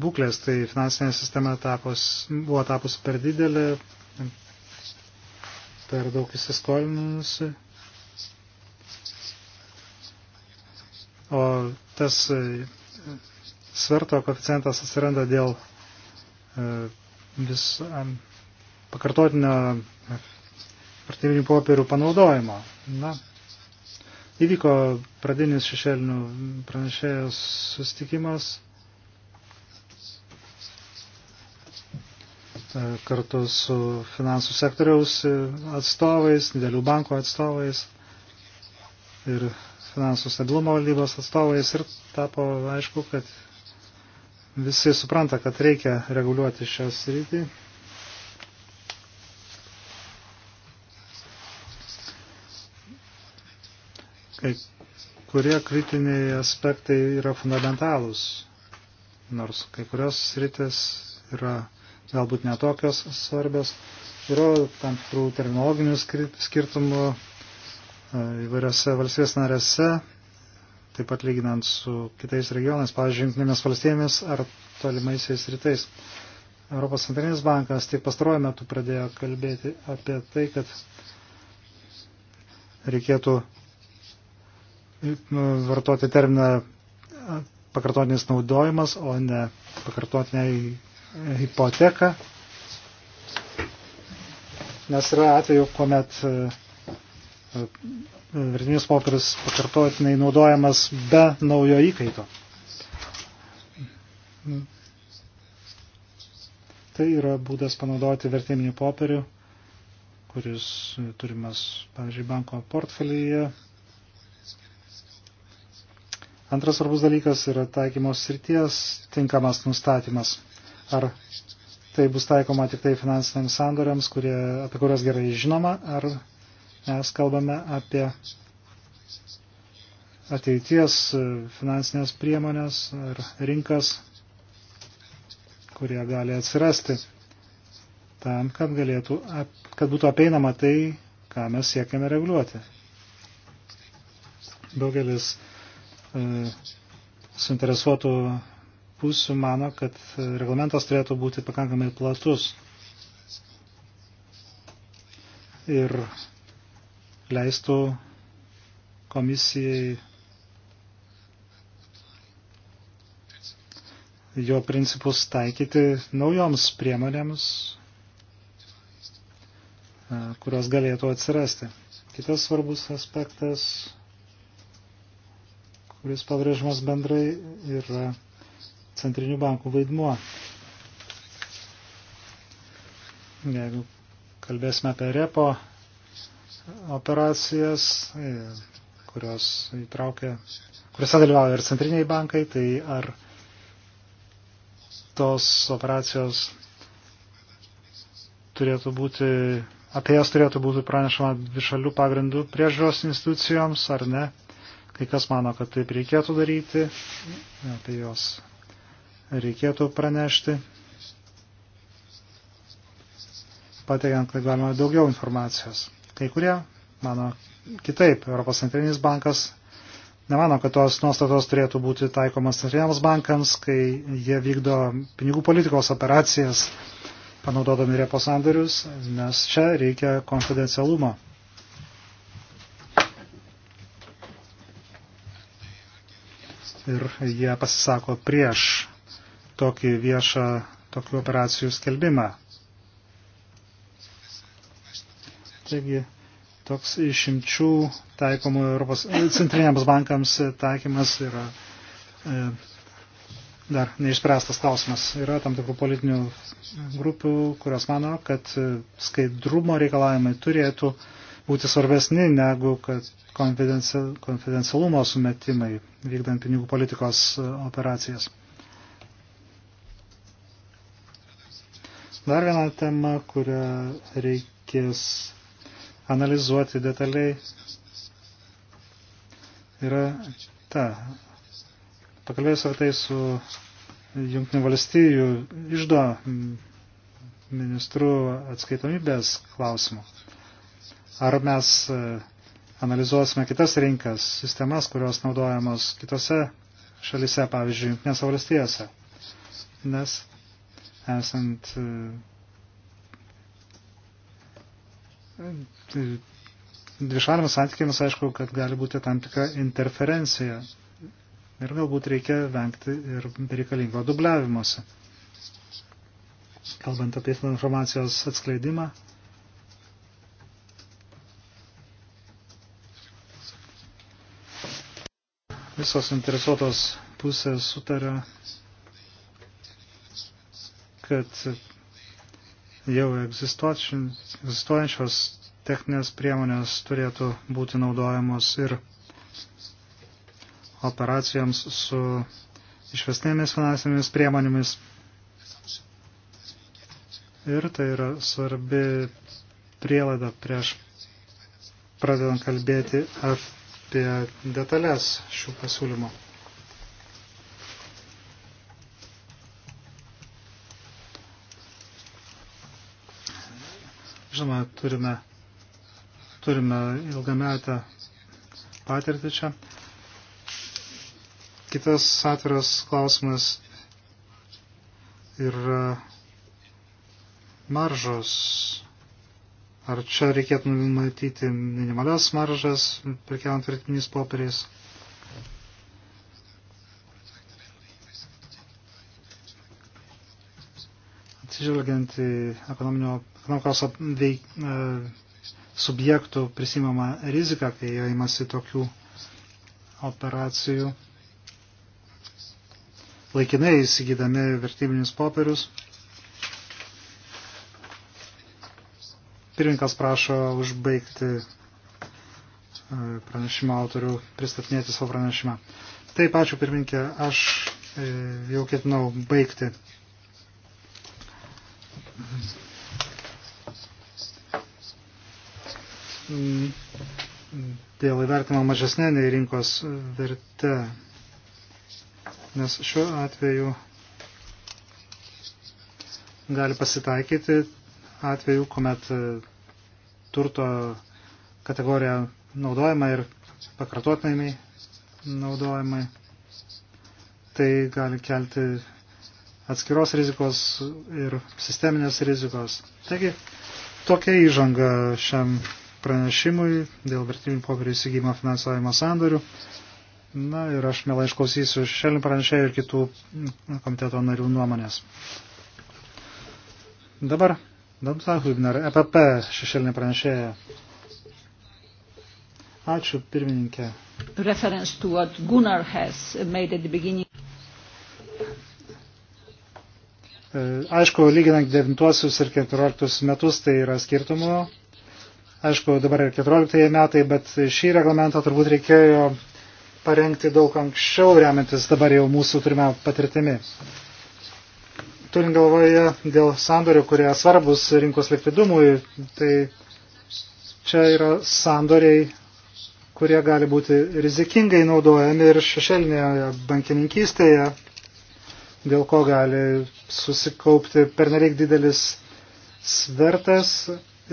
A: būklės, tai finansinė sistema tapos, buvo tapus per didelė, per daug įsiskolinusi. O tas e, sverto koeficientas atsiranda dėl e, vis pakartotinio vertybinių popierių panaudojimo. Na, Įvyko pradinis šešėlinių pranešėjos sustikimas e, kartu su finansų sektoriaus atstovais, didelių bankų atstovais ir finansų stabilumo valdybos atstovais ir tapo aišku, kad visi supranta, kad reikia reguliuoti šią sritį. kai kurie kritiniai aspektai yra fundamentalūs, nors kai kurios sritis yra galbūt netokios svarbios. Yra tam tikrų terminologinių skirtumų e, įvairiose valstybės narėse, taip pat lyginant su kitais regionais, pavyzdžiui, jungtinėmis valstybėmis ar tolimaisiais rytais. Europos centrinis bankas tik pastaruoju metu pradėjo kalbėti apie tai, kad reikėtų Nu, vartoti terminą pakartotinis naudojimas, o ne pakartotinė hipoteka. Nes yra atveju, kuomet e, e, vertinis popierius pakartotinai naudojamas be naujo įkaito. Tai yra būdas panaudoti vertiminių popierių, kuris turimas, pavyzdžiui, banko portfelyje Antras svarbus dalykas yra taikymos srities tinkamas nustatymas. Ar tai bus taikoma tik tai finansiniams sandoriams, kurie, apie kurias gerai žinoma, ar mes kalbame apie ateities finansinės priemonės ar rinkas, kurie gali atsirasti tam, kad, galėtų, kad būtų apeinama tai, ką mes siekiame reguliuoti. Daugelis E, suinteresuotų pusių mano, kad reglamentas turėtų būti pakankamai platus ir leistų komisijai jo principus taikyti naujoms priemonėms, e, kurios galėtų atsirasti. Kitas svarbus aspektas kuris pabrėžiamas bendrai yra centrinių bankų vaidmuo. Jeigu kalbėsime apie repo operacijas, kurios įtraukia, kuriuose dalyvauja ir centriniai bankai, tai ar tos operacijos turėtų būti, apie jas turėtų būti pranešama dvišalių pagrindų priežiūros institucijoms ar ne. Kai kas mano, kad taip reikėtų daryti, apie tai jos reikėtų pranešti, pateikiant, kad galima daugiau informacijos. Kai kurie mano kitaip, Europos centrinis bankas nemano, kad tos nuostatos turėtų būti taikomas centriniams bankams, kai jie vykdo pinigų politikos operacijas, panaudodami repos sandarius, nes čia reikia konfidencialumo. ir jie pasisako prieš tokį viešą tokių operacijų skelbimą. Taigi, toks išimčių taikomų Europos centriniams bankams taikymas yra e, dar neišspręstas klausimas. Yra tam tikrų politinių grupių, kurios mano, kad skaidrumo reikalavimai turėtų e, būti svarbesni negu kad konfidencialumo sumetimai vykdant pinigų politikos e, operacijas. Dar viena tema, kurią reikės analizuoti detaliai, yra ta. Pakalbėjus apie tai su Junktinių valstijų išdo ministrų atskaitomybės klausimu. Ar mes e, analizuosime kitas rinkas, sistemas, kurios naudojamos kitose šalise, pavyzdžiui, Junktinėse valstijose. Nes esant e,
D: e,
A: dvišaliams santykiams, aišku, kad gali būti tam tikra interferencija. Ir galbūt reikia vengti ir reikalingo dubliavimuose. Kalbant apie informacijos atskleidimą, Visos interesuotos pusės sutarė, kad jau egzistuojančios techninės priemonės turėtų būti naudojamos ir operacijoms su išvesnėmis finansinėmis priemonėmis. Ir tai yra svarbi prielaida prieš pradedant kalbėti apie apie detalės šių pasiūlymų. Žinoma, turime, turime ilgametę patirtį čia. Kitas atviras klausimas yra maržos Ar čia reikėtų numatyti minimalias maržas, prekiaujant vertiniais popieriais? Atsižvelgiant į ekonomikos veik, e, subjektų prisimamą riziką, kai jo imasi tokių operacijų, laikinai įsigydami vertybinius popierius, Pirinkas prašo užbaigti e, pranešimo autorių pristatinėti savo pranešimą. Taip, ačiū pirminkė, aš e, jau ketinau baigti. Dėl įvertimo mažesnė nei rinkos verte, nes šiuo atveju gali pasitaikyti atvejų, kuomet e, turto kategorija naudojama ir pakartotinai naudojama. Tai gali kelti atskiros rizikos ir sisteminės rizikos. Taigi, tokia įžanga šiam pranešimui dėl vertinių popierių įsigymo finansavimo sandorių. Na ir aš mielai išklausysiu šiandien pranešėjų ir kitų komiteto narių nuomonės. Dabar Damsa Hubner, EPP šešėlinė pranešėja. Ačiū, pirmininkė.
B: Reference to what Gunnar has made at the beginning.
A: E, aišku, lyginant 9 ir 14 metus, tai yra skirtumų. Aišku, dabar ir 14 metai, bet šį reglamentą turbūt reikėjo parengti daug anksčiau, remiantis dabar jau mūsų turime patirtimi turint galvoje dėl sandorių, kurie svarbus rinkos likvidumui, tai čia yra sandoriai, kurie gali būti rizikingai naudojami ir šešėlinėje bankininkystėje, dėl ko gali susikaupti pernelyg didelis svertas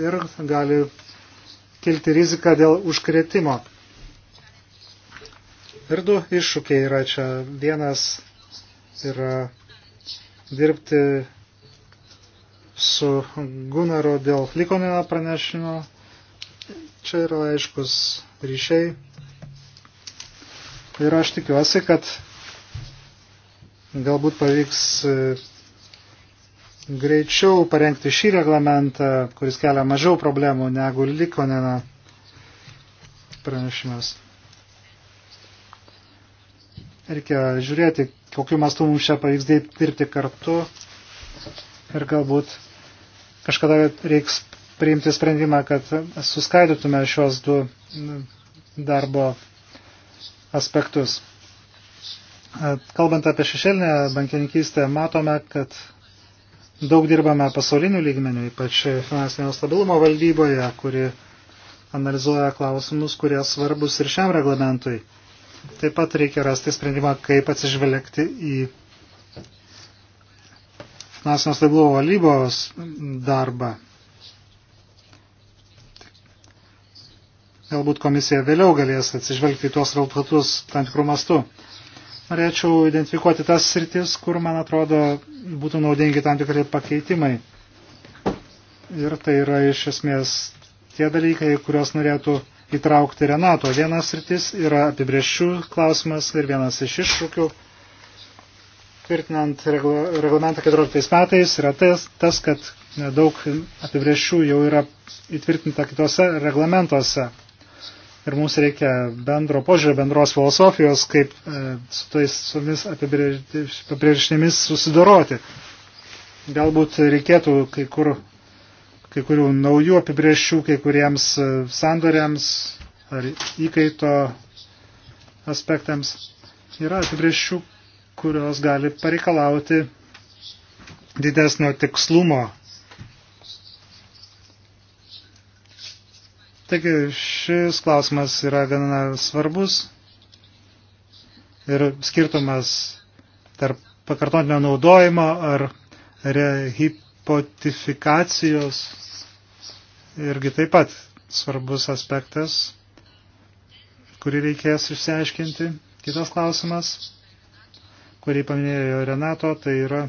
A: ir gali kilti rizika dėl užkretimo. Ir du iššūkiai yra čia. Vienas yra dirbti su Gunaru dėl Likonino pranešimo. Čia yra aiškus ryšiai. Ir aš tikiuosi, kad galbūt pavyks e, greičiau parengti šį reglamentą, kuris kelia mažiau problemų negu Likonino pranešimas. Reikia žiūrėti, kokiu mastu mums čia pavyks dirbti kartu ir galbūt kažkada reiks priimti sprendimą, kad suskaidytume šios du darbo aspektus. Kalbant apie šešėlinę bankininkystę, matome, kad daug dirbame pasaulinių lygmenių, ypač finansinio stabilumo valdyboje, kuri analizuoja klausimus, kurie svarbus ir šiam reglamentui. Taip pat reikia rasti sprendimą, kaip atsižvelgti į finansinio stabilumo valybos darbą. Galbūt komisija vėliau galės atsižvelgti į tuos rezultatus tam tikrų mastų. Norėčiau identifikuoti tas sritis, kur, man atrodo, būtų naudingi tam tikrai pakeitimai. Ir tai yra iš esmės tie dalykai, kuriuos norėtų įtraukti Renato. Vienas rytis yra apibriešių klausimas ir vienas iš iššūkių. Tvirtinant reglamentą 14 metais yra tas, tas kad daug apibriešių jau yra įtvirtinta kitose reglamentuose. Ir mums reikia bendro požiūrio, bendros filosofijos, kaip e, su tais sumis apibriežtinėmis susidoroti. Galbūt reikėtų kai kur kai kurių naujų apibrėžčių, kai kuriems e, sandoriams ar įkaito aspektams. Yra apibrėžčių, kurios gali pareikalauti didesnio tikslumo. Taigi šis klausimas yra gana svarbus ir skirtumas tarp pakartotinio naudojimo ar rehipotifikacijos irgi taip pat svarbus aspektas, kurį reikės išsiaiškinti. Kitas klausimas, kurį paminėjo Renato, tai yra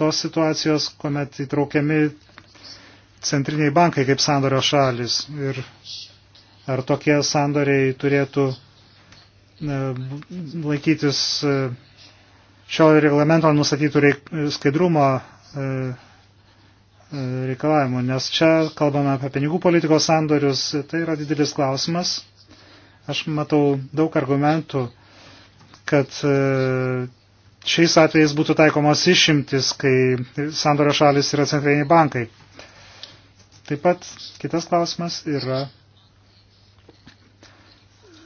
A: tos situacijos, kuomet įtraukiami centriniai bankai kaip sandorio šalis ir ar tokie sandoriai turėtų laikytis šio reglamento nustatytų skaidrumo e, reikalavimų, nes čia kalbame apie pinigų politikos sandorius, tai yra didelis klausimas. Aš matau daug argumentų, kad e, šiais atvejais būtų taikomos išimtis, kai sandorio šalis yra centriniai bankai. Taip pat kitas klausimas yra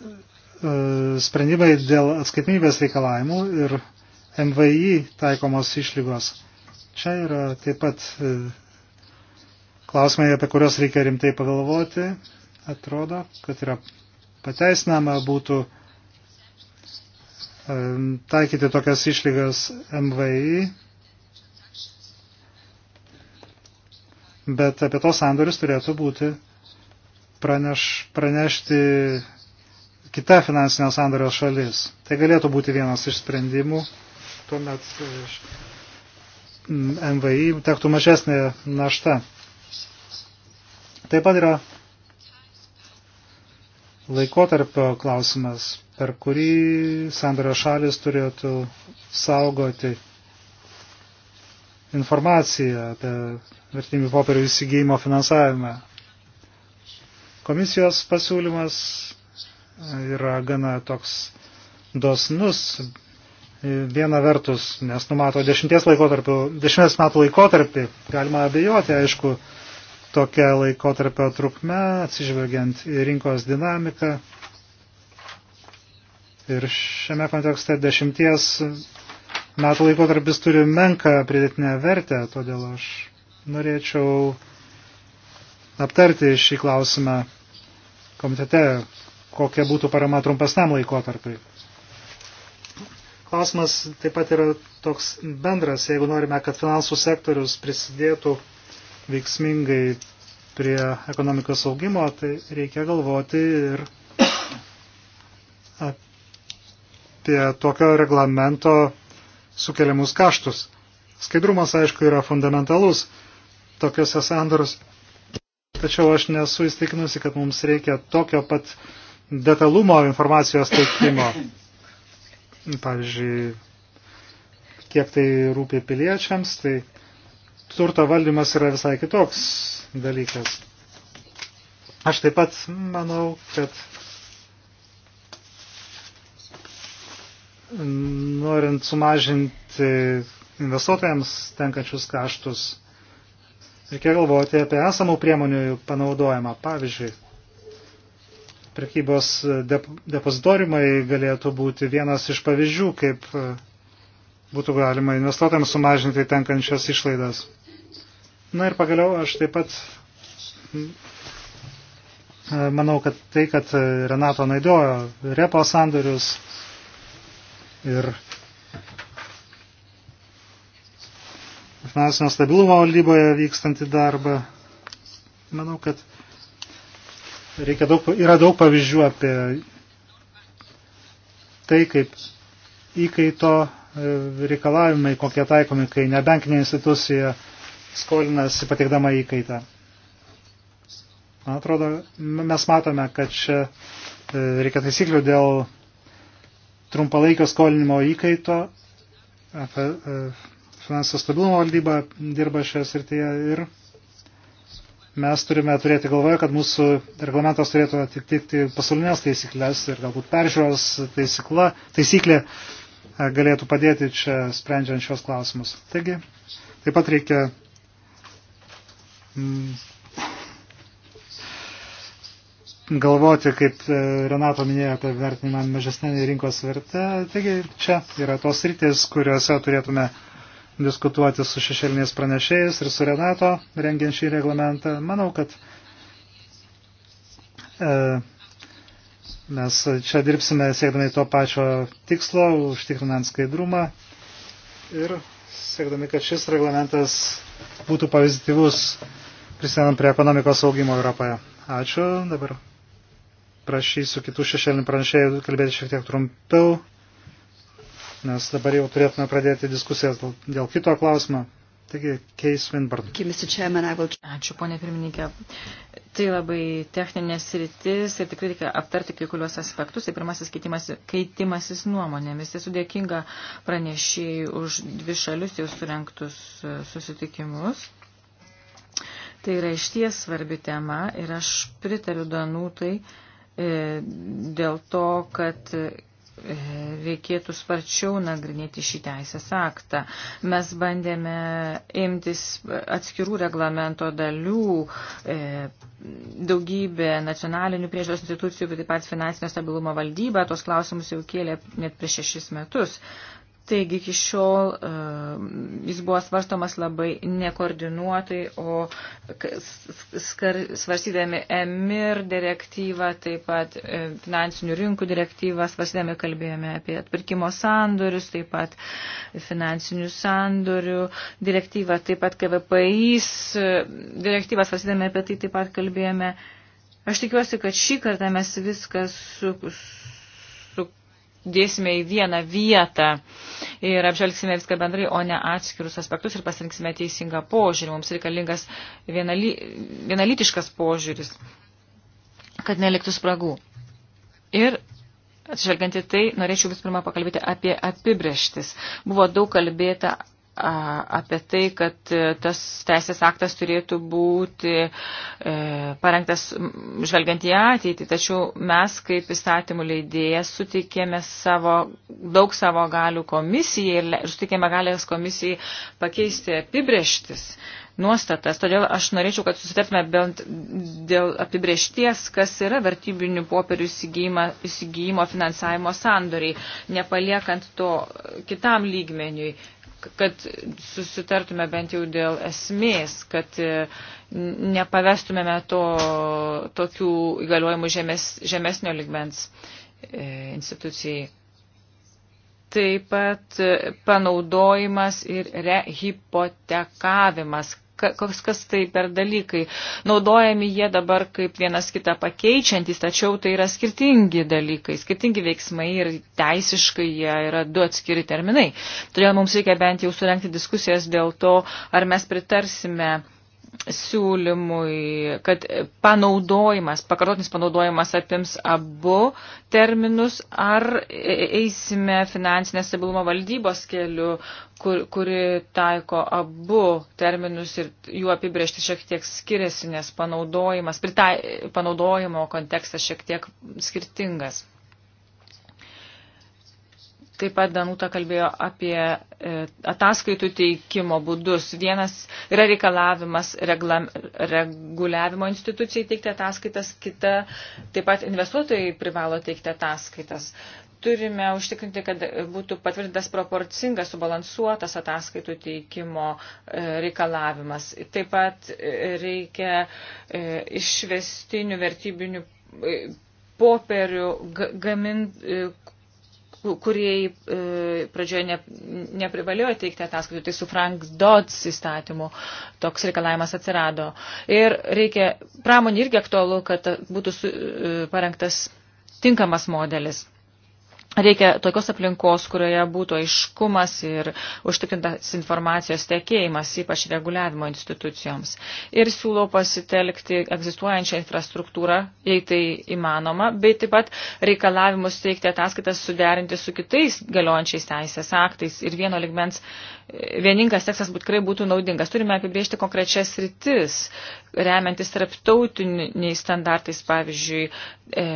A: e, sprendimai dėl atskaitmybės reikalavimų ir MVI taikomos išlygos. Čia yra taip pat e, klausimai, apie kuriuos reikia rimtai pagalvoti. Atrodo, kad yra pateisinama būtų taikyti tokias išlygas MVI, bet apie tos sandorius turėtų būti praneš, pranešti kita finansinio sandorio šalis. Tai galėtų būti vienas iš sprendimų. Tuomet MVI tektų mažesnė našta. Taip pat yra laikotarpio klausimas, per kurį sandario šalis turėtų saugoti informaciją apie vertinių popierių įsigijimo finansavimą. Komisijos pasiūlymas yra gana toks dosnus. Viena vertus, nes numato dešimties, dešimties metų laikotarpį, galima abejoti, aišku, tokia laikotarpio trukme, atsižvelgiant į rinkos dinamiką. Ir šiame kontekste dešimties metų laikotarpis turi menką pridėtinę vertę, todėl aš norėčiau aptarti šį klausimą komitete, kokia būtų parama trumpesniam laikotarpiui. Klausimas taip pat yra toks bendras, jeigu norime, kad finansų sektorius prisidėtų veiksmingai prie ekonomikos augimo, tai reikia galvoti ir apie tokio reglamento sukeliamus kaštus. Skaidrumas, aišku, yra fundamentalus tokiuose sandorus, tačiau aš nesu įstikinusi, kad mums reikia tokio pat detalumo informacijos teikimo. Pavyzdžiui, kiek tai rūpi piliečiams, tai turto valdymas yra visai kitoks dalykas. Aš taip pat manau, kad norint sumažinti investuotojams tenkančius kaštus, reikia galvoti apie esamų priemonių panaudojimą. Pavyzdžiui, prekybos dep depozitorimai galėtų būti vienas iš pavyzdžių, kaip būtų galima investuotams sumažinti tenkančias išlaidas. Na ir pagaliau aš taip pat e, manau, kad tai, kad Renato naidojo repo sandorius ir finansinio stabilumo valdyboje vykstantį darbą, manau, kad reikia daug, yra daug pavyzdžių apie tai, kaip įkaito E, reikalavimai, kokie taikomi, kai nebankinė institucija skolinasi patikdama įkaitą. Man atrodo, mes matome, kad čia e, reikia taisyklių dėl trumpalaikio skolinimo įkaito. E, finansų stabilumo valdyba dirba šioje srityje ir mes turime turėti galvoje, kad mūsų reglamentas turėtų atitikti pasaulinės taisyklės ir galbūt peržiūros taisykla, taisyklė E, galėtų padėti čia sprendžiant šios klausimus. Taigi, taip pat reikia mm, galvoti, kaip e, Renato minėjo apie vertinimą mažesnė rinkos vertė. Taigi, čia yra tos rytis, kuriuose turėtume diskutuoti su šešėliniais pranešėjais ir su Renato rengiant šį reglamentą. Manau, kad e, Mes čia dirbsime siekdami to pačio tikslo, užtikrinant skaidrumą ir siekdami, kad šis reglamentas būtų pozityvus prisidedant prie ekonomikos augimo Europoje. Ačiū. Dabar prašysiu kitų šešėlinių pranešėjų kalbėti šiek tiek trumpiau, nes dabar jau turėtume pradėti diskusijas dėl, dėl kito klausimo. Taigi, Keis Winburn.
B: Ačiū, ponė pirmininkė. Tai labai techninės rytis ir tikrai reikia aptarti kai kuriuos aspektus. Tai pirmasis keitimas, keitimasis nuomonėmis. Esu dėkinga pranešėjai už dvi šalius jau surenktus e, susitikimus. Tai yra išties svarbi tema ir aš pritariu Danutai e, dėl to, kad E, reikėtų sparčiau nagrinėti šį teisės aktą. Mes bandėme imtis atskirų reglamento dalių, e, daugybė nacionalinių priežiūros institucijų, bet taip pat finansinio stabilumo valdyba, tos klausimus jau kėlė net prieš šešis metus. Taigi iki šiol uh, jis buvo svarstomas labai nekoordinuotai, o skar, svarstydami EMIR direktyvą, taip pat e, finansinių rinkų direktyvą, svarstydami kalbėjome apie atpirkimo sandorius, taip pat finansinių sandorių direktyvą, taip pat KVPI e, direktyvą svarstydami apie tai, taip pat kalbėjome. Aš tikiuosi, kad šį kartą mes viskas su, dėsime į vieną vietą ir apžvelgsime viską bendrai, o ne atskirus aspektus ir pasirinksime teisingą požiūrį. Mums reikalingas vienaly, vienalytiškas požiūris, kad neliktų spragų. Ir Atžvelgiant į tai, norėčiau vis pirma pakalbėti apie apibrieštis. Buvo daug kalbėta apie tai, kad e, tas teisės aktas turėtų būti e, parengtas žvelgiant į ateitį, tačiau mes kaip įstatymų leidėjas sutikėme savo, daug savo galių komisijai ir sutikėme galės komisijai pakeisti apibrieštis nuostatas. Todėl aš norėčiau, kad susitartume bent dėl apibriešties, kas yra vertybinių popierių įsigijimo finansavimo sandoriai, nepaliekant to kitam lygmeniui, kad susitartume bent jau dėl esmės, kad e, nepavestumėme to, tokių įgaliojimų žemes, žemesnio ligmens e, institucijai. Taip pat e, panaudojimas ir rehipotekavimas, koks kas tai per dalykai. Naudojami jie dabar kaip vienas kitą pakeičiantys, tačiau tai yra skirtingi dalykai, skirtingi veiksmai ir teisiškai jie yra du atskiri terminai. Todėl mums reikia bent jau surenkti diskusijas dėl to, ar mes pritarsime siūlymui, kad panaudojimas, pakartotinis panaudojimas apims abu terminus, ar eisime finansinės stabilumo valdybos keliu, kur, kuri taiko abu terminus ir jų apibriežti šiek tiek skiriasi, nes panaudojimas, pritai, panaudojimo kontekstas šiek tiek skirtingas. Taip pat Danuta kalbėjo apie e, ataskaitų teikimo būdus. Vienas yra reikalavimas reglam, reguliavimo institucijai teikti ataskaitas, kita taip pat investuotojai privalo teikti ataskaitas. Turime užtikrinti, kad būtų patvirtintas proporcingas, subalansuotas ataskaitų teikimo e, reikalavimas. Taip pat e, reikia išvestinių vertybinių popierių gamint kurie e, pradžioje ne, neprivalėjo teikti ataskaitų, tai su Frank Dodds įstatymu toks reikalavimas atsirado. Ir reikia, pramonį irgi aktualu, kad būtų su, e, parengtas tinkamas modelis. Reikia tokios aplinkos, kurioje būtų aiškumas ir užtikrintas informacijos tekėjimas, ypač reguliavimo institucijoms. Ir siūlau pasitelkti egzistuojančią infrastruktūrą, jei tai įmanoma, bei taip pat reikalavimus teikti ataskaitas suderinti su kitais galiojančiais teisės aktais ir vieno ligmens vieningas tekstas tikrai būtų naudingas. Turime apibriežti konkrečias rytis, remiantis tarptautiniais standartais, pavyzdžiui, e,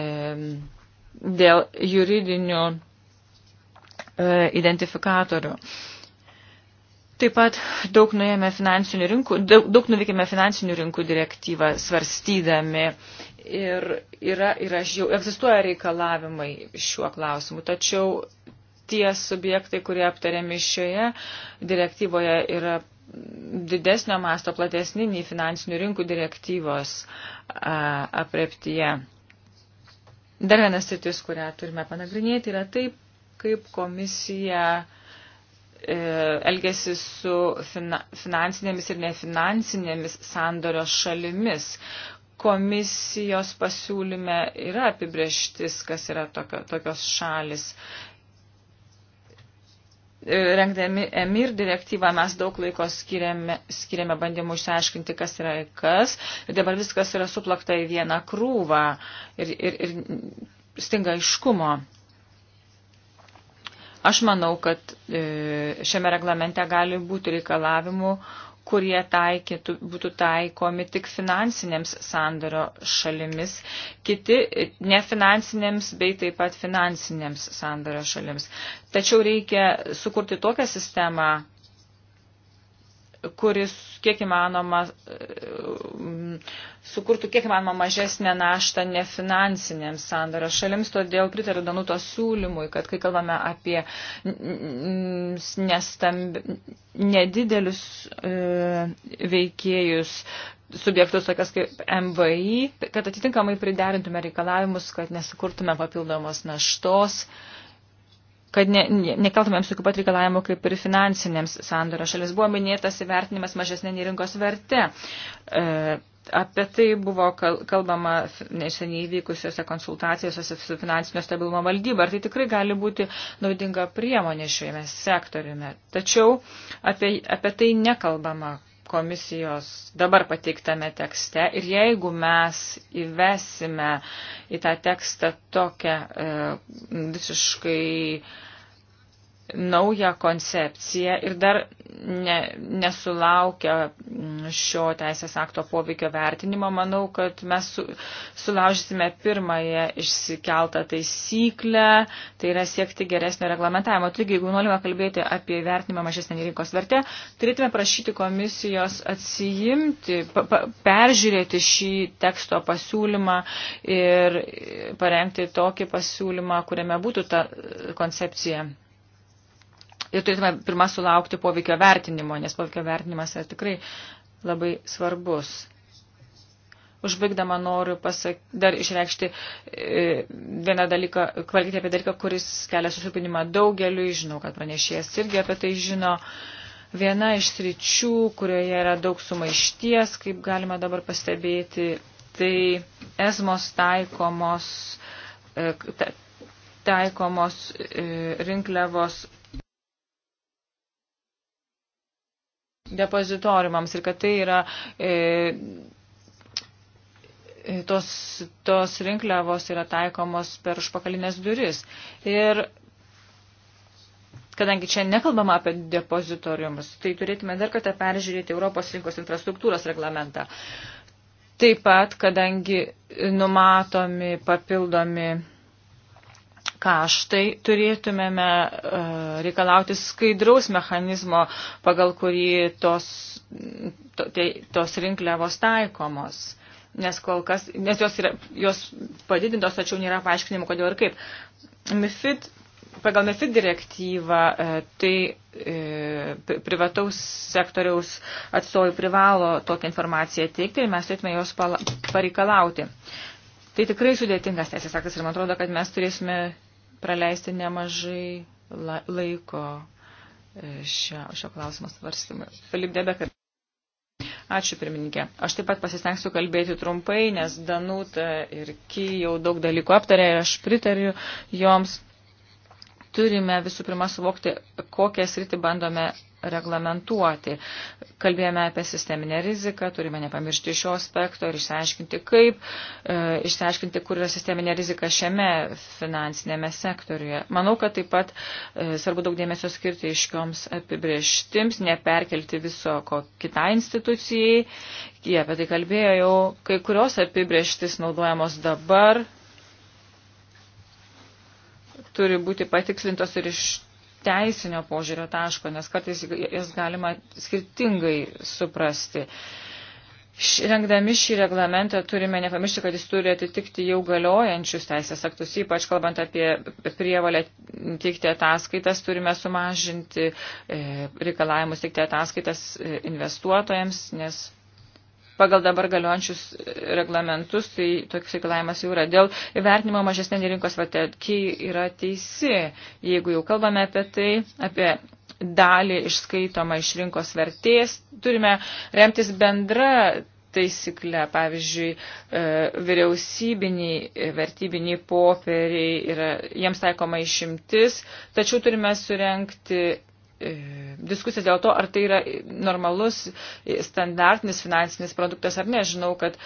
B: dėl juridinių e, identifikatorių. Taip pat daug, finansinių rinkų, daug, daug nuveikėme finansinių rinkų direktyvą svarstydami ir yra, yra, jau egzistuoja reikalavimai šiuo klausimu, tačiau tie subjektai, kurie aptariami šioje direktyvoje, yra didesnio masto platesni nei finansinių rinkų direktyvos apreptyje. Dar vienas sritis, kurią turime panagrinėti, yra taip, kaip komisija e, elgesi su fina, finansinėmis ir nefinansinėmis sandorio šalimis. Komisijos pasiūlyme yra apibrieštis, kas yra tokio, tokios šalis Rengdami EMIR direktyvą mes daug laiko skiriame, skiriame bandymų išsiaiškinti, kas yra kas. Ir dabar viskas yra suplakta į vieną krūvą ir, ir, ir stinga iškumo. Aš manau, kad e, šiame reglamente gali būti reikalavimų, kurie taikytų, būtų taikomi tik finansinėms sandorio šalimis, kiti nefinansinėms bei taip pat finansinėms sandorio šalims. Tačiau reikia sukurti tokią sistemą, kuris kiek įmanoma e, sukurtų kiek įmanoma mažesnę naštą nefinansinėms sandaros šalims, todėl pritariu Danuto siūlymui, kad kai kalbame apie nestamb... nedidelius e, veikėjus, subjektus tokias kaip MVI, kad atitinkamai priderintume reikalavimus, kad nesukurtume papildomos naštos. E, kad ne, ne, nekeltumėms tokių pat reikalavimų kaip ir finansinėms sandorio šalis. Buvo minėtas įvertinimas mažesnė nei rinkos vertė. E, apie tai buvo kalbama neseniai vykusiuose konsultacijose su finansinio stabilumo valdyba. Ar tai tikrai gali būti naudinga priemonė šiame sektoriume? Tačiau apie, apie tai nekalbama komisijos dabar pateiktame tekste ir jeigu mes įvesime į tą tekstą tokią e, visiškai naują koncepciją ir dar ne, nesulaukia mm, šio teisės akto poveikio vertinimo, manau, kad mes su, sulaužysime pirmąją išsikeltą taisyklę, tai yra siekti geresnio reglamentavimo. Taigi, jeigu norime kalbėti apie vertinimą mažesnį rinkos vertę, turėtume prašyti komisijos atsijimti, pa, pa, peržiūrėti šį teksto pasiūlymą ir parengti tokį pasiūlymą, kuriame būtų ta koncepcija ir turėtume pirmą sulaukti poveikio vertinimo, nes poveikio vertinimas yra tikrai labai svarbus. Užbaigdama noriu pasak, dar išreikšti e, vieną dalyką, kvalgyti apie dalyką, kuris kelia susirūpinimą daugeliu, žinau, kad pranešėjas irgi apie tai žino. Viena iš sričių, kurioje yra daug sumaišties, kaip galima dabar pastebėti, tai esmos taikomos, e, taikomos e, rinkliavos depozitorimams ir kad tai yra e, e, tos, tos rinkliavos yra taikomos per užpakalinės duris. Ir kadangi čia nekalbama apie depozitoriumus, tai turėtume dar kartą peržiūrėti Europos rinkos infrastruktūros reglamentą. Taip pat, kadangi numatomi papildomi kaštai, turėtumėme e, reikalauti skaidraus mechanizmo, pagal kurį tos, to, te, tai, tos rinkliavos taikomos. Nes, kol kas, nes jos, yra, jos padidintos, tačiau nėra paaiškinimų, kodėl ir kaip. MIFID pagal MEFID direktyvą e, tai e, privataus sektoriaus atstovai privalo tokią informaciją teikti ir mes turėtume jos pareikalauti. Tai tikrai sudėtingas teisės aktas ir man atrodo, kad mes turėsime praleisti nemažai laiko e, šio, šio klausimo svarstymui. Filip Debekar. Ačiū, pirmininkė. Aš taip pat pasistengsiu kalbėti trumpai, nes Danuta e, ir Ky jau daug dalykų aptarė ir aš pritariu joms. Turime visų pirma suvokti, kokią sritį bandome reglamentuoti. Kalbėjome apie sisteminę riziką, turime nepamiršti šio aspekto ir išsiaiškinti, kaip, e, išsiaiškinti, kur yra sisteminė rizika šiame finansinėme sektoriuje. Manau, kad taip pat e, svarbu daug dėmesio skirti iškioms apibrieštims, neperkelti viso ko kitai institucijai. Jie apie tai kalbėjo jau, kai kurios apibrieštis naudojamos dabar turi būti patikslintos ir iš teisinio požiūrio taško, nes kartais jas galima skirtingai suprasti. Rengdami šį reglamentą turime nepamiršti, kad jis turi atitikti jau galiojančius teisės aktus, ypač kalbant apie prievalę teikti ataskaitas, turime sumažinti e, reikalavimus teikti ataskaitas e, investuotojams, nes pagal dabar galiojančius reglamentus, tai toks reikalavimas jau yra. Dėl vertinimo mažesnė rinkos vatetki tai yra teisi. Jeigu jau kalbame apie tai, apie dalį išskaitomą iš rinkos vertės, turime remtis bendra taisyklę. Pavyzdžiui, e, vyriausybiniai vertybiniai popieriai, yra, jiems taikoma išimtis, tačiau turime surenkti E, diskusija dėl to, ar tai yra normalus standartinis finansinis produktas ar ne. Žinau, kad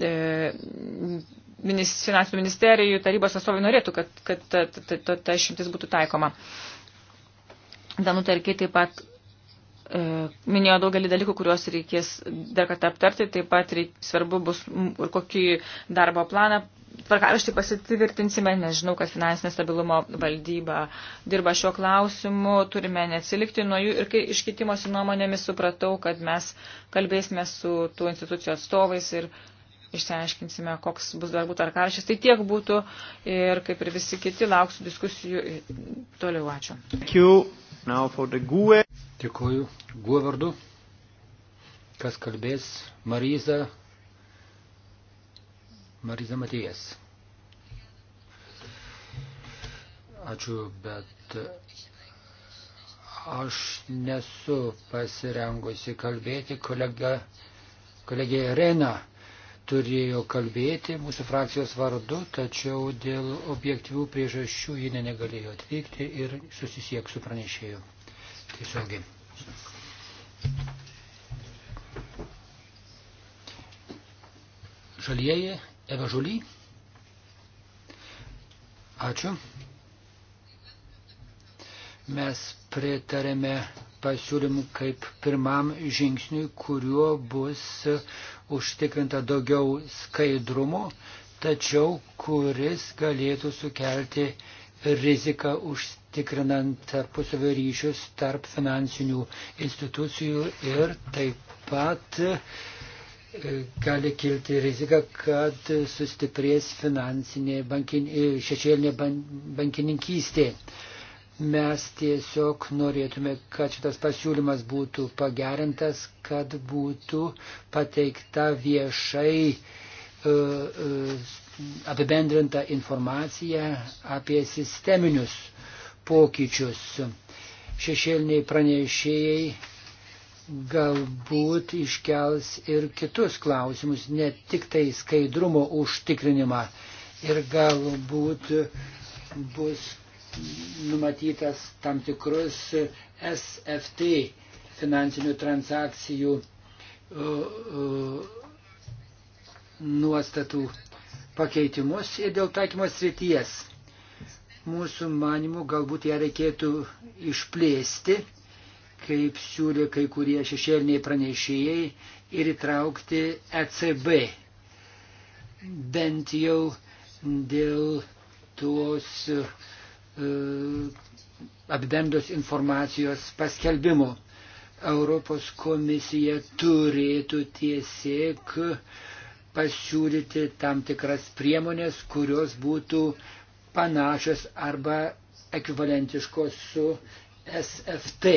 B: e, finansų ministerijų tarybos atstovai norėtų, kad, kad ta, ta, ta, ta šimtis būtų taikoma. Danuta Erkiai taip pat e, minėjo daugelį dalykų, kuriuos reikės dar kartą aptarti. Taip pat reik, svarbu bus ir kokį darbo planą tvarkaraštį pasitvirtinsime, nes žinau, kad finansinio stabilumo valdyba dirba šiuo klausimu, turime neatsilikti nuo jų ir kai iškitimosi nuomonėmis supratau, kad mes kalbėsime su tų institucijų atstovais ir išsiaiškinsime, koks bus darbų tvarkaraštis. Tai tiek būtų ir kaip ir visi kiti lauksiu diskusijų toliau. Ačiū.
C: E. Dėkuoju. Guo e vardu. Kas kalbės? Mariza Marisa Matėjas. Ačiū, bet aš nesu pasirengusi kalbėti. Kolega, kolegė Rena turėjo kalbėti mūsų frakcijos vardu, tačiau dėl objektyvių priežasčių ji negalėjo atvykti ir susisieks su pranešėju. Tiesiogiai. Žalieji Eva Žuly. Ačiū. Mes pritarėme pasiūlymų kaip pirmam žingsniui, kuriuo bus užtikrinta daugiau skaidrumo, tačiau kuris galėtų sukelti riziką užtikrinant tarpusavio ryšius tarp finansinių institucijų ir taip pat gali kilti rizika, kad sustiprės finansinė bankin, šešėlinė bankininkystė. Mes tiesiog norėtume, kad šitas pasiūlymas būtų pagerintas, kad būtų pateikta viešai e, e, apibendrinta informacija apie sisteminius pokyčius. Šešėliniai pranešėjai galbūt iškels ir kitus klausimus, ne tik tai skaidrumo užtikrinimą. Ir galbūt bus numatytas tam tikrus SFT finansinių transakcijų uh, uh, nuostatų pakeitimus ir dėl taikymo srities. Mūsų manimų galbūt ją reikėtų išplėsti kaip siūlė kai kurie šešėliniai pranešėjai, ir įtraukti ECB. Bent jau dėl tos uh, e, apdendos informacijos paskelbimo. Europos komisija turėtų tiesiog pasiūlyti tam tikras priemonės, kurios būtų panašios arba ekvivalentiškos su SFT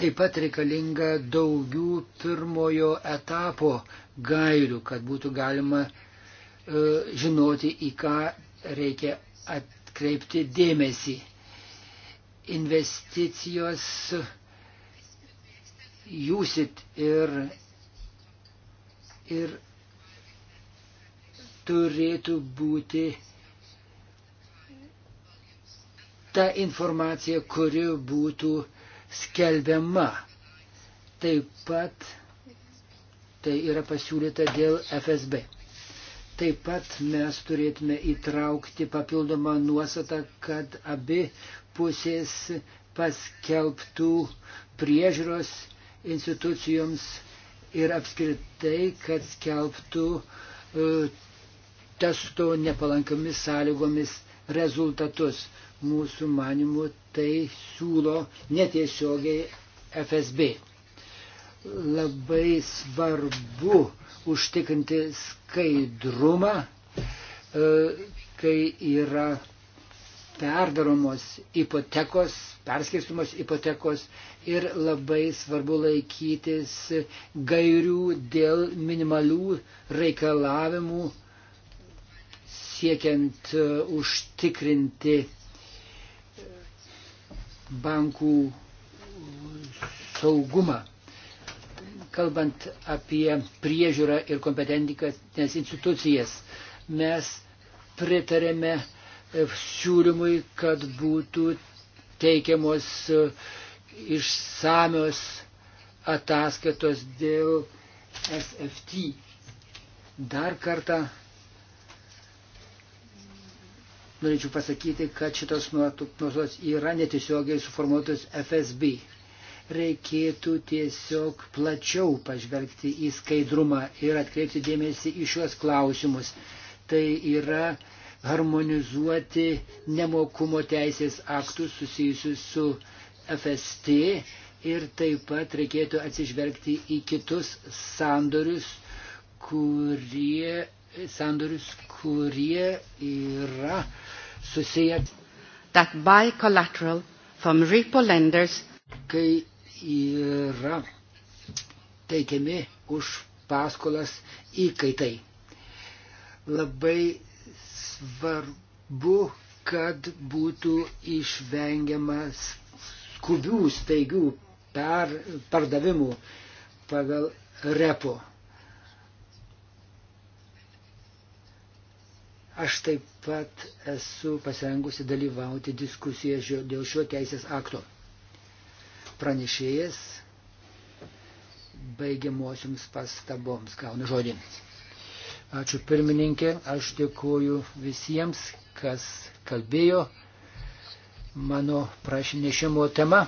C: Taip pat reikalinga daugiau pirmojo etapo gairių, kad būtų galima e, žinoti, į ką reikia atkreipti dėmesį. Investicijos jūsit ir, ir turėtų būti ta informacija, kuri būtų uh, skelbiama. Taip pat tai yra pasiūlyta dėl FSB. Taip pat mes turėtume įtraukti papildomą nuostatą, kad abi pusės paskelbtų priežiūros institucijoms ir apskritai, kad skelbtų uh, testo nepalankomis sąlygomis rezultatus. Mūsų manimų tai siūlo netiesiogiai FSB. Labai svarbu užtikrinti skaidrumą, e, kai yra perdaromos ipotekos, perskirstumos ipotekos ir labai svarbu laikytis gairių dėl minimalių reikalavimų siekiant e, užtikrinti bankų saugumą. Kalbant apie priežiūrą ir kompetentingas institucijas, mes pritarėme siūlymui, kad būtų teikiamos išsamios ataskaitos dėl SFT. Dar kartą norėčiau pasakyti, kad šitos nuostatos yra netiesiogiai suformuotos FSB. Reikėtų tiesiog plačiau pažvelgti į skaidrumą ir atkreipti dėmesį į šiuos klausimus. Tai yra harmonizuoti nemokumo teisės aktus susijusius su FST ir taip pat reikėtų atsižvelgti į kitus sandorius, kurie, sandorius, kurie yra uh, susiję. That bilateral from repo lenders, kai yra teikiami už paskolas įkaitai. Labai svarbu, kad būtų išvengiamas skubių staigių per, pardavimų pagal repo Aš taip pat esu pasirengusi dalyvauti diskusijoje dėl šio teisės akto. Pranešėjas baigiamosioms pastaboms gaunu žodį. Ačiū pirmininkė, aš dėkuoju visiems, kas kalbėjo mano prašinėšimo tema.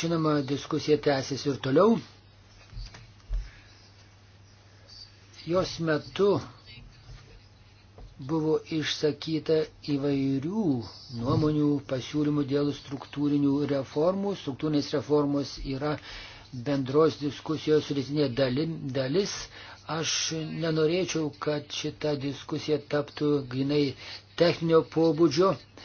C: Žinoma, diskusija tęsis ir toliau. Jos metu buvo išsakyta įvairių nuomonių, pasiūlymų dėl struktūrinių reformų. Struktūrinės reformos yra bendros diskusijos rytinė dalis. Aš nenorėčiau, kad šita diskusija taptų grinai techninio pobūdžio. Uh,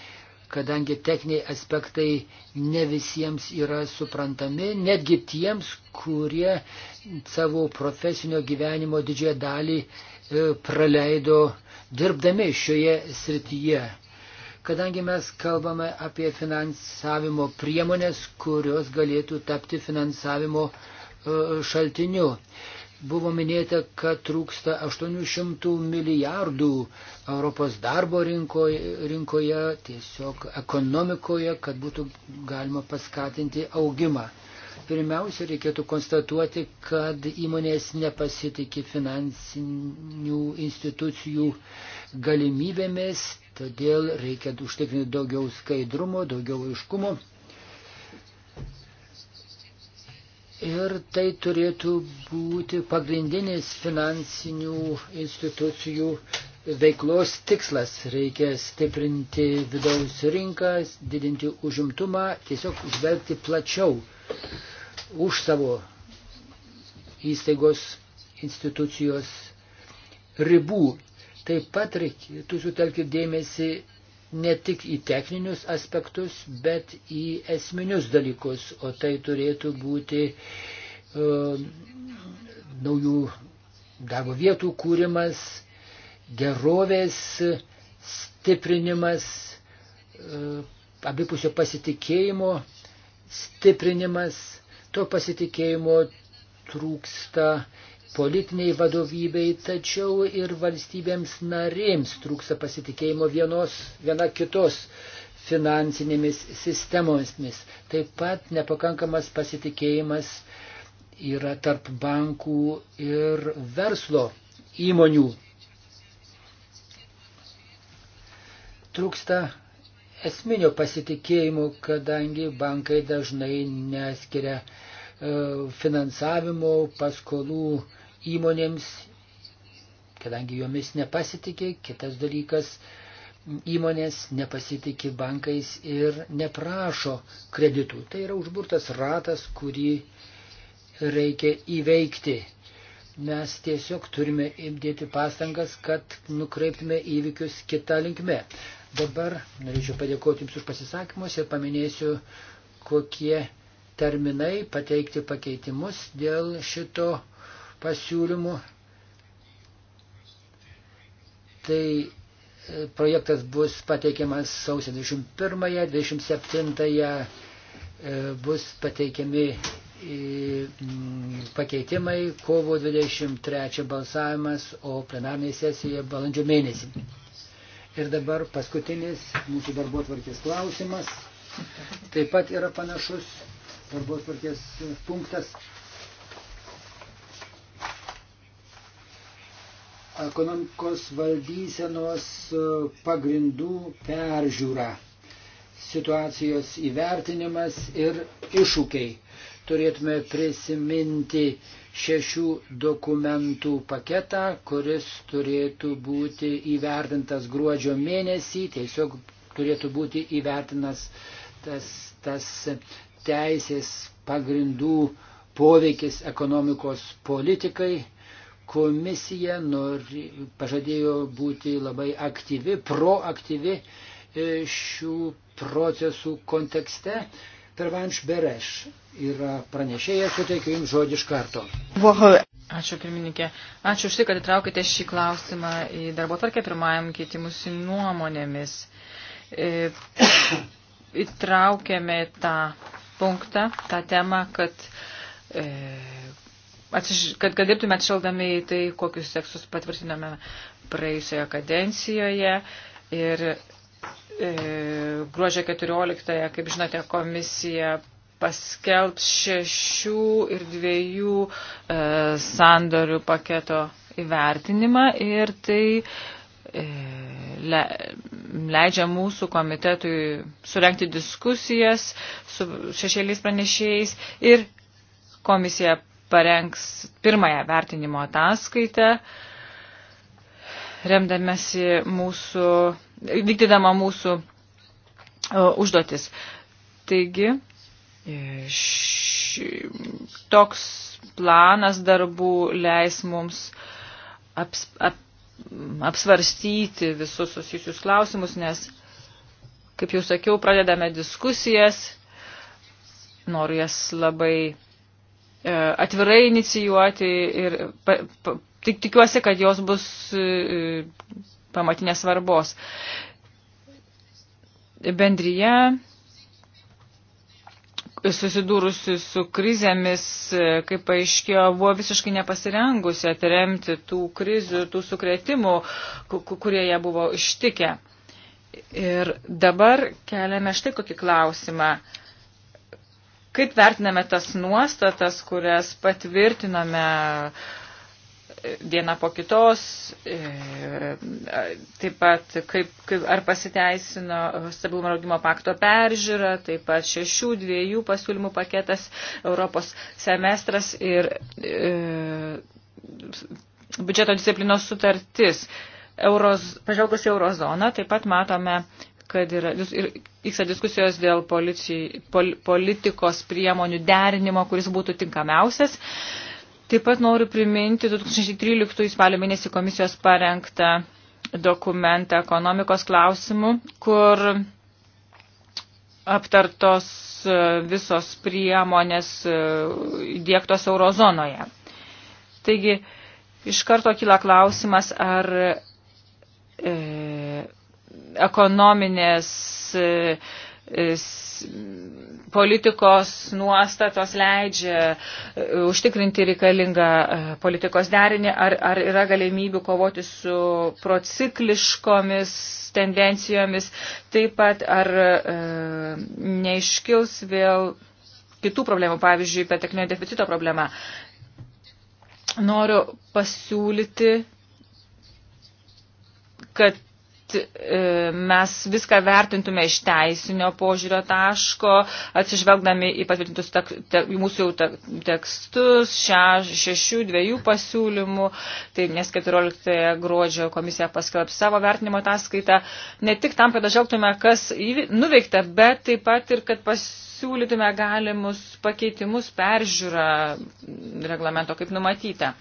C: kadangi techniniai aspektai ne visiems yra suprantami, netgi tiems, kurie savo profesinio gyvenimo didžiąją dalį e, praleido dirbdami šioje srityje. Kadangi mes kalbame apie finansavimo priemonės, kurios galėtų tapti finansavimo e, šaltiniu. Buvo minėta, kad trūksta 800 milijardų Europos darbo rinkoje, rinkoje, tiesiog ekonomikoje, kad būtų galima paskatinti augimą. Pirmiausia, reikėtų konstatuoti, kad įmonės nepasitikė finansinių institucijų galimybėmis, todėl reikia užtikrinti daugiau skaidrumo, daugiau aiškumo. Ir tai turėtų būti pagrindinis finansinių institucijų veiklos tikslas. Reikia stiprinti vidaus rinką, didinti užimtumą, tiesiog žvelgti plačiau už savo įstaigos institucijos ribų. Taip pat reikėtų sutelkti dėmesį ne tik į techninius aspektus, bet į esminius dalykus, o tai turėtų būti uh, naujų darbo vietų kūrimas, gerovės stiprinimas, uh, abipusio pasitikėjimo stiprinimas, to pasitikėjimo trūksta politiniai vadovybei, tačiau ir valstybėms narėms trūksta pasitikėjimo vienos, viena kitos finansinėmis sistemomis. Taip pat nepakankamas pasitikėjimas yra tarp bankų ir verslo įmonių. Trūksta esminio pasitikėjimo, kadangi bankai dažnai neskiria e, finansavimo, paskolų įmonėms, kadangi jomis nepasitikė, kitas dalykas, įmonės nepasitikė bankais ir neprašo kreditų. Tai yra užburtas ratas, kurį reikia įveikti. Mes tiesiog turime imdėti pastangas, kad nukreiptume įvykius kitą linkmę. Dabar norėčiau padėkoti Jums už pasisakymus ir paminėsiu, kokie terminai pateikti pakeitimus dėl šito pasiūlymų. Tai e, projektas bus pateikiamas sausio 21-27 e, bus pateikiami e, pakeitimai, kovo 23 balsavimas, o plenarnėje sesijoje balandžio mėnesį. Ir dabar paskutinis mūsų darbo tvarkės klausimas. Taip pat yra panašus darbo tvarkės punktas ekonomikos valdysenos e, pagrindų peržiūra, situacijos įvertinimas ir iššūkiai. Turėtume prisiminti šešių dokumentų paketą, kuris turėtų būti įvertintas gruodžio mėnesį, tiesiog turėtų būti įvertinas tas, tas teisės pagrindų poveikis ekonomikos politikai Komisija nori, pažadėjo būti labai aktyvi, proaktyvi e, šių procesų kontekste. Pervanš Bereš yra pranešėjas, suteikiu Jums žodį iš karto.
B: Ačiū, pirmininkė. Ačiū už tai, kad įtraukite šį klausimą į darbo tvarkę pirmajam keitimusi nuomonėmis. E, (coughs) įtraukėme tą punktą, tą temą, kad e, kad, kad dirbtume atšildami į tai, kokius tekstus patvirtiname praėjusioje kadencijoje. Ir e, gruodžio 14-ąją, kaip žinote, komisija paskelbs šešių ir dviejų e, sandorių paketo įvertinimą ir tai e, le, leidžia mūsų komitetui surenkti diskusijas su šešėliais pranešėjais ir komisija parengs pirmąją vertinimo ataskaitę, remdamėsi mūsų, vykdydama mūsų e, užduotis. Taigi, e, toks planas darbų leis mums aps, ap, apsvarstyti visus susijusius klausimus, nes, kaip jau sakiau, pradedame diskusijas, noriu jas labai E, atvirai inicijuoti ir pa, pa, tik tikiuosi, kad jos bus e, pamatinės svarbos. Bendryje susidūrusi su krizėmis, e, kaip paaiškėjo, buvo visiškai nepasirengusi atremti tų krizių, tų sukretimų, kurie jie buvo ištikę. Ir dabar keliame štai kokį klausimą. Kaip vertiname tas nuostatas, kurias patvirtiname diena po kitos, e, taip pat kaip, kaip, ar pasiteisino stabilumo augimo pakto peržiūra, taip pat šešių dviejų pasiūlymų paketas Europos semestras ir e, biudžeto disciplinos sutartis. Euroz, pažvelgus į eurozoną, taip pat matome kad yra, ir vyksta diskusijos dėl policijai, pol, politikos priemonių derinimo, kuris būtų tinkamiausias. Taip pat noriu priminti 2013 spalio mėnesį komisijos parengtą dokumentą ekonomikos klausimų, kur aptartos e, visos priemonės e, įdėktos eurozonoje. Taigi, iš karto kyla klausimas, ar e, ekonominės e, e, politikos nuostatos leidžia e, užtikrinti reikalingą politikos derinį, ar, ar yra galimybių kovoti su procikliškomis tendencijomis, taip pat ar e, neiškils vėl kitų problemų, pavyzdžiui, peteknio deficito problema. Noriu pasiūlyti, kad E, mes viską vertintume iš teisinio požiūrio taško, atsižvelgdami į patvirtintus tek, te, mūsų jau te, tekstus, šia, šešių, dviejų pasiūlymų, tai nes 14 gruodžio komisija paskelbs savo vertinimo ataskaitą, ne tik tam, kad žvelgtume, kas nuveikta, bet taip pat ir kad pasiūlytume galimus pakeitimus peržiūrą reglamento kaip numatyta.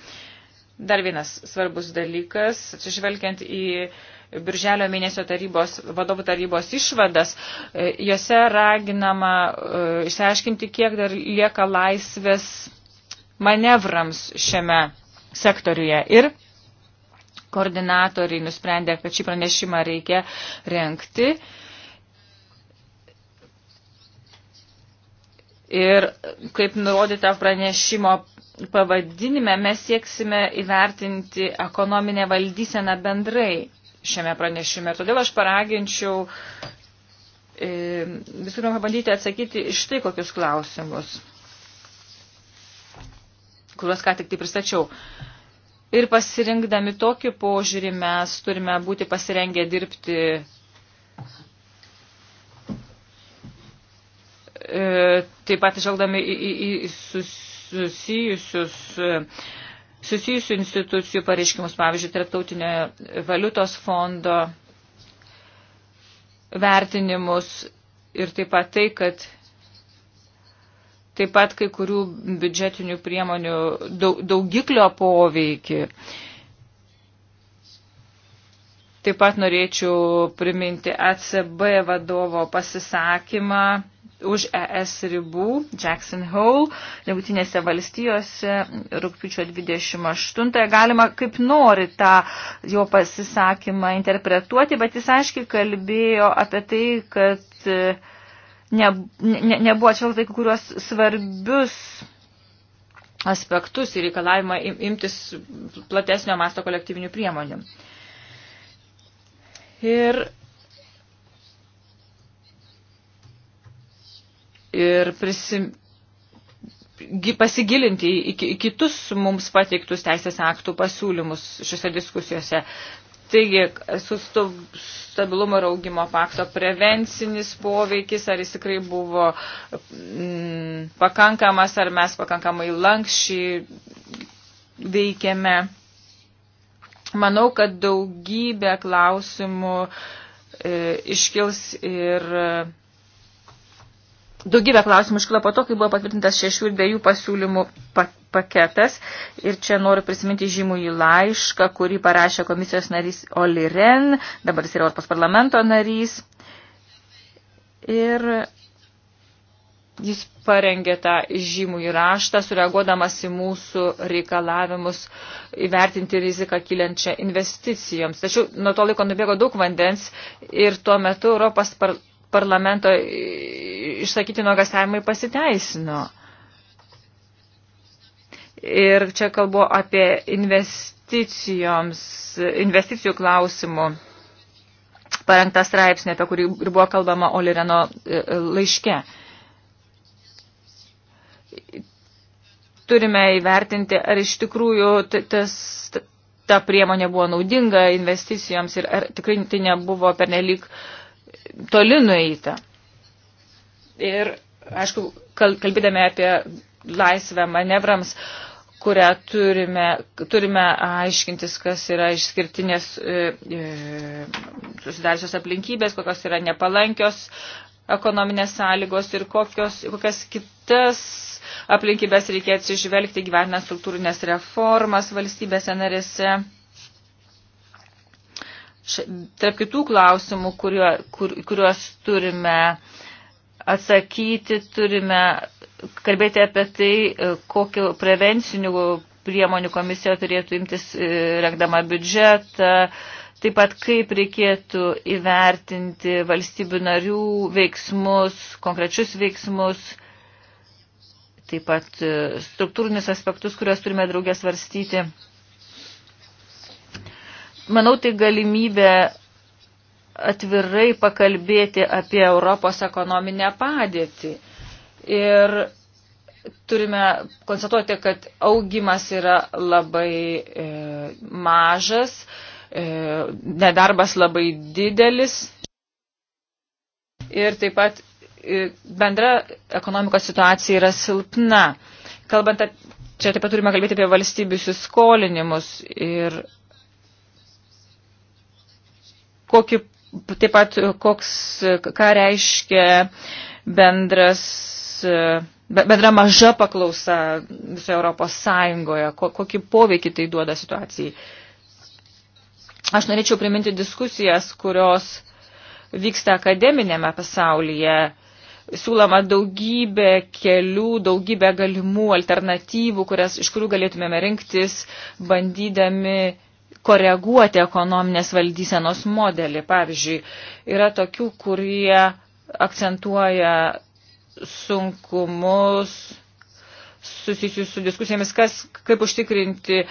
B: Dar vienas svarbus dalykas, atsižvelgiant į uh, Birželio mėnesio tarybos, vadovų tarybos išvadas. E, jose raginama e, išsiaiškinti, kiek dar lieka laisvės manevrams šiame sektoriuje. Ir koordinatoriai nusprendė, kad šį pranešimą reikia renkti. Ir kaip nurodyta pranešimo pavadinime, mes sieksime įvertinti ekonominę valdyseną bendrai šiame pranešime. Ir todėl aš paraginčiau e, visų pirma bandyti atsakyti iš tai kokius klausimus, kuriuos ką tik tai pristačiau. Ir pasirinkdami tokį požiūrį mes turime būti pasirengę dirbti e, taip pat išalgdami į, į, į susijusius susijusių institucijų pareiškimus, pavyzdžiui, Tarptautinio valiutos fondo vertinimus ir taip pat tai, kad taip pat kai kurių biudžetinių priemonių daugiklio poveikį. Taip pat norėčiau priminti ACB vadovo pasisakymą už ES ribų, Jackson Hole, Jungtinėse valstijose, rūpiučio 28. Galima kaip nori tą jo pasisakymą interpretuoti, bet jis aiškiai kalbėjo apie tai, kad e, ne, ne, nebuvo atšvelgta kai kuriuos svarbius aspektus ir reikalavimą imtis platesnio masto kolektyvinių priemonių. Ir ir prisim, pasigilinti į, į kitus mums pateiktus teisės aktų pasiūlymus šiuose diskusijose. Taigi, su stabilumo ir augimo pakto prevencinis poveikis, ar jis tikrai buvo mm, pakankamas, ar mes pakankamai lankščiai veikiame. Manau, kad daugybė klausimų e, iškils ir. E, Daugybė klausimų iškilo po to, kai buvo patvirtintas šešių ir dviejų pasiūlymų paketas. Ir čia noriu prisiminti žymų į laišką, kurį parašė komisijos narys Oli Ren, dabar jis yra Europos parlamento narys. Ir jis parengė tą žymų įraštą, sureaguodamas į mūsų reikalavimus įvertinti riziką kiliančią investicijoms. Tačiau nuo to laiko nubėgo daug vandens ir tuo metu Europos par parlamento išsakyti nuogastavimai pasiteisino. Ir čia kalbu apie investicijoms, investicijų klausimų parengtą straipsnį, apie kurį ir buvo kalbama Olireno e, e, laiške. Turime įvertinti, ar iš tikrųjų tas, ta priemonė buvo naudinga investicijoms ir ar tikrai tai nebuvo pernelyg uh, toli nueita. Ir, aišku, kalbėdami apie laisvę manevrams, kurią turime, turime aiškintis, kas yra išskirtinės e, e, susidariusios aplinkybės, kokios yra nepalankios ekonominės sąlygos ir kokios, kokias kitas aplinkybės reikia atsižvelgti gyvenant struktūrinės reformas valstybėse narėse tarp kitų klausimų, kuriuo, kur, kuriuos turime atsakyti, turime kalbėti apie tai, e, kokiu prevencinių priemonių komisija turėtų imtis e, rengdama biudžetą, taip pat kaip reikėtų įvertinti valstybių narių veiksmus, konkrečius veiksmus, taip pat e, struktūrinius aspektus, kuriuos turime draugės varstyti. Manau, tai galimybė atvirai pakalbėti apie Europos ekonominę padėtį. Ir turime konstatuoti, kad augimas yra labai e, mažas, e, nedarbas labai didelis. Ir taip pat e, bendra ekonomikos situacija yra silpna. Kalbant, at, čia taip pat turime kalbėti apie valstybių įsiskolinimus ir kokį, taip pat koks, ką reiškia bendras, bendra maža paklausa visoje Europos Sąjungoje, kokį poveikį tai duoda situacijai. Aš norėčiau priminti diskusijas, kurios vyksta akademinėme pasaulyje. Siūloma daugybė kelių, daugybė galimų alternatyvų, kurias, iš kurių galėtumėme rinktis, bandydami uh, koreguoti ekonominės valdysenos modelį. Pavyzdžiui, yra tokių, kurie akcentuoja sunkumus susijusius su diskusijomis, kas, kaip užtikrinti e,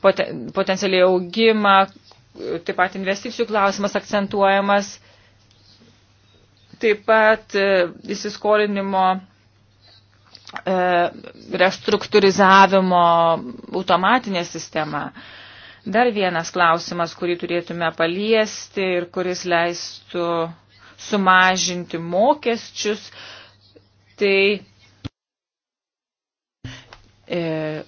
B: poten, potencialiai augimą, taip pat investicijų klausimas akcentuojamas, taip pat e, įsiskolinimo e, restruktūrizavimo automatinė sistema. E, Dar vienas klausimas, kurį turėtume paliesti ir kuris leistų sumažinti mokesčius, tai e,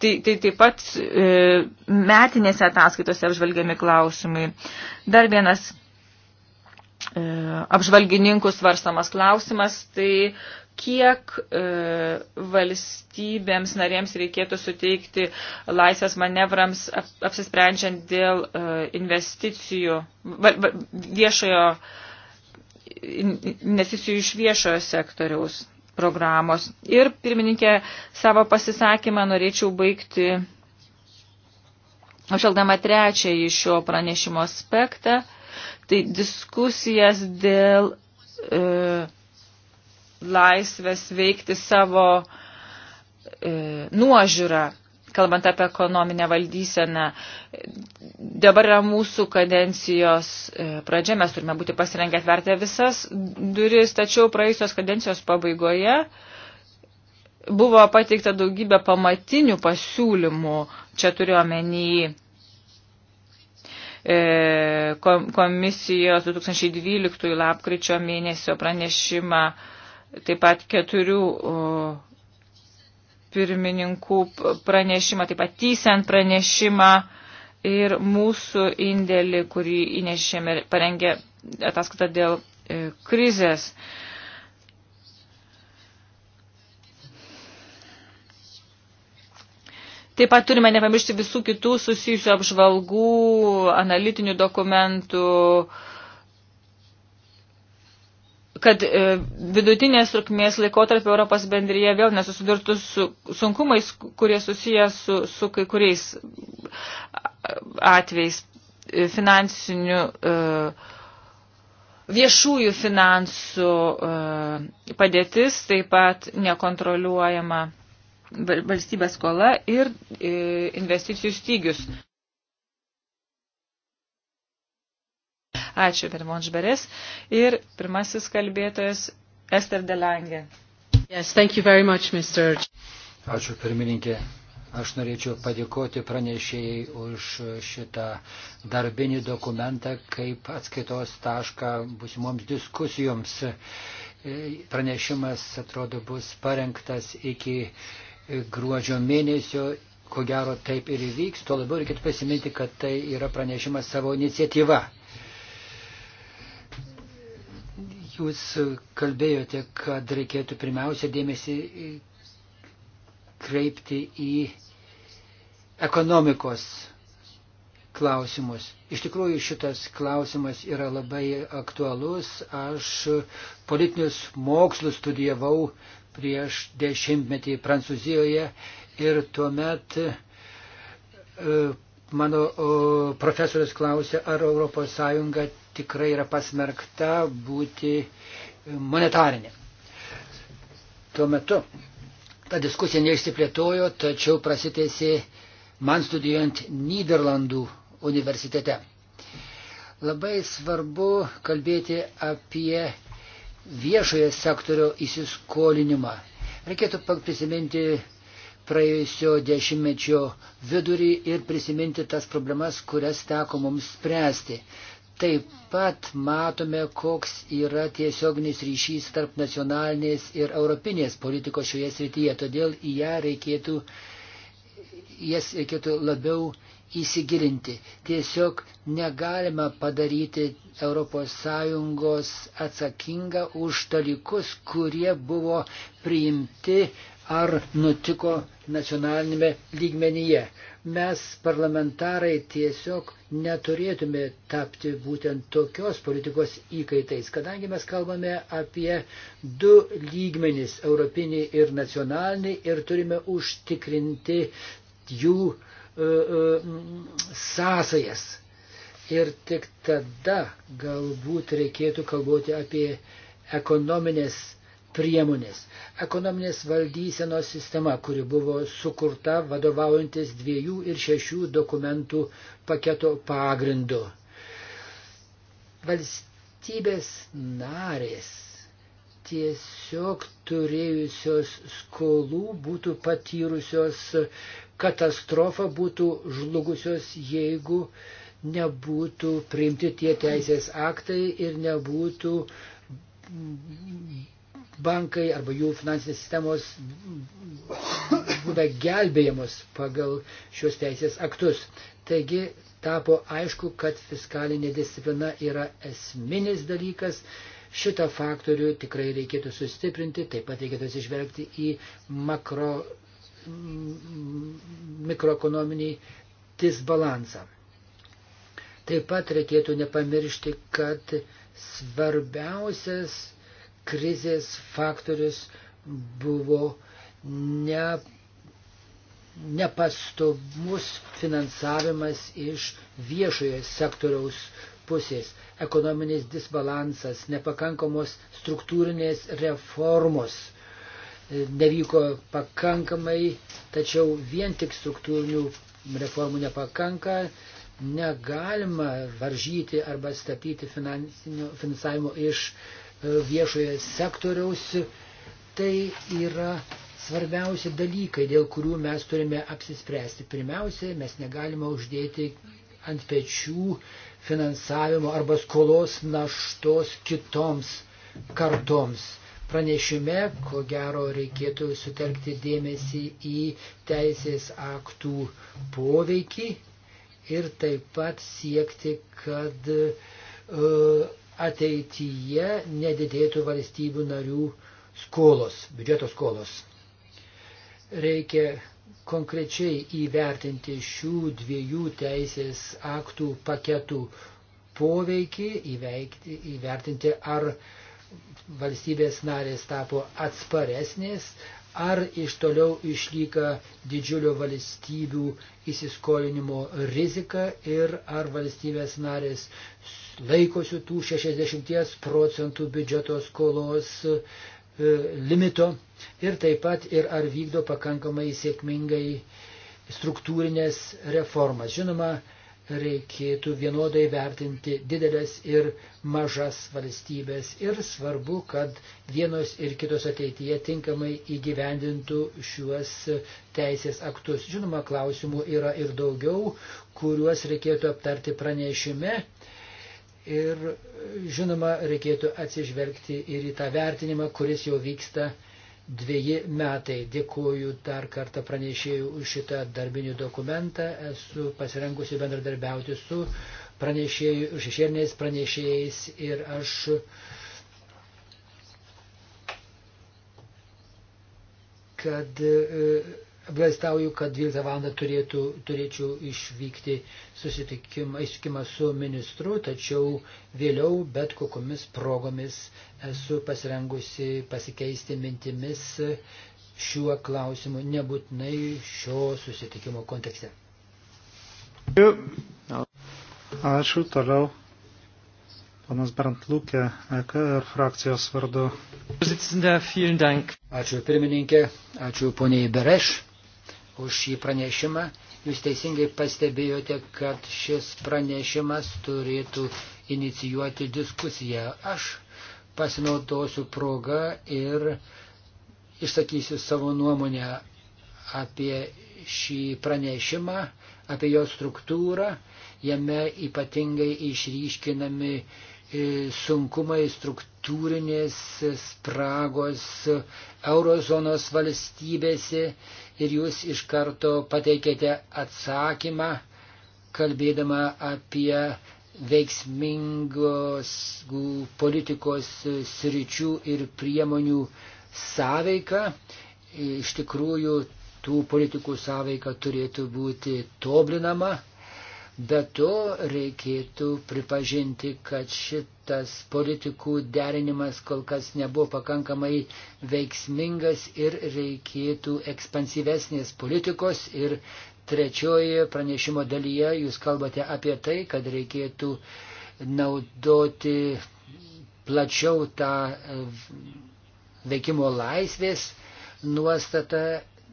B: tai, tai taip pat e, metinėse ataskaitose apžvalgiami klausimai. Dar vienas e, apžvalgininkų svarstamas klausimas, tai kiek e, valstybėms narėms reikėtų suteikti laisvės manevrams ap, apsisprendžiant dėl e, investicijų, va, va, viešojo, investicijų iš viešojo sektoriaus programos. Ir pirmininkė savo pasisakymą norėčiau baigti apšaldama trečiąjį šio pranešimo aspektą, tai diskusijas dėl e, laisvės veikti savo e, nuožiūrą, kalbant apie ekonominę valdyseną. Dabar yra mūsų kadencijos e, pradžia, mes turime būti pasirengę atverti visas duris, tačiau praėjusios kadencijos pabaigoje buvo pateikta daugybė pamatinių pasiūlymų, čia turiuomenį e, komisijos 2012 lapkričio mėnesio pranešimą taip pat keturių pirmininkų pranešimą, taip pat tysiant pranešimą ir mūsų indėlį, kurį įnešėme ir parengė ataskaitą dėl e, krizės. Taip pat turime nepamiršti visų kitų susijusių apžvalgų, analitinių dokumentų, uh, kad e, vidutinės trukmės laikotarpio Europos bendryje vėl nesusidurtų su sunkumais, kurie susiję su, su kai kuriais atvejais e, finansinių, e, viešųjų finansų padėtis, taip pat nekontroliuojama valstybės skola ir investicijų stygius. Ačiū, Pirmonš Beres. Ir pirmasis kalbėtojas Ester Delangė. Yes, thank
C: you very much, Mr. Ačiū, pirmininkė. Aš norėčiau padėkoti pranešėjai už šitą darbinį dokumentą kaip atskaitos tašką būsimoms diskusijoms. E, pranešimas, atrodo, bus parengtas iki gruodžio mėnesio. Ko gero taip ir įvyks, tuo labiau reikėtų prisiminti, kad tai yra pranešimas savo iniciatyva. Jūs kalbėjote, kad reikėtų pirmiausia dėmesį kreipti į ekonomikos klausimus. Iš tikrųjų šitas klausimas yra labai aktualus. Aš politinius mokslus studijavau prieš dešimtmetį Prancūzijoje ir tuomet e, Mano o, profesorius klausė, ar ES tikrai yra pasmerkta būti monetarinė. Tuo metu ta diskusija neišsiplėtojo, tačiau prasitėsi man studijuojant Niderlandų universitete. Labai svarbu kalbėti apie viešoje sektorio įsiskolinimą. Reikėtų prisiminti praėjusio dešimtmečio vidurį ir prisiminti tas problemas, kurias teko mums spręsti. Taip pat matome, koks yra tiesioginis ryšys tarp nacionalinės ir europinės politikos šioje srityje, todėl į ją reikėtų, jas reikėtų labiau įsigilinti. Tiesiog negalima padaryti ES atsakingą už dalykus, kurie buvo priimti ar nutiko nacionalinėme lygmenyje. Mes parlamentarai tiesiog neturėtume tapti būtent tokios politikos įkaitais, kadangi mes kalbame apie du lygmenys - europinį ir nacionalinį ir turime užtikrinti jų uh, uh, sąsajas. Ir tik tada galbūt reikėtų kalbėti apie ekonominės priemonės. Ekonominės valdysenos sistema, kuri buvo sukurta vadovaujantis dviejų ir šešių dokumentų paketo pagrindu. Valstybės narės tiesiog turėjusios skolų būtų patyrusios katastrofą, būtų žlugusios, jeigu nebūtų priimti tie teisės aktai ir nebūtų bankai arba jų finansinės sistemos būna gelbėjamos pagal šios teisės aktus. Taigi tapo aišku, kad fiskalinė disciplina yra esminis dalykas. Šitą faktorių tikrai reikėtų sustiprinti, taip pat reikėtų atsižvelgti į makro, mikroekonominį disbalansą. Taip pat reikėtų nepamiršti, kad svarbiausias krizės faktorius buvo ne, nepastomus finansavimas iš viešojo sektoriaus pusės, ekonominis disbalansas, nepakankamos struktūrinės reformos nevyko pakankamai, tačiau vien tik struktūrinių reformų nepakanka, negalima varžyti arba stabdyti finansavimo iš viešoje sektoriaus. Tai yra svarbiausi dalykai, dėl kurių mes turime apsispręsti. Pirmiausia, mes negalime uždėti ant pečių finansavimo arba skolos naštos kitoms kartoms. Pranešime, ko gero, reikėtų sutelkti dėmesį į teisės aktų poveikį ir taip pat siekti, kad uh, ateityje nedidėtų valstybių narių skolos, biudžeto skolos. Reikia konkrečiai įvertinti šių dviejų teisės aktų paketų poveikį, įveikti, įvertinti, ar valstybės narės tapo atsparesnės, ar iš toliau išlyka didžiulio valstybių įsiskolinimo rizika ir ar valstybės narės laikosi tų 60 procentų biudžeto skolos e, limito ir taip pat ir ar vykdo pakankamai sėkmingai struktūrinės reformas. Žinoma, reikėtų vienodai vertinti didelės ir mažas valstybės ir svarbu, kad vienos ir kitos ateityje tinkamai įgyvendintų šiuos teisės aktus. Žinoma, klausimų yra ir daugiau, kuriuos reikėtų aptarti pranešime. Ir žinoma, reikėtų atsižvelgti ir į tą vertinimą, kuris jau vyksta dviejai metai. Dėkuoju dar kartą pranešėjų už šitą darbinį dokumentą. Esu pasirengusi bendradarbiauti su pranešėjų, šešėliniais pranešėjais ir aš kad e, apgailestauju, kad 12 val. Turėtų, turėčiau išvykti susitikimą su ministru, tačiau vėliau bet kokomis progomis esu pasirengusi pasikeisti mintimis šiuo klausimu, nebūtinai šio susitikimo kontekste.
A: Ačiū toliau. Panas
C: Berant Lūkė, EKR frakcijos vardu. Ačiū pirmininkė, ačiū poniai Bereš už šį pranešimą. Jūs teisingai pastebėjote, kad šis pranešimas turėtų inicijuoti diskusiją. Aš pasinaudosiu progą ir išsakysiu savo nuomonę apie šį pranešimą, apie jo struktūrą. Jame ypatingai išryškinami e, sunkumai struktūrinės spragos eurozonos valstybėse ir jūs iš karto pateikėte atsakymą, kalbėdama apie veiksmingos politikos sričių ir priemonių sąveiką. Iš tikrųjų, tų politikų sąveika turėtų būti toblinama Be to reikėtų pripažinti, kad šitas politikų derinimas kol kas nebuvo pakankamai veiksmingas ir reikėtų ekspansyvesnės politikos. Ir trečioje pranešimo dalyje jūs kalbate apie tai, kad reikėtų naudoti plačiau tą e, veikimo laisvės nuostatą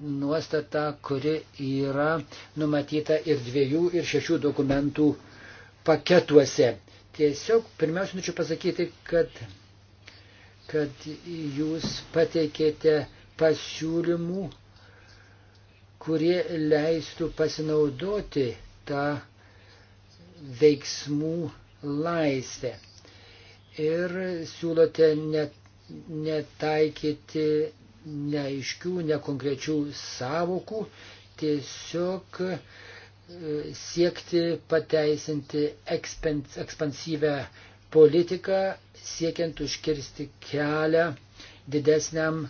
C: nuostata, kuri yra numatyta ir dviejų, ir šešių dokumentų paketuose. Tiesiog pirmiausia, norėčiau pasakyti, kad, kad jūs pateikėte pasiūlymų, kurie leistų pasinaudoti tą veiksmų laisvę. Ir siūlote net netaikyti neaiškių, nekonkrečių savokų, tiesiog e, siekti pateisinti ekspansyvę politiką, siekiant užkirsti kelią didesniam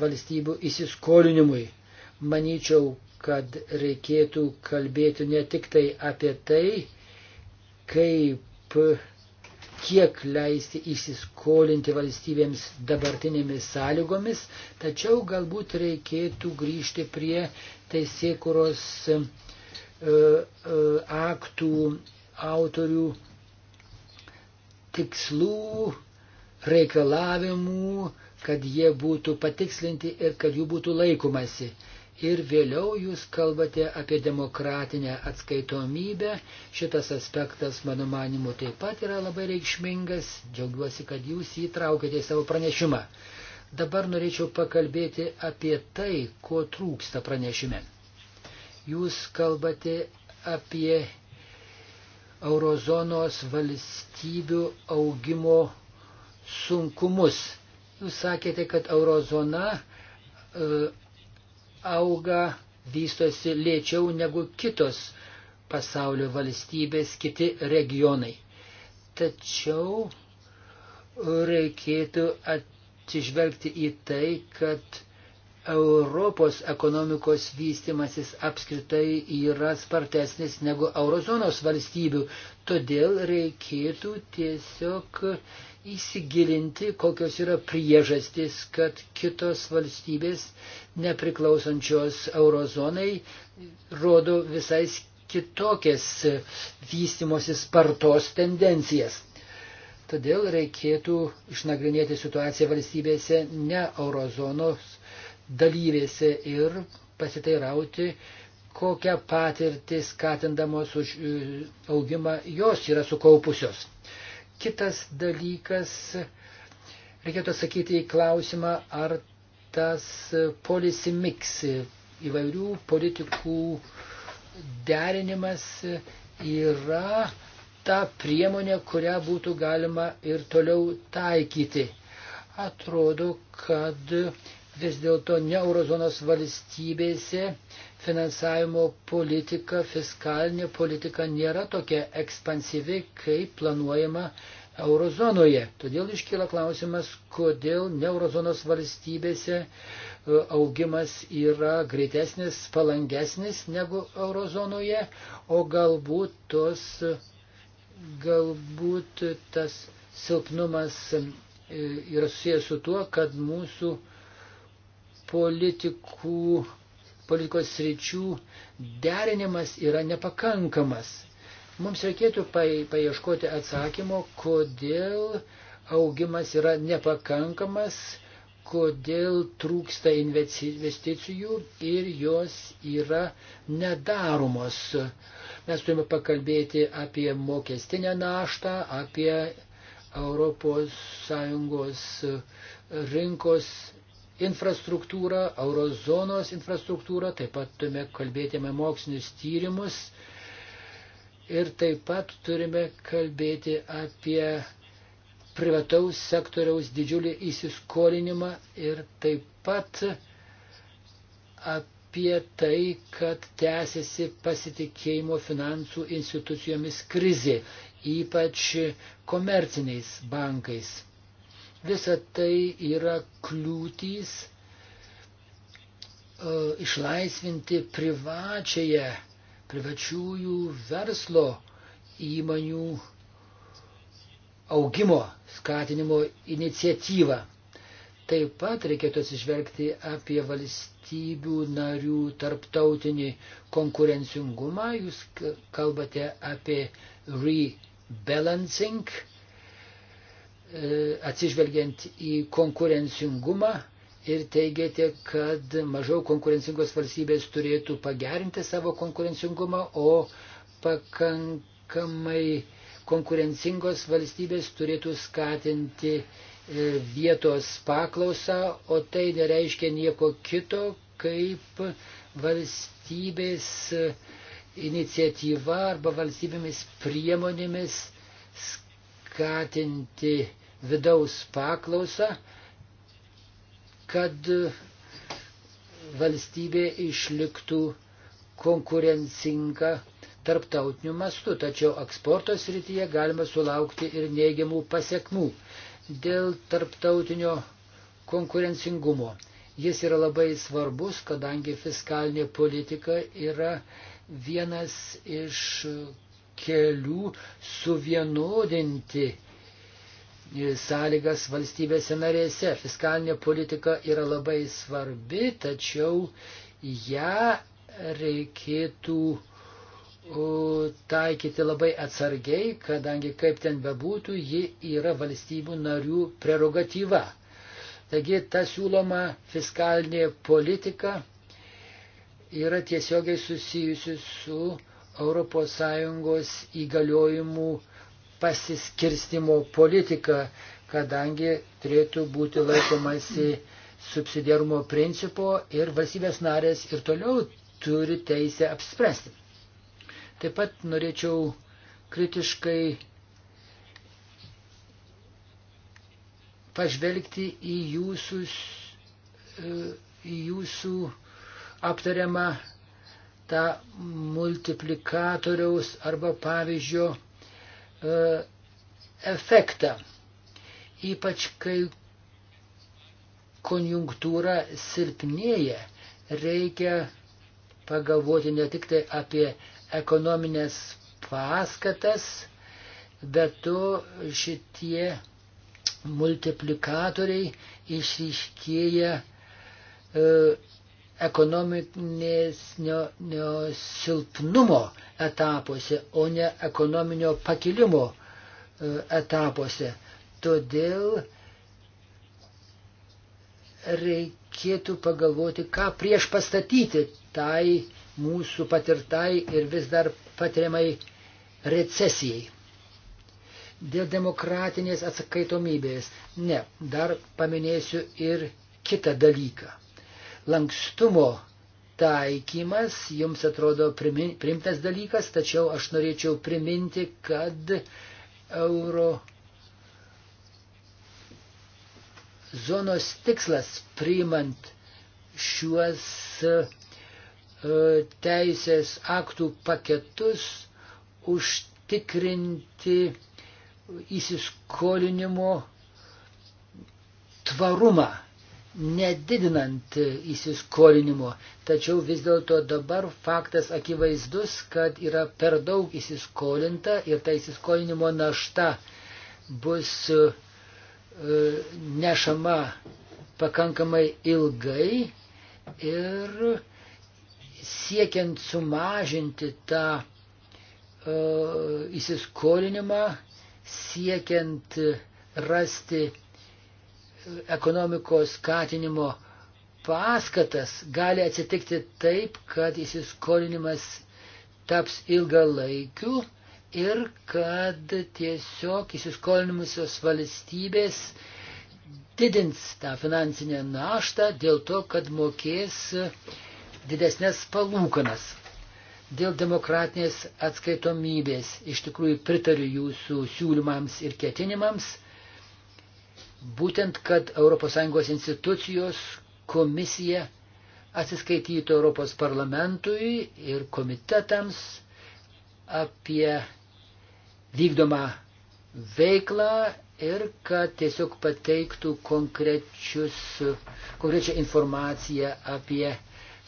C: valstybių įsiskolinimui. Manyčiau, kad reikėtų kalbėti ne tik tai apie tai, kaip kiek leisti įsiskolinti valstybėms dabartinėmis sąlygomis, tačiau galbūt reikėtų grįžti prie teisėkuros e, e, aktų autorių tikslų, reikalavimų, kad jie būtų patikslinti ir kad jų būtų laikomasi ir vėliau jūs kalbate apie demokratinę atskaitomybę. Šitas aspektas, mano manimu, taip pat yra labai reikšmingas. Džiaugiuosi, kad jūs jį traukėte į savo pranešimą. Dabar norėčiau pakalbėti apie tai, ko trūksta pranešime. Jūs kalbate apie eurozonos valstybių augimo sunkumus. Jūs sakėte, kad eurozona e, auga, vystosi lėčiau negu kitos pasaulio valstybės, kiti regionai. Tačiau reikėtų atsižvelgti į tai, kad Europos ekonomikos vystimasis apskritai yra spartesnis negu eurozonos valstybių. Todėl reikėtų tiesiog įsigilinti, kokios yra priežastys, kad kitos valstybės nepriklausančios eurozonai rodo visais kitokias vystimosi spartos tendencijas. Todėl reikėtų išnagrinėti situaciją valstybėse ne eurozonos dalyvėse ir pasiteirauti, kokią patirtį skatindamos už e, augimą jos yra sukaupusios. Kitas dalykas, reikėtų atsakyti į klausimą, ar tas policy mix įvairių politikų derinimas yra ta priemonė, kurią būtų galima ir toliau taikyti. Atrodo, kad vis dėlto ne eurozonos valstybėse finansavimo politika, fiskalinė politika nėra tokia ekspansyvi, kaip planuojama eurozonoje. Todėl iškyla klausimas, kodėl ne eurozonos valstybėse e, augimas yra greitesnis, palangesnis negu eurozonoje, o galbūt, tos, galbūt tas silpnumas e, yra susijęs su tuo, kad mūsų uh, politikų, politikos sričių derinimas yra nepakankamas. Mums reikėtų paieškoti atsakymo, kodėl augimas yra nepakankamas, kodėl trūksta investicijų ir jos yra nedaromos. Mes turime pakalbėti apie mokestinę naštą, apie ES rinkos infrastruktūrą, eurozonos infrastruktūrą, taip pat turime kalbėti apie mokslinius tyrimus ir taip pat turime kalbėti apie privataus sektoriaus didžiulį įsiskolinimą ir taip pat apie tai, kad tęsiasi pasitikėjimo finansų institucijomis krizė, ypač komerciniais bankais. Visa tai yra kliūtys e, išlaisvinti privačiąją, privačiųjų verslo įmonių augimo skatinimo iniciatyvą. Taip pat reikėtų atsižvelgti apie valstybių narių tarptautinį konkurencingumą. Jūs kalbate apie rebalancing, E, atsižvelgiant į konkurencingumą ir teigiate, kad mažiau konkurencingos valstybės turėtų pagerinti savo konkurencingumą, o pakankamai konkurencingos valstybės turėtų skatinti e, vietos paklausą, o tai nereiškia nieko kito, kaip valstybės iniciatyva arba valstybėmis priemonėmis skatinti skatinti vidaus paklausą, kad valstybė išliktų konkurencinga tarptautiniu mastu, tačiau eksporto srityje galima sulaukti ir neigiamų pasiekmų dėl tarptautinio konkurencingumo. Jis yra labai svarbus, kadangi fiskalinė politika yra vienas iš kelių suvienodinti sąlygas valstybėse narėse. Fiskalinė politika yra labai svarbi, tačiau ją reikėtų taikyti labai atsargiai, kadangi kaip ten bebūtų, ji yra valstybių narių prerogatyva. Taigi ta siūloma fiskalinė politika yra tiesiogiai susijusi su ES įgaliojimų pasiskirstimo politiką, kadangi turėtų būti laikomasi subsidiarumo principo ir valstybės narės ir toliau turi teisę apspręsti. Taip pat norėčiau kritiškai pažvelgti į jūsų, į jūsų aptariamą tą multiplikatoriaus arba pavyzdžio e, efektą. Ypač kai konjunktūra silpnėja, reikia pagalvoti ne tik tai apie ekonominės paskatas, bet to šitie multiplikatoriai išryškėja e, ekonominio silpnumo etapuose, o ne ekonominio pakilimo e, etapuose. Todėl reikėtų pagalvoti, ką prieš pastatyti tai mūsų patirtai ir vis dar patiriamai recesijai. Dėl demokratinės atskaitomybės. Ne, dar paminėsiu ir kitą dalyką lankstumo taikymas jums atrodo primtas dalykas, tačiau aš norėčiau priminti, kad euro zonos tikslas priimant šiuos e, teisės aktų paketus užtikrinti įsiskolinimo tvarumą nedidinant įsiskolinimo. Tačiau vis dėlto dabar faktas akivaizdus, kad yra per daug įsiskolinta ir ta įsiskolinimo našta bus e, nešama pakankamai ilgai ir siekiant sumažinti tą e, įsiskolinimą, siekiant rasti ekonomikos skatinimo paskatas, gali atsitikti taip, kad įsiskolinimas taps ilgalaikiu ir kad tiesiog įsiskolinusios valstybės didins tą finansinę naštą dėl to, kad mokės didesnės palūkanas. Dėl demokratinės atskaitomybės iš tikrųjų pritariu jūsų siūlymams ir ketinimams būtent, kad ES institucijos komisija atsiskaitytų Europos parlamentui ir komitetams apie vykdomą veiklą ir kad tiesiog pateiktų konkrečią informaciją apie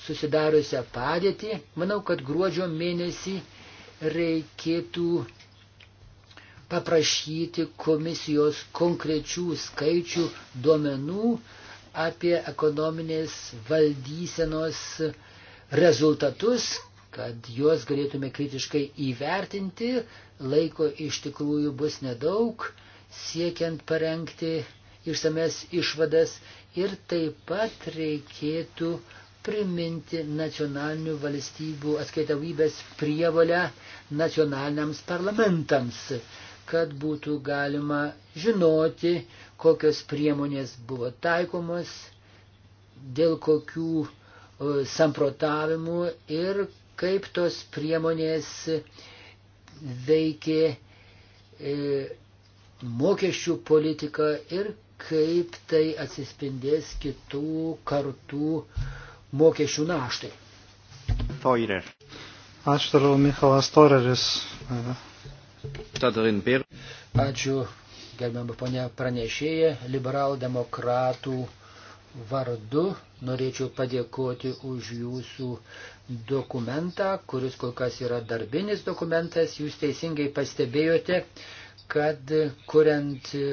C: susidariusią padėtį. Manau, kad gruodžio mėnesį reikėtų paprašyti komisijos konkrečių skaičių duomenų apie ekonominės valdysenos rezultatus, kad juos galėtume kritiškai įvertinti. Laiko iš tikrųjų bus nedaug, siekiant parengti išsames išvadas ir taip pat reikėtų priminti nacionalinių valstybių atskaitavybės prievalę nacionaliniams parlamentams kad būtų galima žinoti, kokios priemonės buvo taikomos, dėl kokių e, samprotavimų ir kaip tos priemonės veikė e, mokesčių politiką ir kaip tai atsispindės kitų kartų mokesčių naštai.
A: Toirer. Ačiū toliau Michalas Toreris,
D: Ačiū,
C: gerbiamą ponę pranešėją, liberaldemokratų vardu norėčiau padėkoti už jūsų dokumentą, kuris kol kas yra darbinis dokumentas. Jūs teisingai pastebėjote, kad kuriant e,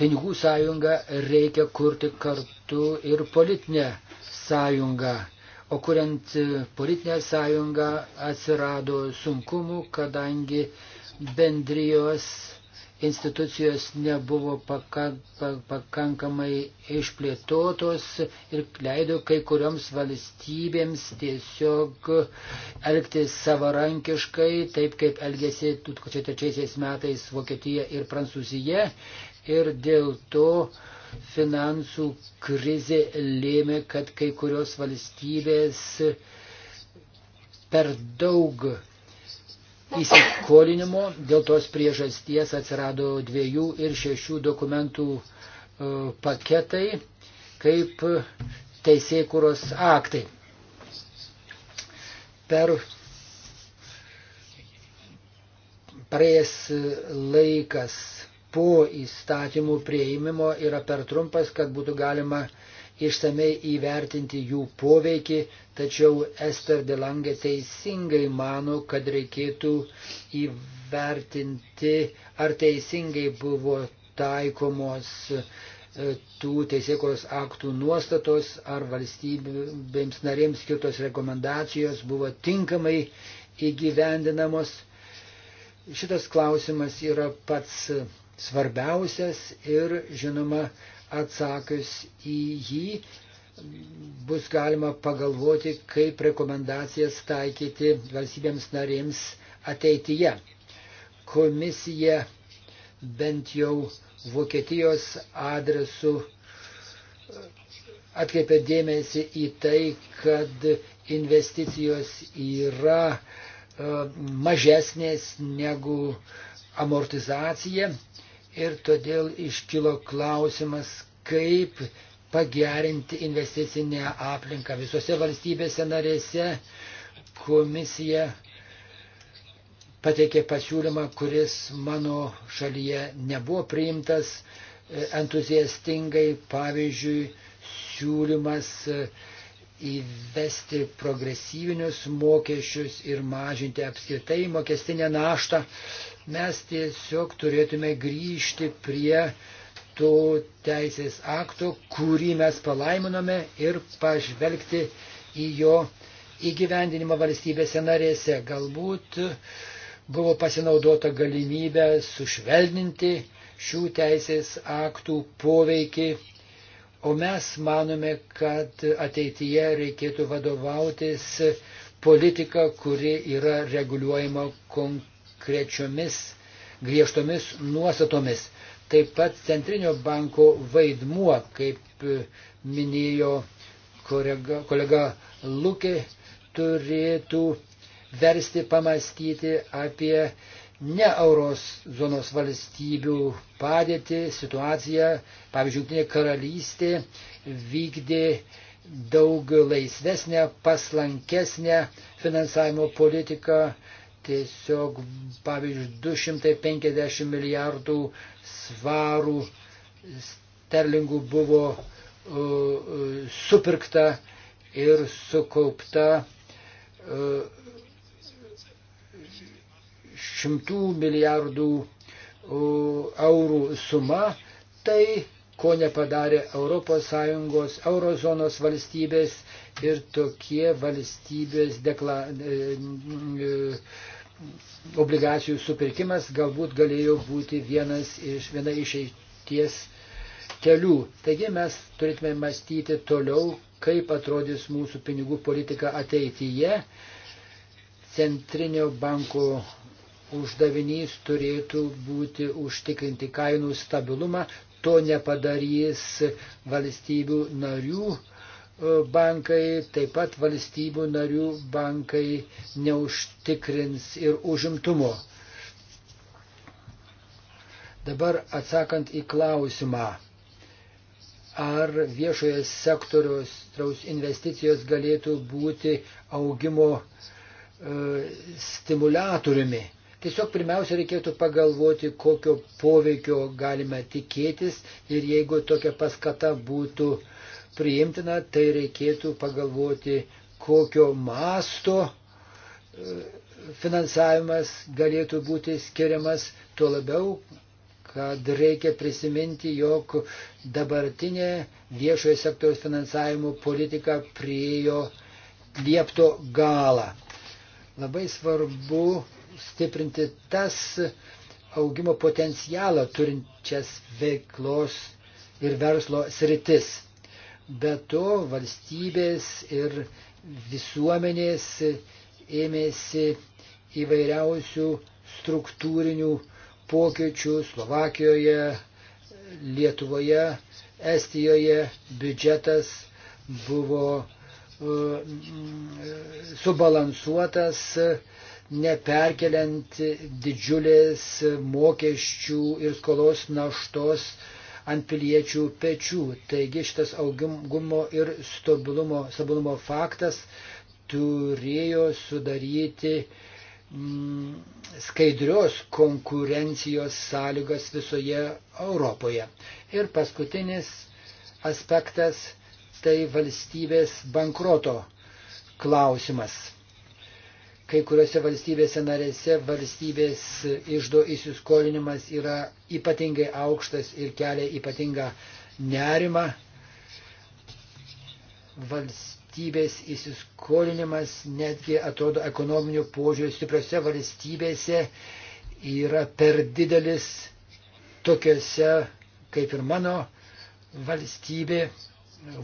C: pinigų sąjungą reikia kurti kartu ir politinę sąjungą. O kuriant e, politinę sąjungą atsirado sunkumų, kadangi bendrijos institucijos nebuvo pakankamai išplėtotos ir leido kai kurioms valstybėms tiesiog elgtis savarankiškai, taip kaip elgėsi 2003 metais Vokietija ir Prancūzija. Ir dėl to uh, Finansų krizė lėmė, kad kai kurios valstybės per daug įsikolinimo, dėl tos priežasties atsirado dviejų ir šešių dokumentų e, paketai kaip teisėkuros aktai. Per praėjęs laikas po įstatymų prieimimo yra per trumpas, kad būtų galima išsamei įvertinti jų poveikį, tačiau Ester Delangė teisingai mano, kad reikėtų įvertinti, ar teisingai buvo taikomos e, tų teisėkos aktų nuostatos, ar valstybėms narėms skirtos rekomendacijos buvo tinkamai įgyvendinamos. Šitas klausimas yra pats svarbiausias ir, žinoma, atsakius į jį bus galima pagalvoti, kaip rekomendacijas taikyti valstybėms narėms ateityje. Komisija bent jau Vokietijos adresu uh, atkreipia dėmesį į tai, kad investicijos yra uh, mažesnės negu amortizacija Ir todėl iškilo klausimas, kaip pagerinti investicinę aplinką visose valstybėse narėse. Komisija pateikė pasiūlymą, kuris mano šalyje nebuvo priimtas e, entuziastingai, pavyzdžiui, siūlymas e, įvesti progresyvinius mokesčius ir mažinti apskritai mokestinę naštą, mes tiesiog turėtume grįžti prie to teisės akto, kurį mes palaiminome ir pažvelgti į jo įgyvendinimą valstybėse narėse. Galbūt buvo pasinaudota galimybė sušvelninti šių teisės aktų poveikį O mes manome, kad ateityje reikėtų vadovautis politika, kuri yra reguliuojama konkrečiomis griežtomis nuostatomis. Taip pat centrinio banko vaidmuo, kaip minėjo kolega, kolega Lukė, turėtų versti pamastyti apie ne euros zonos valstybių padėtį, situaciją. Pavyzdžiui, Junktinė karalystė vykdė daug laisvesnę, paslankesnę finansavimo politiką. Tiesiog, pavyzdžiui, 250 milijardų svarų sterlingų buvo uh, uh, supirkta ir sukaupta uh, šimtų milijardų eurų suma, tai ko nepadarė ES, eurozonos valstybės ir tokie valstybės dekla, e, e, obligacijų supirkimas galbūt galėjo būti vienas iš, viena išeities kelių. Taigi mes turėtume mąstyti toliau, kaip atrodys mūsų pinigų politika ateityje. Centrinio banko uždavinys turėtų būti užtikrinti kainų stabilumą. To nepadarys valstybių narių e, bankai, taip pat valstybių narių bankai neužtikrins ir užimtumo. Dabar atsakant į klausimą, ar viešojo sektoriaus traus investicijos galėtų būti augimo e, stimulatoriumi. Tiesiog pirmiausia reikėtų pagalvoti, kokio poveikio galime tikėtis ir jeigu tokia paskata būtų priimtina, tai reikėtų pagalvoti, kokio masto e, finansavimas galėtų būti skiriamas, tuo labiau, kad reikia prisiminti, jog dabartinė viešojo sektoriaus finansavimo politika priejo liepto galą. Labai svarbu stiprinti tas augimo potencialą turinčias veiklos ir verslo sritis. Be to valstybės ir visuomenės ėmėsi įvairiausių struktūrinių pokyčių Slovakijoje, Lietuvoje, Estijoje biudžetas buvo uh, mm, subalansuotas, neperkeliant didžiulės mokesčių ir skolos naštos ant piliečių pečių. Taigi šitas augimo ir stabilumo, stabilumo faktas turėjo sudaryti mm, skaidrios konkurencijos sąlygas visoje Europoje. Ir paskutinis aspektas tai valstybės bankroto klausimas Kai kuriuose valstybėse narėse valstybės išdo įsiskolinimas yra ypatingai aukštas ir kelia ypatingą nerimą. Valstybės įsiskolinimas netgi atrodo ekonominių požiūrių stipriose valstybėse yra per didelis tokiuose kaip ir mano valstybė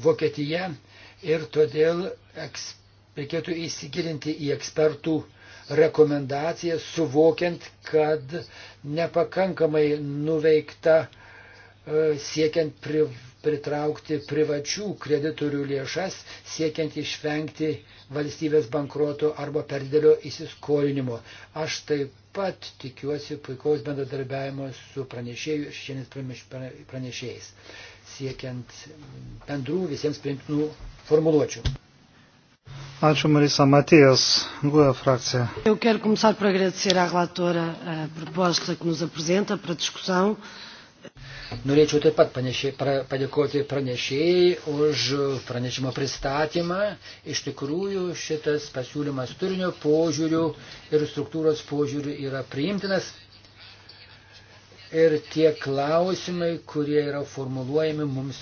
C: Vokietija ir todėl ekspertai reikėtų įsigilinti į ekspertų rekomendaciją, suvokiant, kad nepakankamai nuveikta e, siekiant pri, pritraukti privačių kreditorių lėšas, siekiant išvengti valstybės bankruoto arba perdėlio įsiskolinimo. Aš taip pat tikiuosi puikaus bendradarbiavimo su pranešėjų ir šiandienis pranešėjais, siekiant bendrų visiems priimtinų formuluočių.
A: Ačiū Marisa Matijas,
C: GUE frakcija. Eu quero começar por agradecer à relatora a proposta que nos apresenta para discussão. Norėčiau nu, taip pat panešė, pra, padėkoti pranešėjai už pranešimo pristatymą. Iš tikrųjų, šitas pasiūlymas turinio požiūrių ir struktūros požiūrių yra priimtinas. Ir tie klausimai, kurie yra formuluojami mums,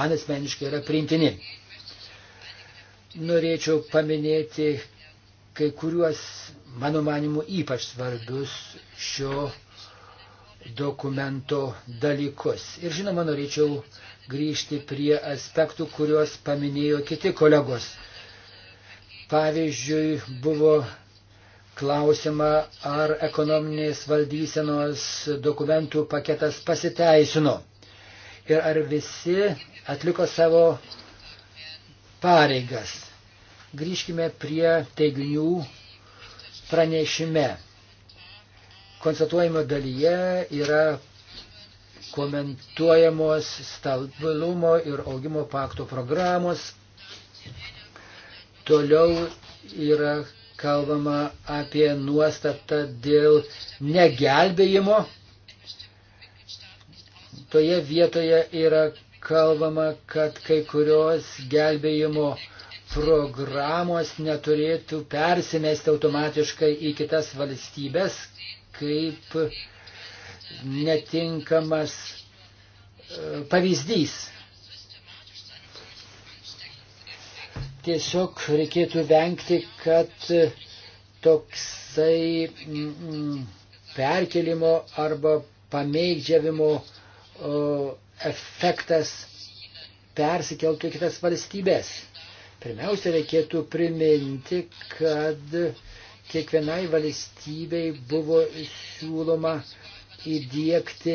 C: man asmeniškai yra priimtini norėčiau paminėti kai kuriuos, mano manimu, ypač svarbius šio dokumento dalykus. Ir žinoma, norėčiau grįžti prie aspektų, kuriuos paminėjo kiti kolegos. Pavyzdžiui, buvo klausimą, ar ekonominės valdysenos dokumentų paketas pasiteisino ir ar visi atliko savo pareigas. Grįžkime prie teiginių pranešime. Konstatuojimo dalyje yra komentuojamos stabilumo ir augimo pakto programos. Toliau yra kalbama apie nuostatą dėl negelbėjimo. Toje vietoje yra kalbama, kad kai kurios gelbėjimo programos neturėtų persimesti automatiškai į kitas valstybės kaip netinkamas e, pavyzdys. Tiesiog reikėtų vengti, kad toksai mm, mm, perkelimo arba pameigdžiavimo efektas persikeltų į kitas valstybės. Pirmiausia, reikėtų priminti, kad kiekvienai valstybei buvo siūloma įdėkti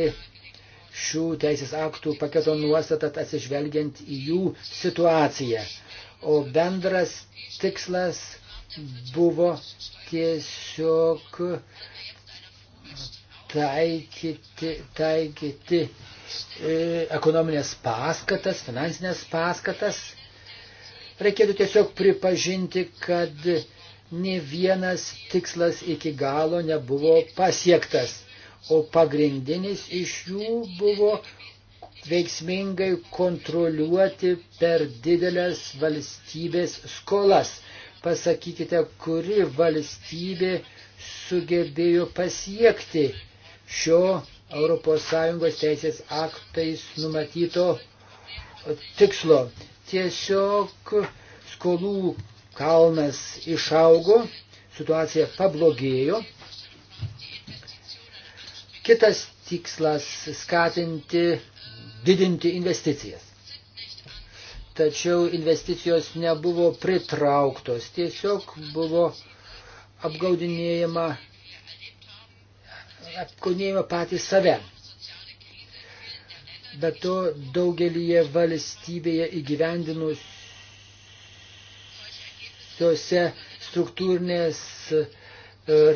C: šių teisės aktų paketo nuostatą atsižvelgiant į jų situaciją. O bendras tikslas buvo tiesiog taikyti, taikyti E, ekonominės paskatas, finansinės paskatas. Reikėtų tiesiog pripažinti, kad ne vienas tikslas iki galo nebuvo pasiektas, o pagrindinis iš jų buvo veiksmingai kontroliuoti per didelės valstybės skolas. Pasakykite, kuri valstybė sugebėjo pasiekti šio ES teisės aktais numatyto tikslo. Tiesiog skolų kalnas išaugo, situacija pablogėjo. Kitas tikslas - skatinti, didinti investicijas. Tačiau investicijos nebuvo pritrauktos, tiesiog buvo apgaudinėjama apkunėjame patys save. Bet to daugelįje valstybėje įgyvendinusiuose struktūrinės e,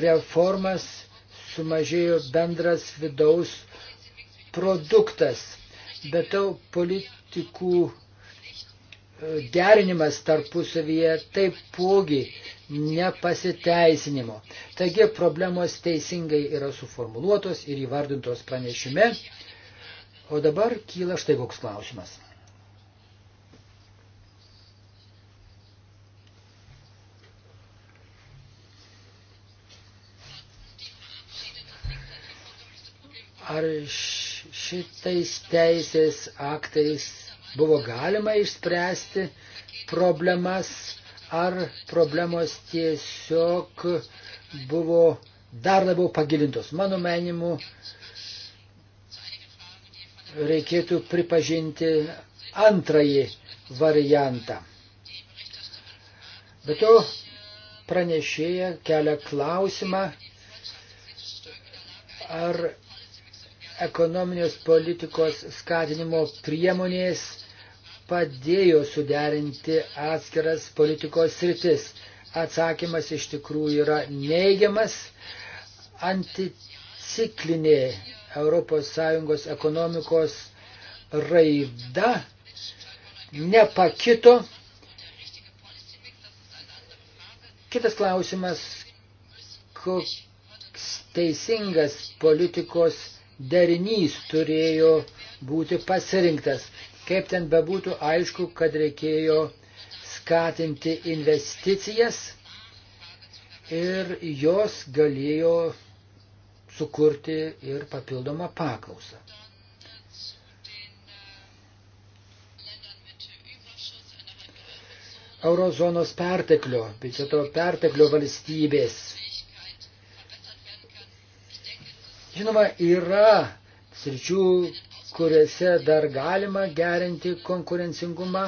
C: reformas sumažėjo bendras vidaus produktas. Bet to politikų derinimas e, tarpusavyje taipogi nepasiteisinimo. Taigi problemos teisingai yra suformuluotos ir įvardintos pranešime. O dabar kyla štai koks klausimas. Ar šitais teisės aktais buvo galima išspręsti problemas ar problemos tiesiog buvo dar labiau pagilintos. Mano menimu, reikėtų pripažinti antrąjį variantą. Bet to pranešėja kelia klausimą, ar ekonominės politikos skatinimo priemonės padėjo suderinti atskiras politikos sritis. Atsakymas iš tikrųjų yra neigiamas. Anticiklinė ES ekonomikos raida nepakito. Kitas klausimas, koks teisingas politikos derinys turėjo būti pasirinktas. Kaip ten bebūtų, aišku, kad reikėjo skatinti investicijas ir jos galėjo sukurti ir papildomą paklausą. Eurozonos perteklio, biudžeto perteklio valstybės. Žinoma, yra sričių, kuriuose dar galima gerinti konkurencingumą,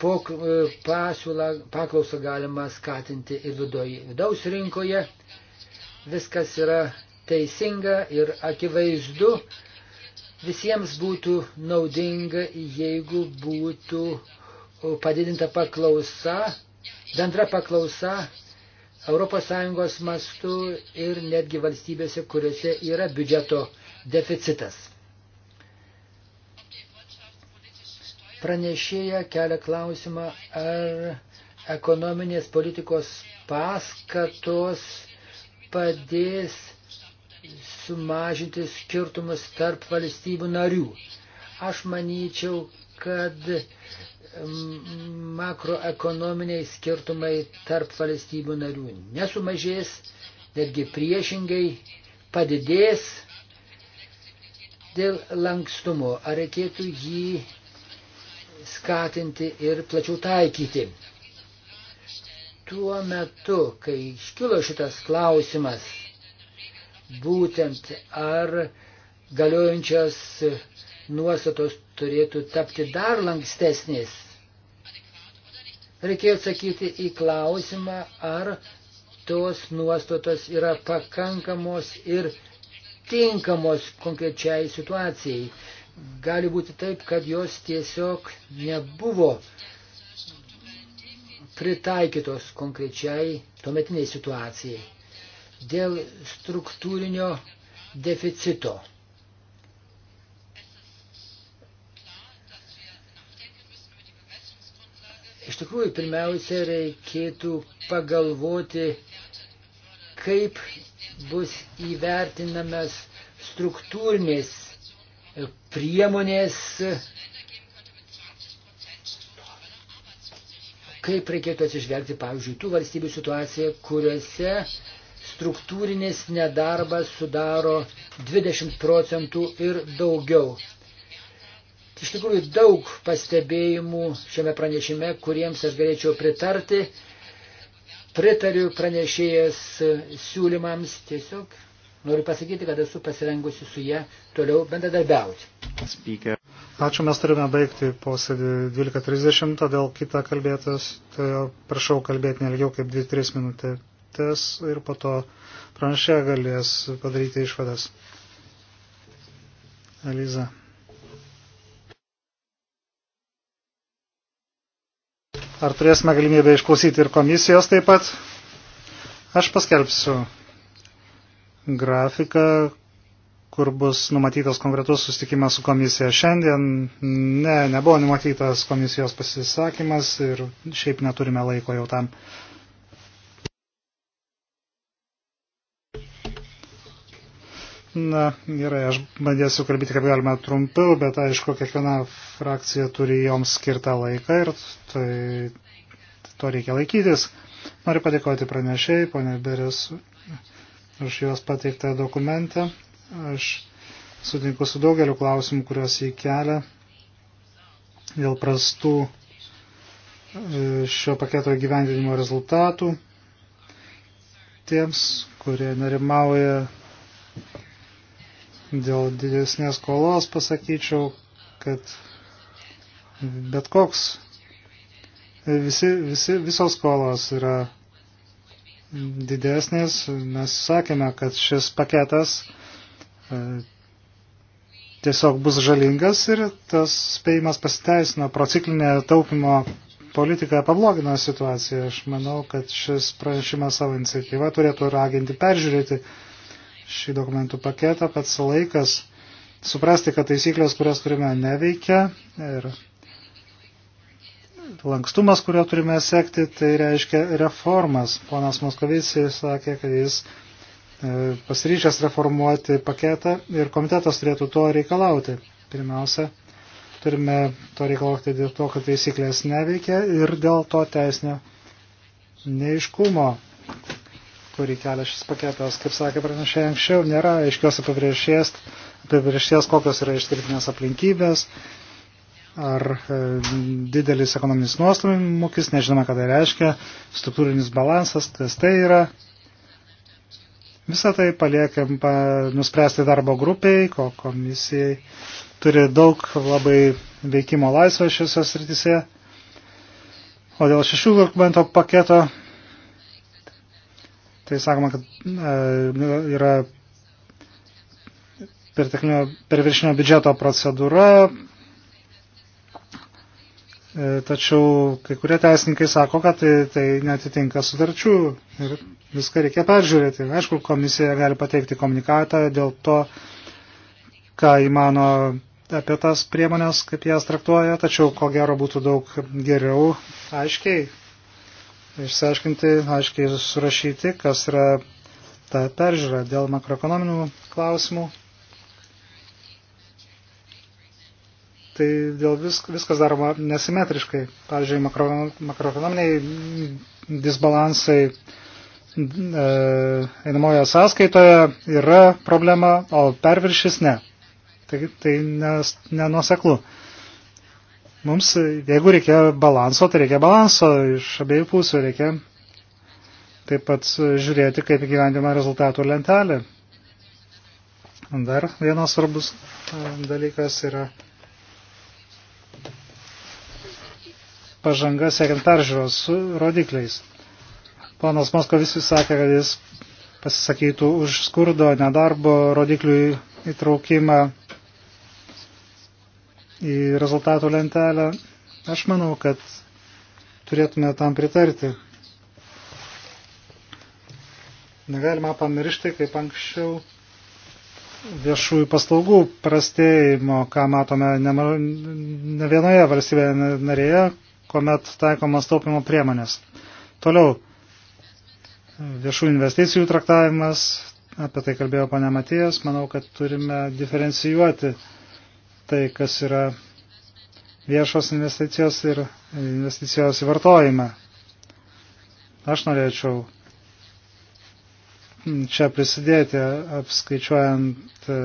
C: po e, pasiūlą, paklausą galima skatinti ir vidaus rinkoje. Viskas yra teisinga ir akivaizdu. Visiems būtų naudinga, jeigu būtų padidinta paklausa, bendra paklausa ES mastu ir netgi valstybėse, kuriuose yra biudžeto deficitas. Pranešėja kelia klausimą, ar ekonominės politikos paskatos padės sumažinti skirtumus tarp valstybių narių. Aš manyčiau, kad makroekonominiai skirtumai tarp valstybių narių nesumažės, netgi priešingai padidės dėl lankstumo. Ar reikėtų jį skatinti ir plačiau taikyti. Tuo metu, kai iškilo šitas klausimas, būtent ar galiojančios nuostatos turėtų tapti dar lankstesnės, reikėjo atsakyti į klausimą, ar tos nuostatos yra pakankamos ir tinkamos konkrečiai situacijai gali būti taip, kad jos tiesiog nebuvo pritaikytos konkrečiai tuometiniai situacijai dėl struktūrinio deficito. Iš tikrųjų, pirmiausia, reikėtų pagalvoti, kaip bus įvertinamas struktūrinės priemonės, kaip reikėtų atsižvelgti, pavyzdžiui, tų valstybių situaciją, kuriuose struktūrinis nedarbas sudaro 20 procentų ir daugiau. Iš tikrųjų daug pastebėjimų šiame pranešime, kuriems aš galėčiau pritarti. Pritariu pranešėjas siūlymams tiesiog Noriu pasakyti, kad esu pasirengusi su jie toliau bendradarbiauti.
A: Speaker. Ačiū, mes turime baigti posėdį 12.30, todėl kitą kalbėtas, tai prašau kalbėti nelgiau kaip 2-3 minutės ir po to pranešė galės padaryti išvadas. Eliza. Ar turėsime galimybę išklausyti ir komisijos taip pat? Aš paskelbsiu grafiką, kur bus numatytas konkretus susitikimas su komisija šiandien. Ne, nebuvo numatytas komisijos pasisakymas ir šiaip neturime laiko jau tam. Na, gerai, aš bandėsiu kalbėti kaip galima trumpiau, bet aišku, kiekviena frakcija turi joms skirtą laiką ir tai, to reikia laikytis. Noriu padėkoti pranešėjai, ponė Beres, už jos pateiktą dokumentą. Aš sutinku su daugeliu klausimų, kuriuos jį kelia dėl prastų e, šio paketo gyvendinimo rezultatų. Tiems, kurie nerimauja dėl didesnės kolos, pasakyčiau, kad bet koks, visi, visi, visos kolos yra didesnės. Mes sakėme, kad šis paketas e, tiesiog bus žalingas ir tas spėjimas pasiteisino. Prociklinė taupimo politika pablogino situaciją. Aš manau, kad šis pranešimas savo iniciatyvą turėtų raginti peržiūrėti šį dokumentų paketą. Pats laikas suprasti, kad taisyklės, kurias turime, neveikia ir Tai lankstumas, kurio turime sekti, tai reiškia reformas. Ponas Moskovicijai sakė, kad jis e, pasiryžęs reformuoti paketą ir komitetas turėtų to reikalauti. Pirmiausia, turime to reikalauti dėl to, kad taisyklės neveikia ir dėl to teisinio neiškumo, kurį kelia šis paketas. Kaip sakė pranešė anksčiau, nėra aiškios apibriešties, apibriešties kokios yra išskirtinės aplinkybės, ar e, didelis ekonominis nuostumimukis, nežinome, ką tai reiškia, struktūrinis balansas, kas tai yra. Visą tai paliekam nuspręsti darbo grupiai, ko komisijai turi daug labai veikimo laisvę šiose srityse. O dėl šešių dokumento paketo, tai sakoma, kad e, yra perviršinio biudžeto procedūra, E, tačiau kai kurie teisininkai sako, kad tai, tai netitinka sutarčių ir viską reikia peržiūrėti. Aišku, komisija gali pateikti komunikatą dėl to, ką įmano apie tas priemonės, kaip jas traktuoja, tačiau ko gero būtų daug geriau aiškiai išsiaiškinti, aiškiai surašyti, kas yra ta peržiūra dėl makroekonominių klausimų. tai dėl vis, viskas daroma nesimetriškai. Pavyzdžiui, makro, makroekonominiai disbalansai e, einamoje sąskaitoje yra problema, o perviršis ne. Tai, tai nenuoseklu. Mums, jeigu reikia balanso, tai reikia balanso iš abiejų pusių, reikia taip pat žiūrėti, kaip įgyvendima rezultatų lentelė. Dar vienas svarbus e, dalykas yra pažanga siekiant peržiūros su rodikliais. Ponas Moskovis sakė, kad jis pasisakytų už skurdo nedarbo rodiklių įtraukimą į rezultatų lentelę. Aš manau, kad turėtume tam pritarti. Negalima pamiršti, kaip anksčiau, viešųjų paslaugų prastėjimo, ką matome ne, ne vienoje valstybėje narėje, kuomet taikomas taupimo priemonės. Toliau, viešų investicijų traktavimas, apie tai kalbėjo pane Matijas, manau, kad turime diferencijuoti tai, kas yra viešos investicijos ir investicijos į vartojimą. Aš norėčiau čia prisidėti apskaičiuojant e,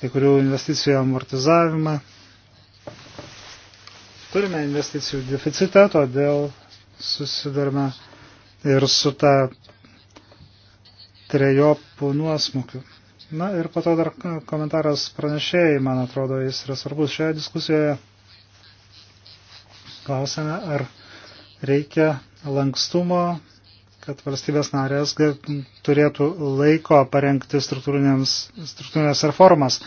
A: kai kurių investicijų amortizavimą. Turime investicijų deficitą, todėl susidarme ir su tą trejopų nuosmukiu. Na ir po to dar komentaras pranešėjai, man atrodo, jis yra svarbus šioje diskusijoje. Klausime, ar reikia lankstumo, kad valstybės narės turėtų laiko parengti struktūrinės reformas.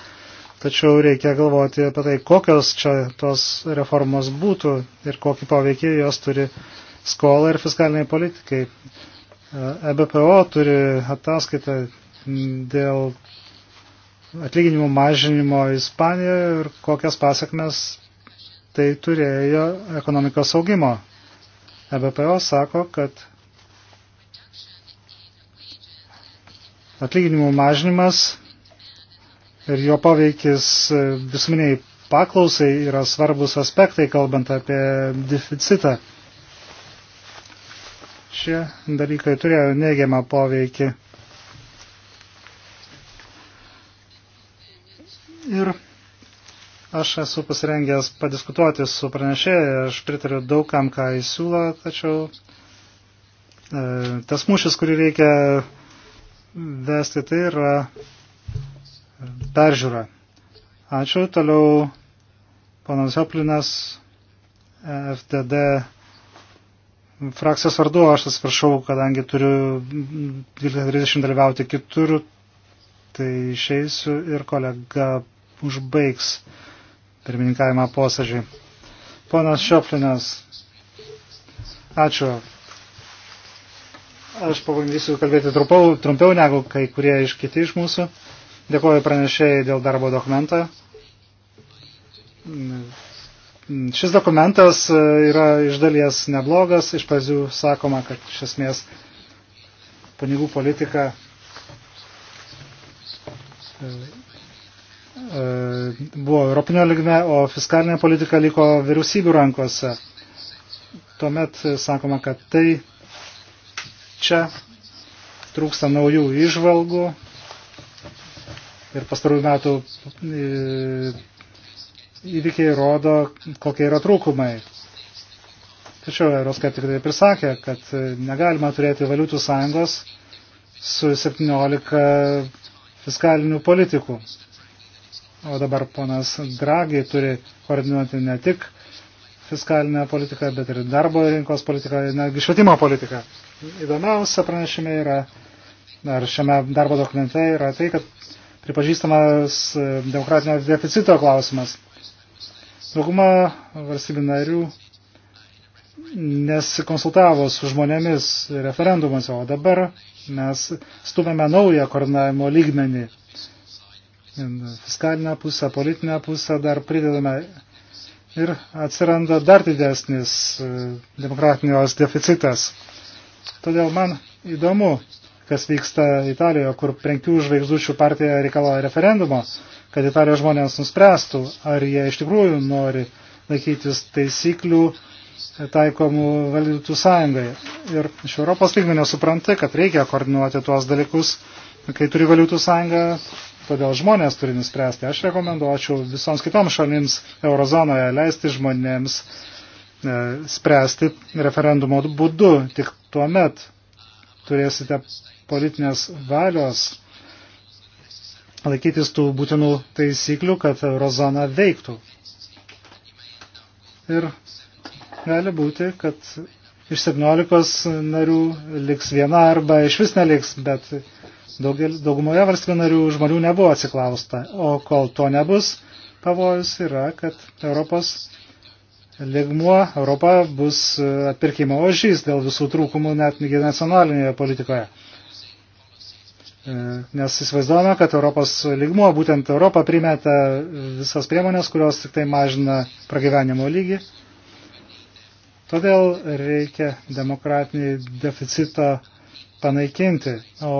A: Tačiau reikia galvoti apie tai, kokios čia tos reformos būtų ir kokį poveikį jos turi skolai ir fiskaliniai politikai. EBPO e turi ataskaitą dėl atlyginimų mažinimo Ispanijoje ir kokias pasiekmes tai turėjo ekonomikos augimo. EBPO sako, kad atlyginimų mažinimas ir jo poveikis e, visuminiai paklausai yra svarbus aspektai, kalbant apie deficitą. Šie dalykai turėjo neigiamą poveikį. Ir aš esu pasirengęs padiskutuoti su pranešėja, aš pritariu daugam, ką jis siūlo, tačiau e, tas mūšis, kurį reikia vesti, tai yra peržiūrą. Ačiū. Toliau panas Joplinas, FDD frakcijos vardu, aš atsiprašau, kadangi turiu 12.30 dalyvauti kitur, tai išeisiu ir kolega užbaigs pirmininkavimą posėdžiui. Ponas Šioplinas, ačiū. Aš pabandysiu kalbėti trumpiau, trumpiau negu kai kurie iš kiti iš mūsų. Dėkuoju pranešėjai dėl darbo dokumento. Šis dokumentas e, yra iš dalies neblogas, iš pazių sakoma, kad iš esmės pinigų politika e, e, buvo Europinio ligme, o fiskalinė politika liko vyriausybių rankose. Tuomet sakoma, kad tai čia trūksta naujų išvalgų, Ir pastarųjų metų e, įvykiai rodo, kokie yra trūkumai. Tačiau euroskeptikai taip ir sakė, kad e, negalima turėti valiutų sąjungos su 17 fiskalinių politikų. O dabar ponas Dragi turi koordinuoti ne tik fiskalinę politiką, bet ir darbo rinkos politiką, netgi švietimo politiką. Įdomiausia pranešime yra, ar šiame darbo dokumente yra tai, kad pripažįstamas e, demokratinio deficito klausimas. Dauguma valstybių narių nesikonsultavo su žmonėmis referendumuose, o dabar mes stumėme naują koordinavimo lygmenį. Fiskalinę pusę, politinę pusę dar pridedame ir atsiranda dar didesnis e, demokratinijos deficitas. Todėl man įdomu, kas vyksta Italijoje, kur penkių žvaigždučių partija reikalauja referendumo, kad Italijos žmonės nuspręstų, ar jie iš tikrųjų nori laikytis taisyklių taikomų valdytų sąjungai. Ir iš Europos lygmenio supranti, kad reikia koordinuoti tuos dalykus, kai turi valiutų sąjungą, todėl žmonės turi nuspręsti. Aš rekomenduočiau visoms kitoms šalims eurozonoje leisti žmonėms e, spręsti referendumo būdu, tik tuo met turėsite politinės valios laikytis tų būtinų taisyklių, kad eurozona veiktų. Ir gali būti, kad iš 17 narių liks viena arba iš vis neliks, bet daugel, daugumoje valstybių narių žmonių nebuvo atsiklausta. O kol to nebus, pavojus yra, kad Europos ligmuo Europa bus atpirkimo ožys dėl visų trūkumų net nacionalinėje politikoje. E, nes įsivaizduojame, kad Europos lygmuo, būtent Europa primeta e, visas priemonės, kurios tik tai mažina pragyvenimo lygį. Todėl reikia demokratinį deficitą panaikinti, o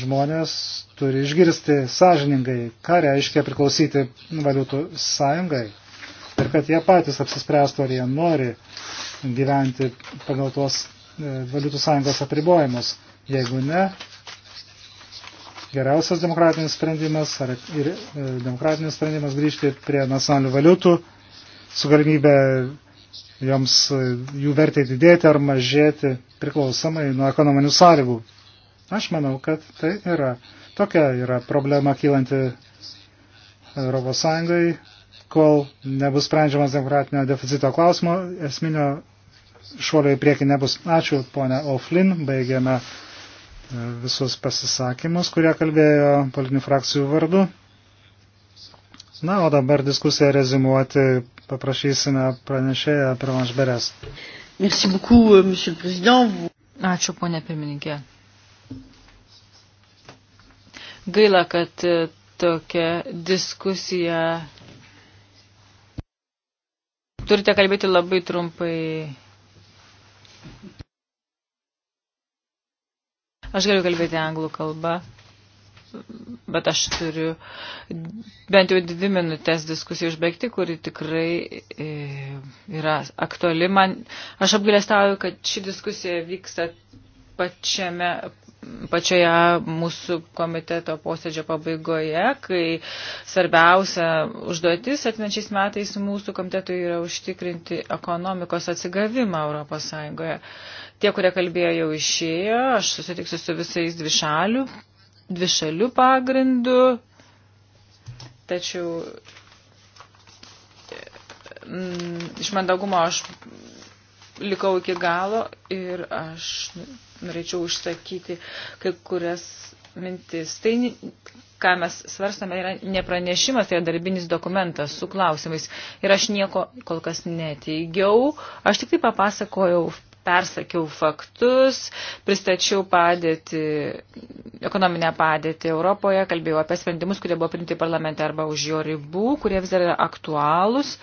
A: žmonės turi išgirsti sąžiningai, ką reiškia priklausyti valiutų sąjungai ir kad jie patys apsispręstų, ar jie nori gyventi pagal tuos e, valiutų sąjungos apribojimus. Jeigu ne, geriausias demokratinis sprendimas ar ir e, demokratinis sprendimas grįžti prie nacionalinių valiutų su galimybė joms e, jų vertė didėti ar mažėti priklausomai nuo ekonominių sąlygų. Aš manau, kad tai yra tokia yra problema kylanti Europos Sąjungai, kol nebus sprendžiamas demokratinio deficito klausimo, esminio šuolio į priekį nebus. Ačiū, ponia Oflin, baigėme visus pasisakymus, kurie kalbėjo politinių frakcijų vardu. Na, o dabar diskusiją rezimuoti paprašysime pranešėją Pervanš Beres.
B: Euh, Ačiū, ponė pirmininkė. Gaila, kad e, tokia diskusija. Turite kalbėti labai trumpai Aš galiu kalbėti anglų kalbą, bet aš turiu bent jau dvi minutės diskusijų užbaigti, kuri tikrai e, yra aktuali. Man, aš apgailestauju, kad ši diskusija vyksta pačiame pačioje mūsų komiteto posėdžio pabaigoje, kai svarbiausia užduotis atmenčiais metais mūsų komitetui yra užtikrinti ekonomikos atsigavimą Europos Sąjungoje. Tie, kurie kalbėjo, jau išėjo. Aš susitiksiu su visais dvišalių, dvišalių pagrindų. Tačiau mm, iš mandagumo aš likau iki galo ir aš norėčiau užsakyti kai kurias mintis. Tai, ką mes svarstame, yra nepranešimas, tai yra darbinis dokumentas su klausimais. Ir aš nieko kol kas neteigiau, aš tik tai papasakojau persakiau faktus, pristačiau padėti, ekonominę padėtį Europoje, kalbėjau apie sprendimus, kurie buvo priimti parlamente arba už jo ribų, kurie vis dar yra aktualūs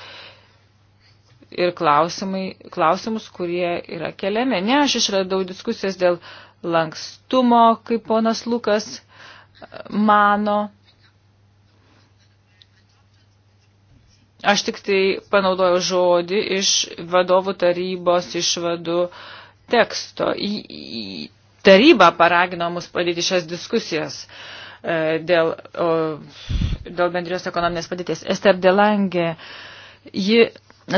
B: ir klausimus, kurie yra keliami. Ne, aš išradau diskusijas dėl lankstumo, kaip ponas Lukas mano. Aš tik tai panaudojau žodį iš vadovų tarybos išvadų teksto. Į, į tarybą paragino mus padėti šias diskusijas e, dėl, o, dėl bendrijos ekonominės padėties. Ester Delangė, ji,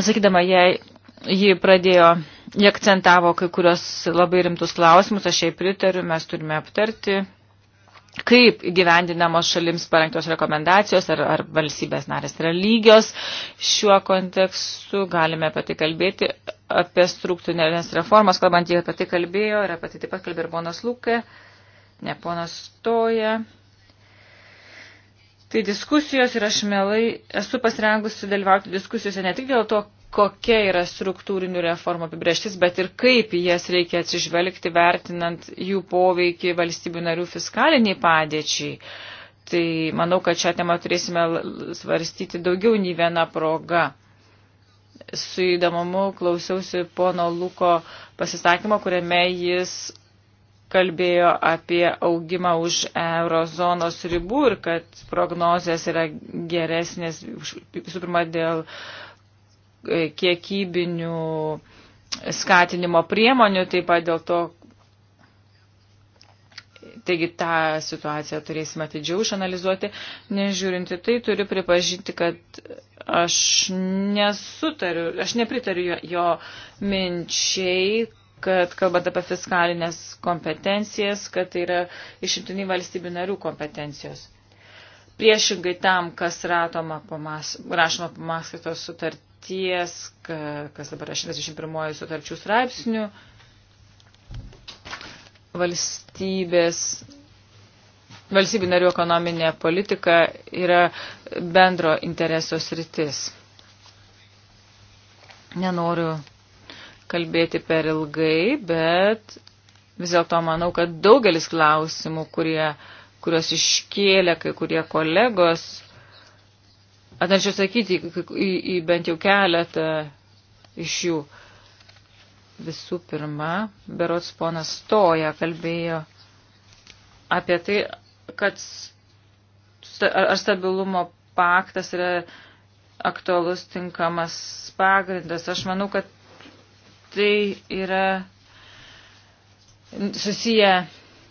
B: sakydama, jai, ji pradėjo, ji akcentavo kai kurios labai rimtus klausimus, aš jai pritariu, mes turime aptarti kaip gyvendinamos šalims parengtos rekomendacijos, ar, ar valstybės narės yra lygios. Šiuo kontekstu galime apie tai kalbėti, apie struktūrinės reformas, kalbant, jie apie tai kalbėjo ir apie tai taip pat kalbėjo ir ponas Lūkė, ne ponas Stoja. Tai diskusijos ir aš mielai esu pasirengusi dalyvauti diskusijose ne tik dėl to, kokia yra struktūrinių reformų apibrieštis, bet ir kaip jas reikia atsižvelgti, vertinant jų poveikį valstybių narių fiskaliniai padėčiai. Tai manau, kad šią temą turėsime svarstyti daugiau nei vieną progą. Su įdomumu klausiausi pono Luko pasisakymo, kuriame jis kalbėjo apie augimą už eurozonos ribų ir kad prognozijas yra geresnės, visų pirma, dėl uh, E, kiekybinių skatinimo priemonių, taip pat dėl to, taigi tą situaciją turėsime atidžiau išanalizuoti, nežiūrinti tai, turiu pripažinti, kad aš nesutariu, aš nepritariu jo, jo minčiai, kad kalbant apie fiskalinės kompetencijas, kad tai yra išimtinai valstybių narių kompetencijos. Priešingai tam, kas ratoma po mas, rašoma po maskatos sutart, sutarties, kas dabar 121 sutarčių straipsnių, valstybės valstybių narių ekonominė politika yra bendro intereso sritis. Nenoriu kalbėti per ilgai, bet vis dėlto manau, kad daugelis klausimų, kurie, kuriuos iškėlė kai kurie kolegos, Atnešiu sakyti į, į bent jau keletą iš jų. Visų pirma, berots ponas Stoja kalbėjo apie tai, kad ar stabilumo paktas yra aktualus tinkamas pagrindas. Aš manau, kad tai yra susiję,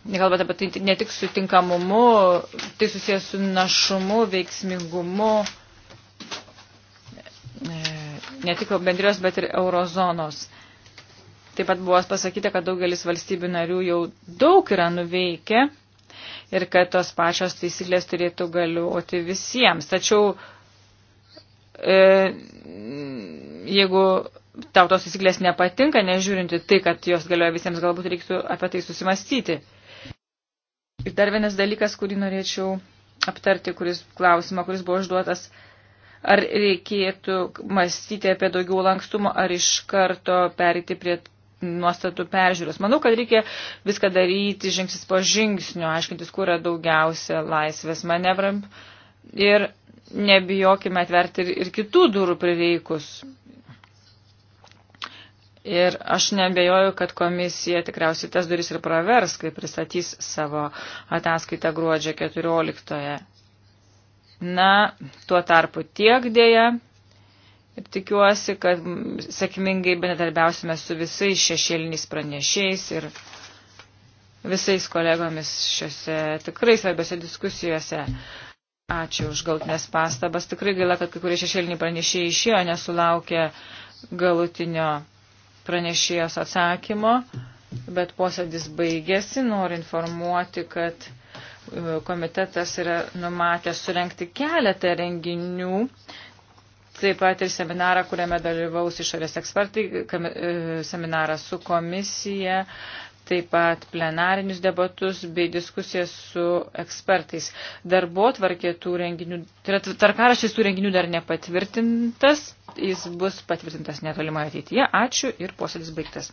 B: nekalbant apie tai ne tik su tinkamumu, tai susijęs su našumu, veiksmingumu ne tik bendrijos, bet ir eurozonos. Taip pat buvo pasakyta, kad daugelis valstybių narių jau daug yra nuveikę ir kad tos pačios taisyklės turėtų galioti visiems. Tačiau e, jeigu tau tos taisyklės nepatinka, nežiūrinti tai, kad jos galioja visiems, galbūt reiktų apie tai susimastyti. Ir dar vienas dalykas, kurį norėčiau aptarti, kuris klausimą, kuris buvo užduotas Ar reikėtų mąstyti apie daugiau lankstumo, ar iš karto perėti prie nuostatų peržiūros. Manau, kad reikia viską daryti žingsnis po žingsnio, aiškintis, kur yra daugiausia laisvės manevram ir nebijokime atverti ir, ir kitų durų prireikus. Ir aš nebejoju, kad komisija tikriausiai tas duris ir pravers, kai pristatys savo ataskaitą gruodžio 14. -oje. Na, tuo tarpu tiek dėja. Ir tikiuosi, kad sėkmingai bendradarbiausime su visais šešėliniais pranešėjais ir visais kolegomis šiuose tikrai svarbiose diskusijose. Ačiū už galtinės pastabas. Tikrai gaila, kad kai kurie šešėliniai pranešėjai išėjo, nesulaukė galutinio pranešėjos atsakymo, bet posėdis baigėsi. Noriu informuoti, kad komitetas yra numatęs surenkti keletą renginių, taip pat ir seminarą, kuriame dalyvaus išorės ekspertai, e, seminarą su komisija, taip pat plenarinius debatus bei diskusijas su ekspertais. Darbo tvarkė tų renginių, tai yra tarkarašys tų renginių dar nepatvirtintas, jis bus patvirtintas netolimoje ateityje. Ačiū ir posėdis baigtas.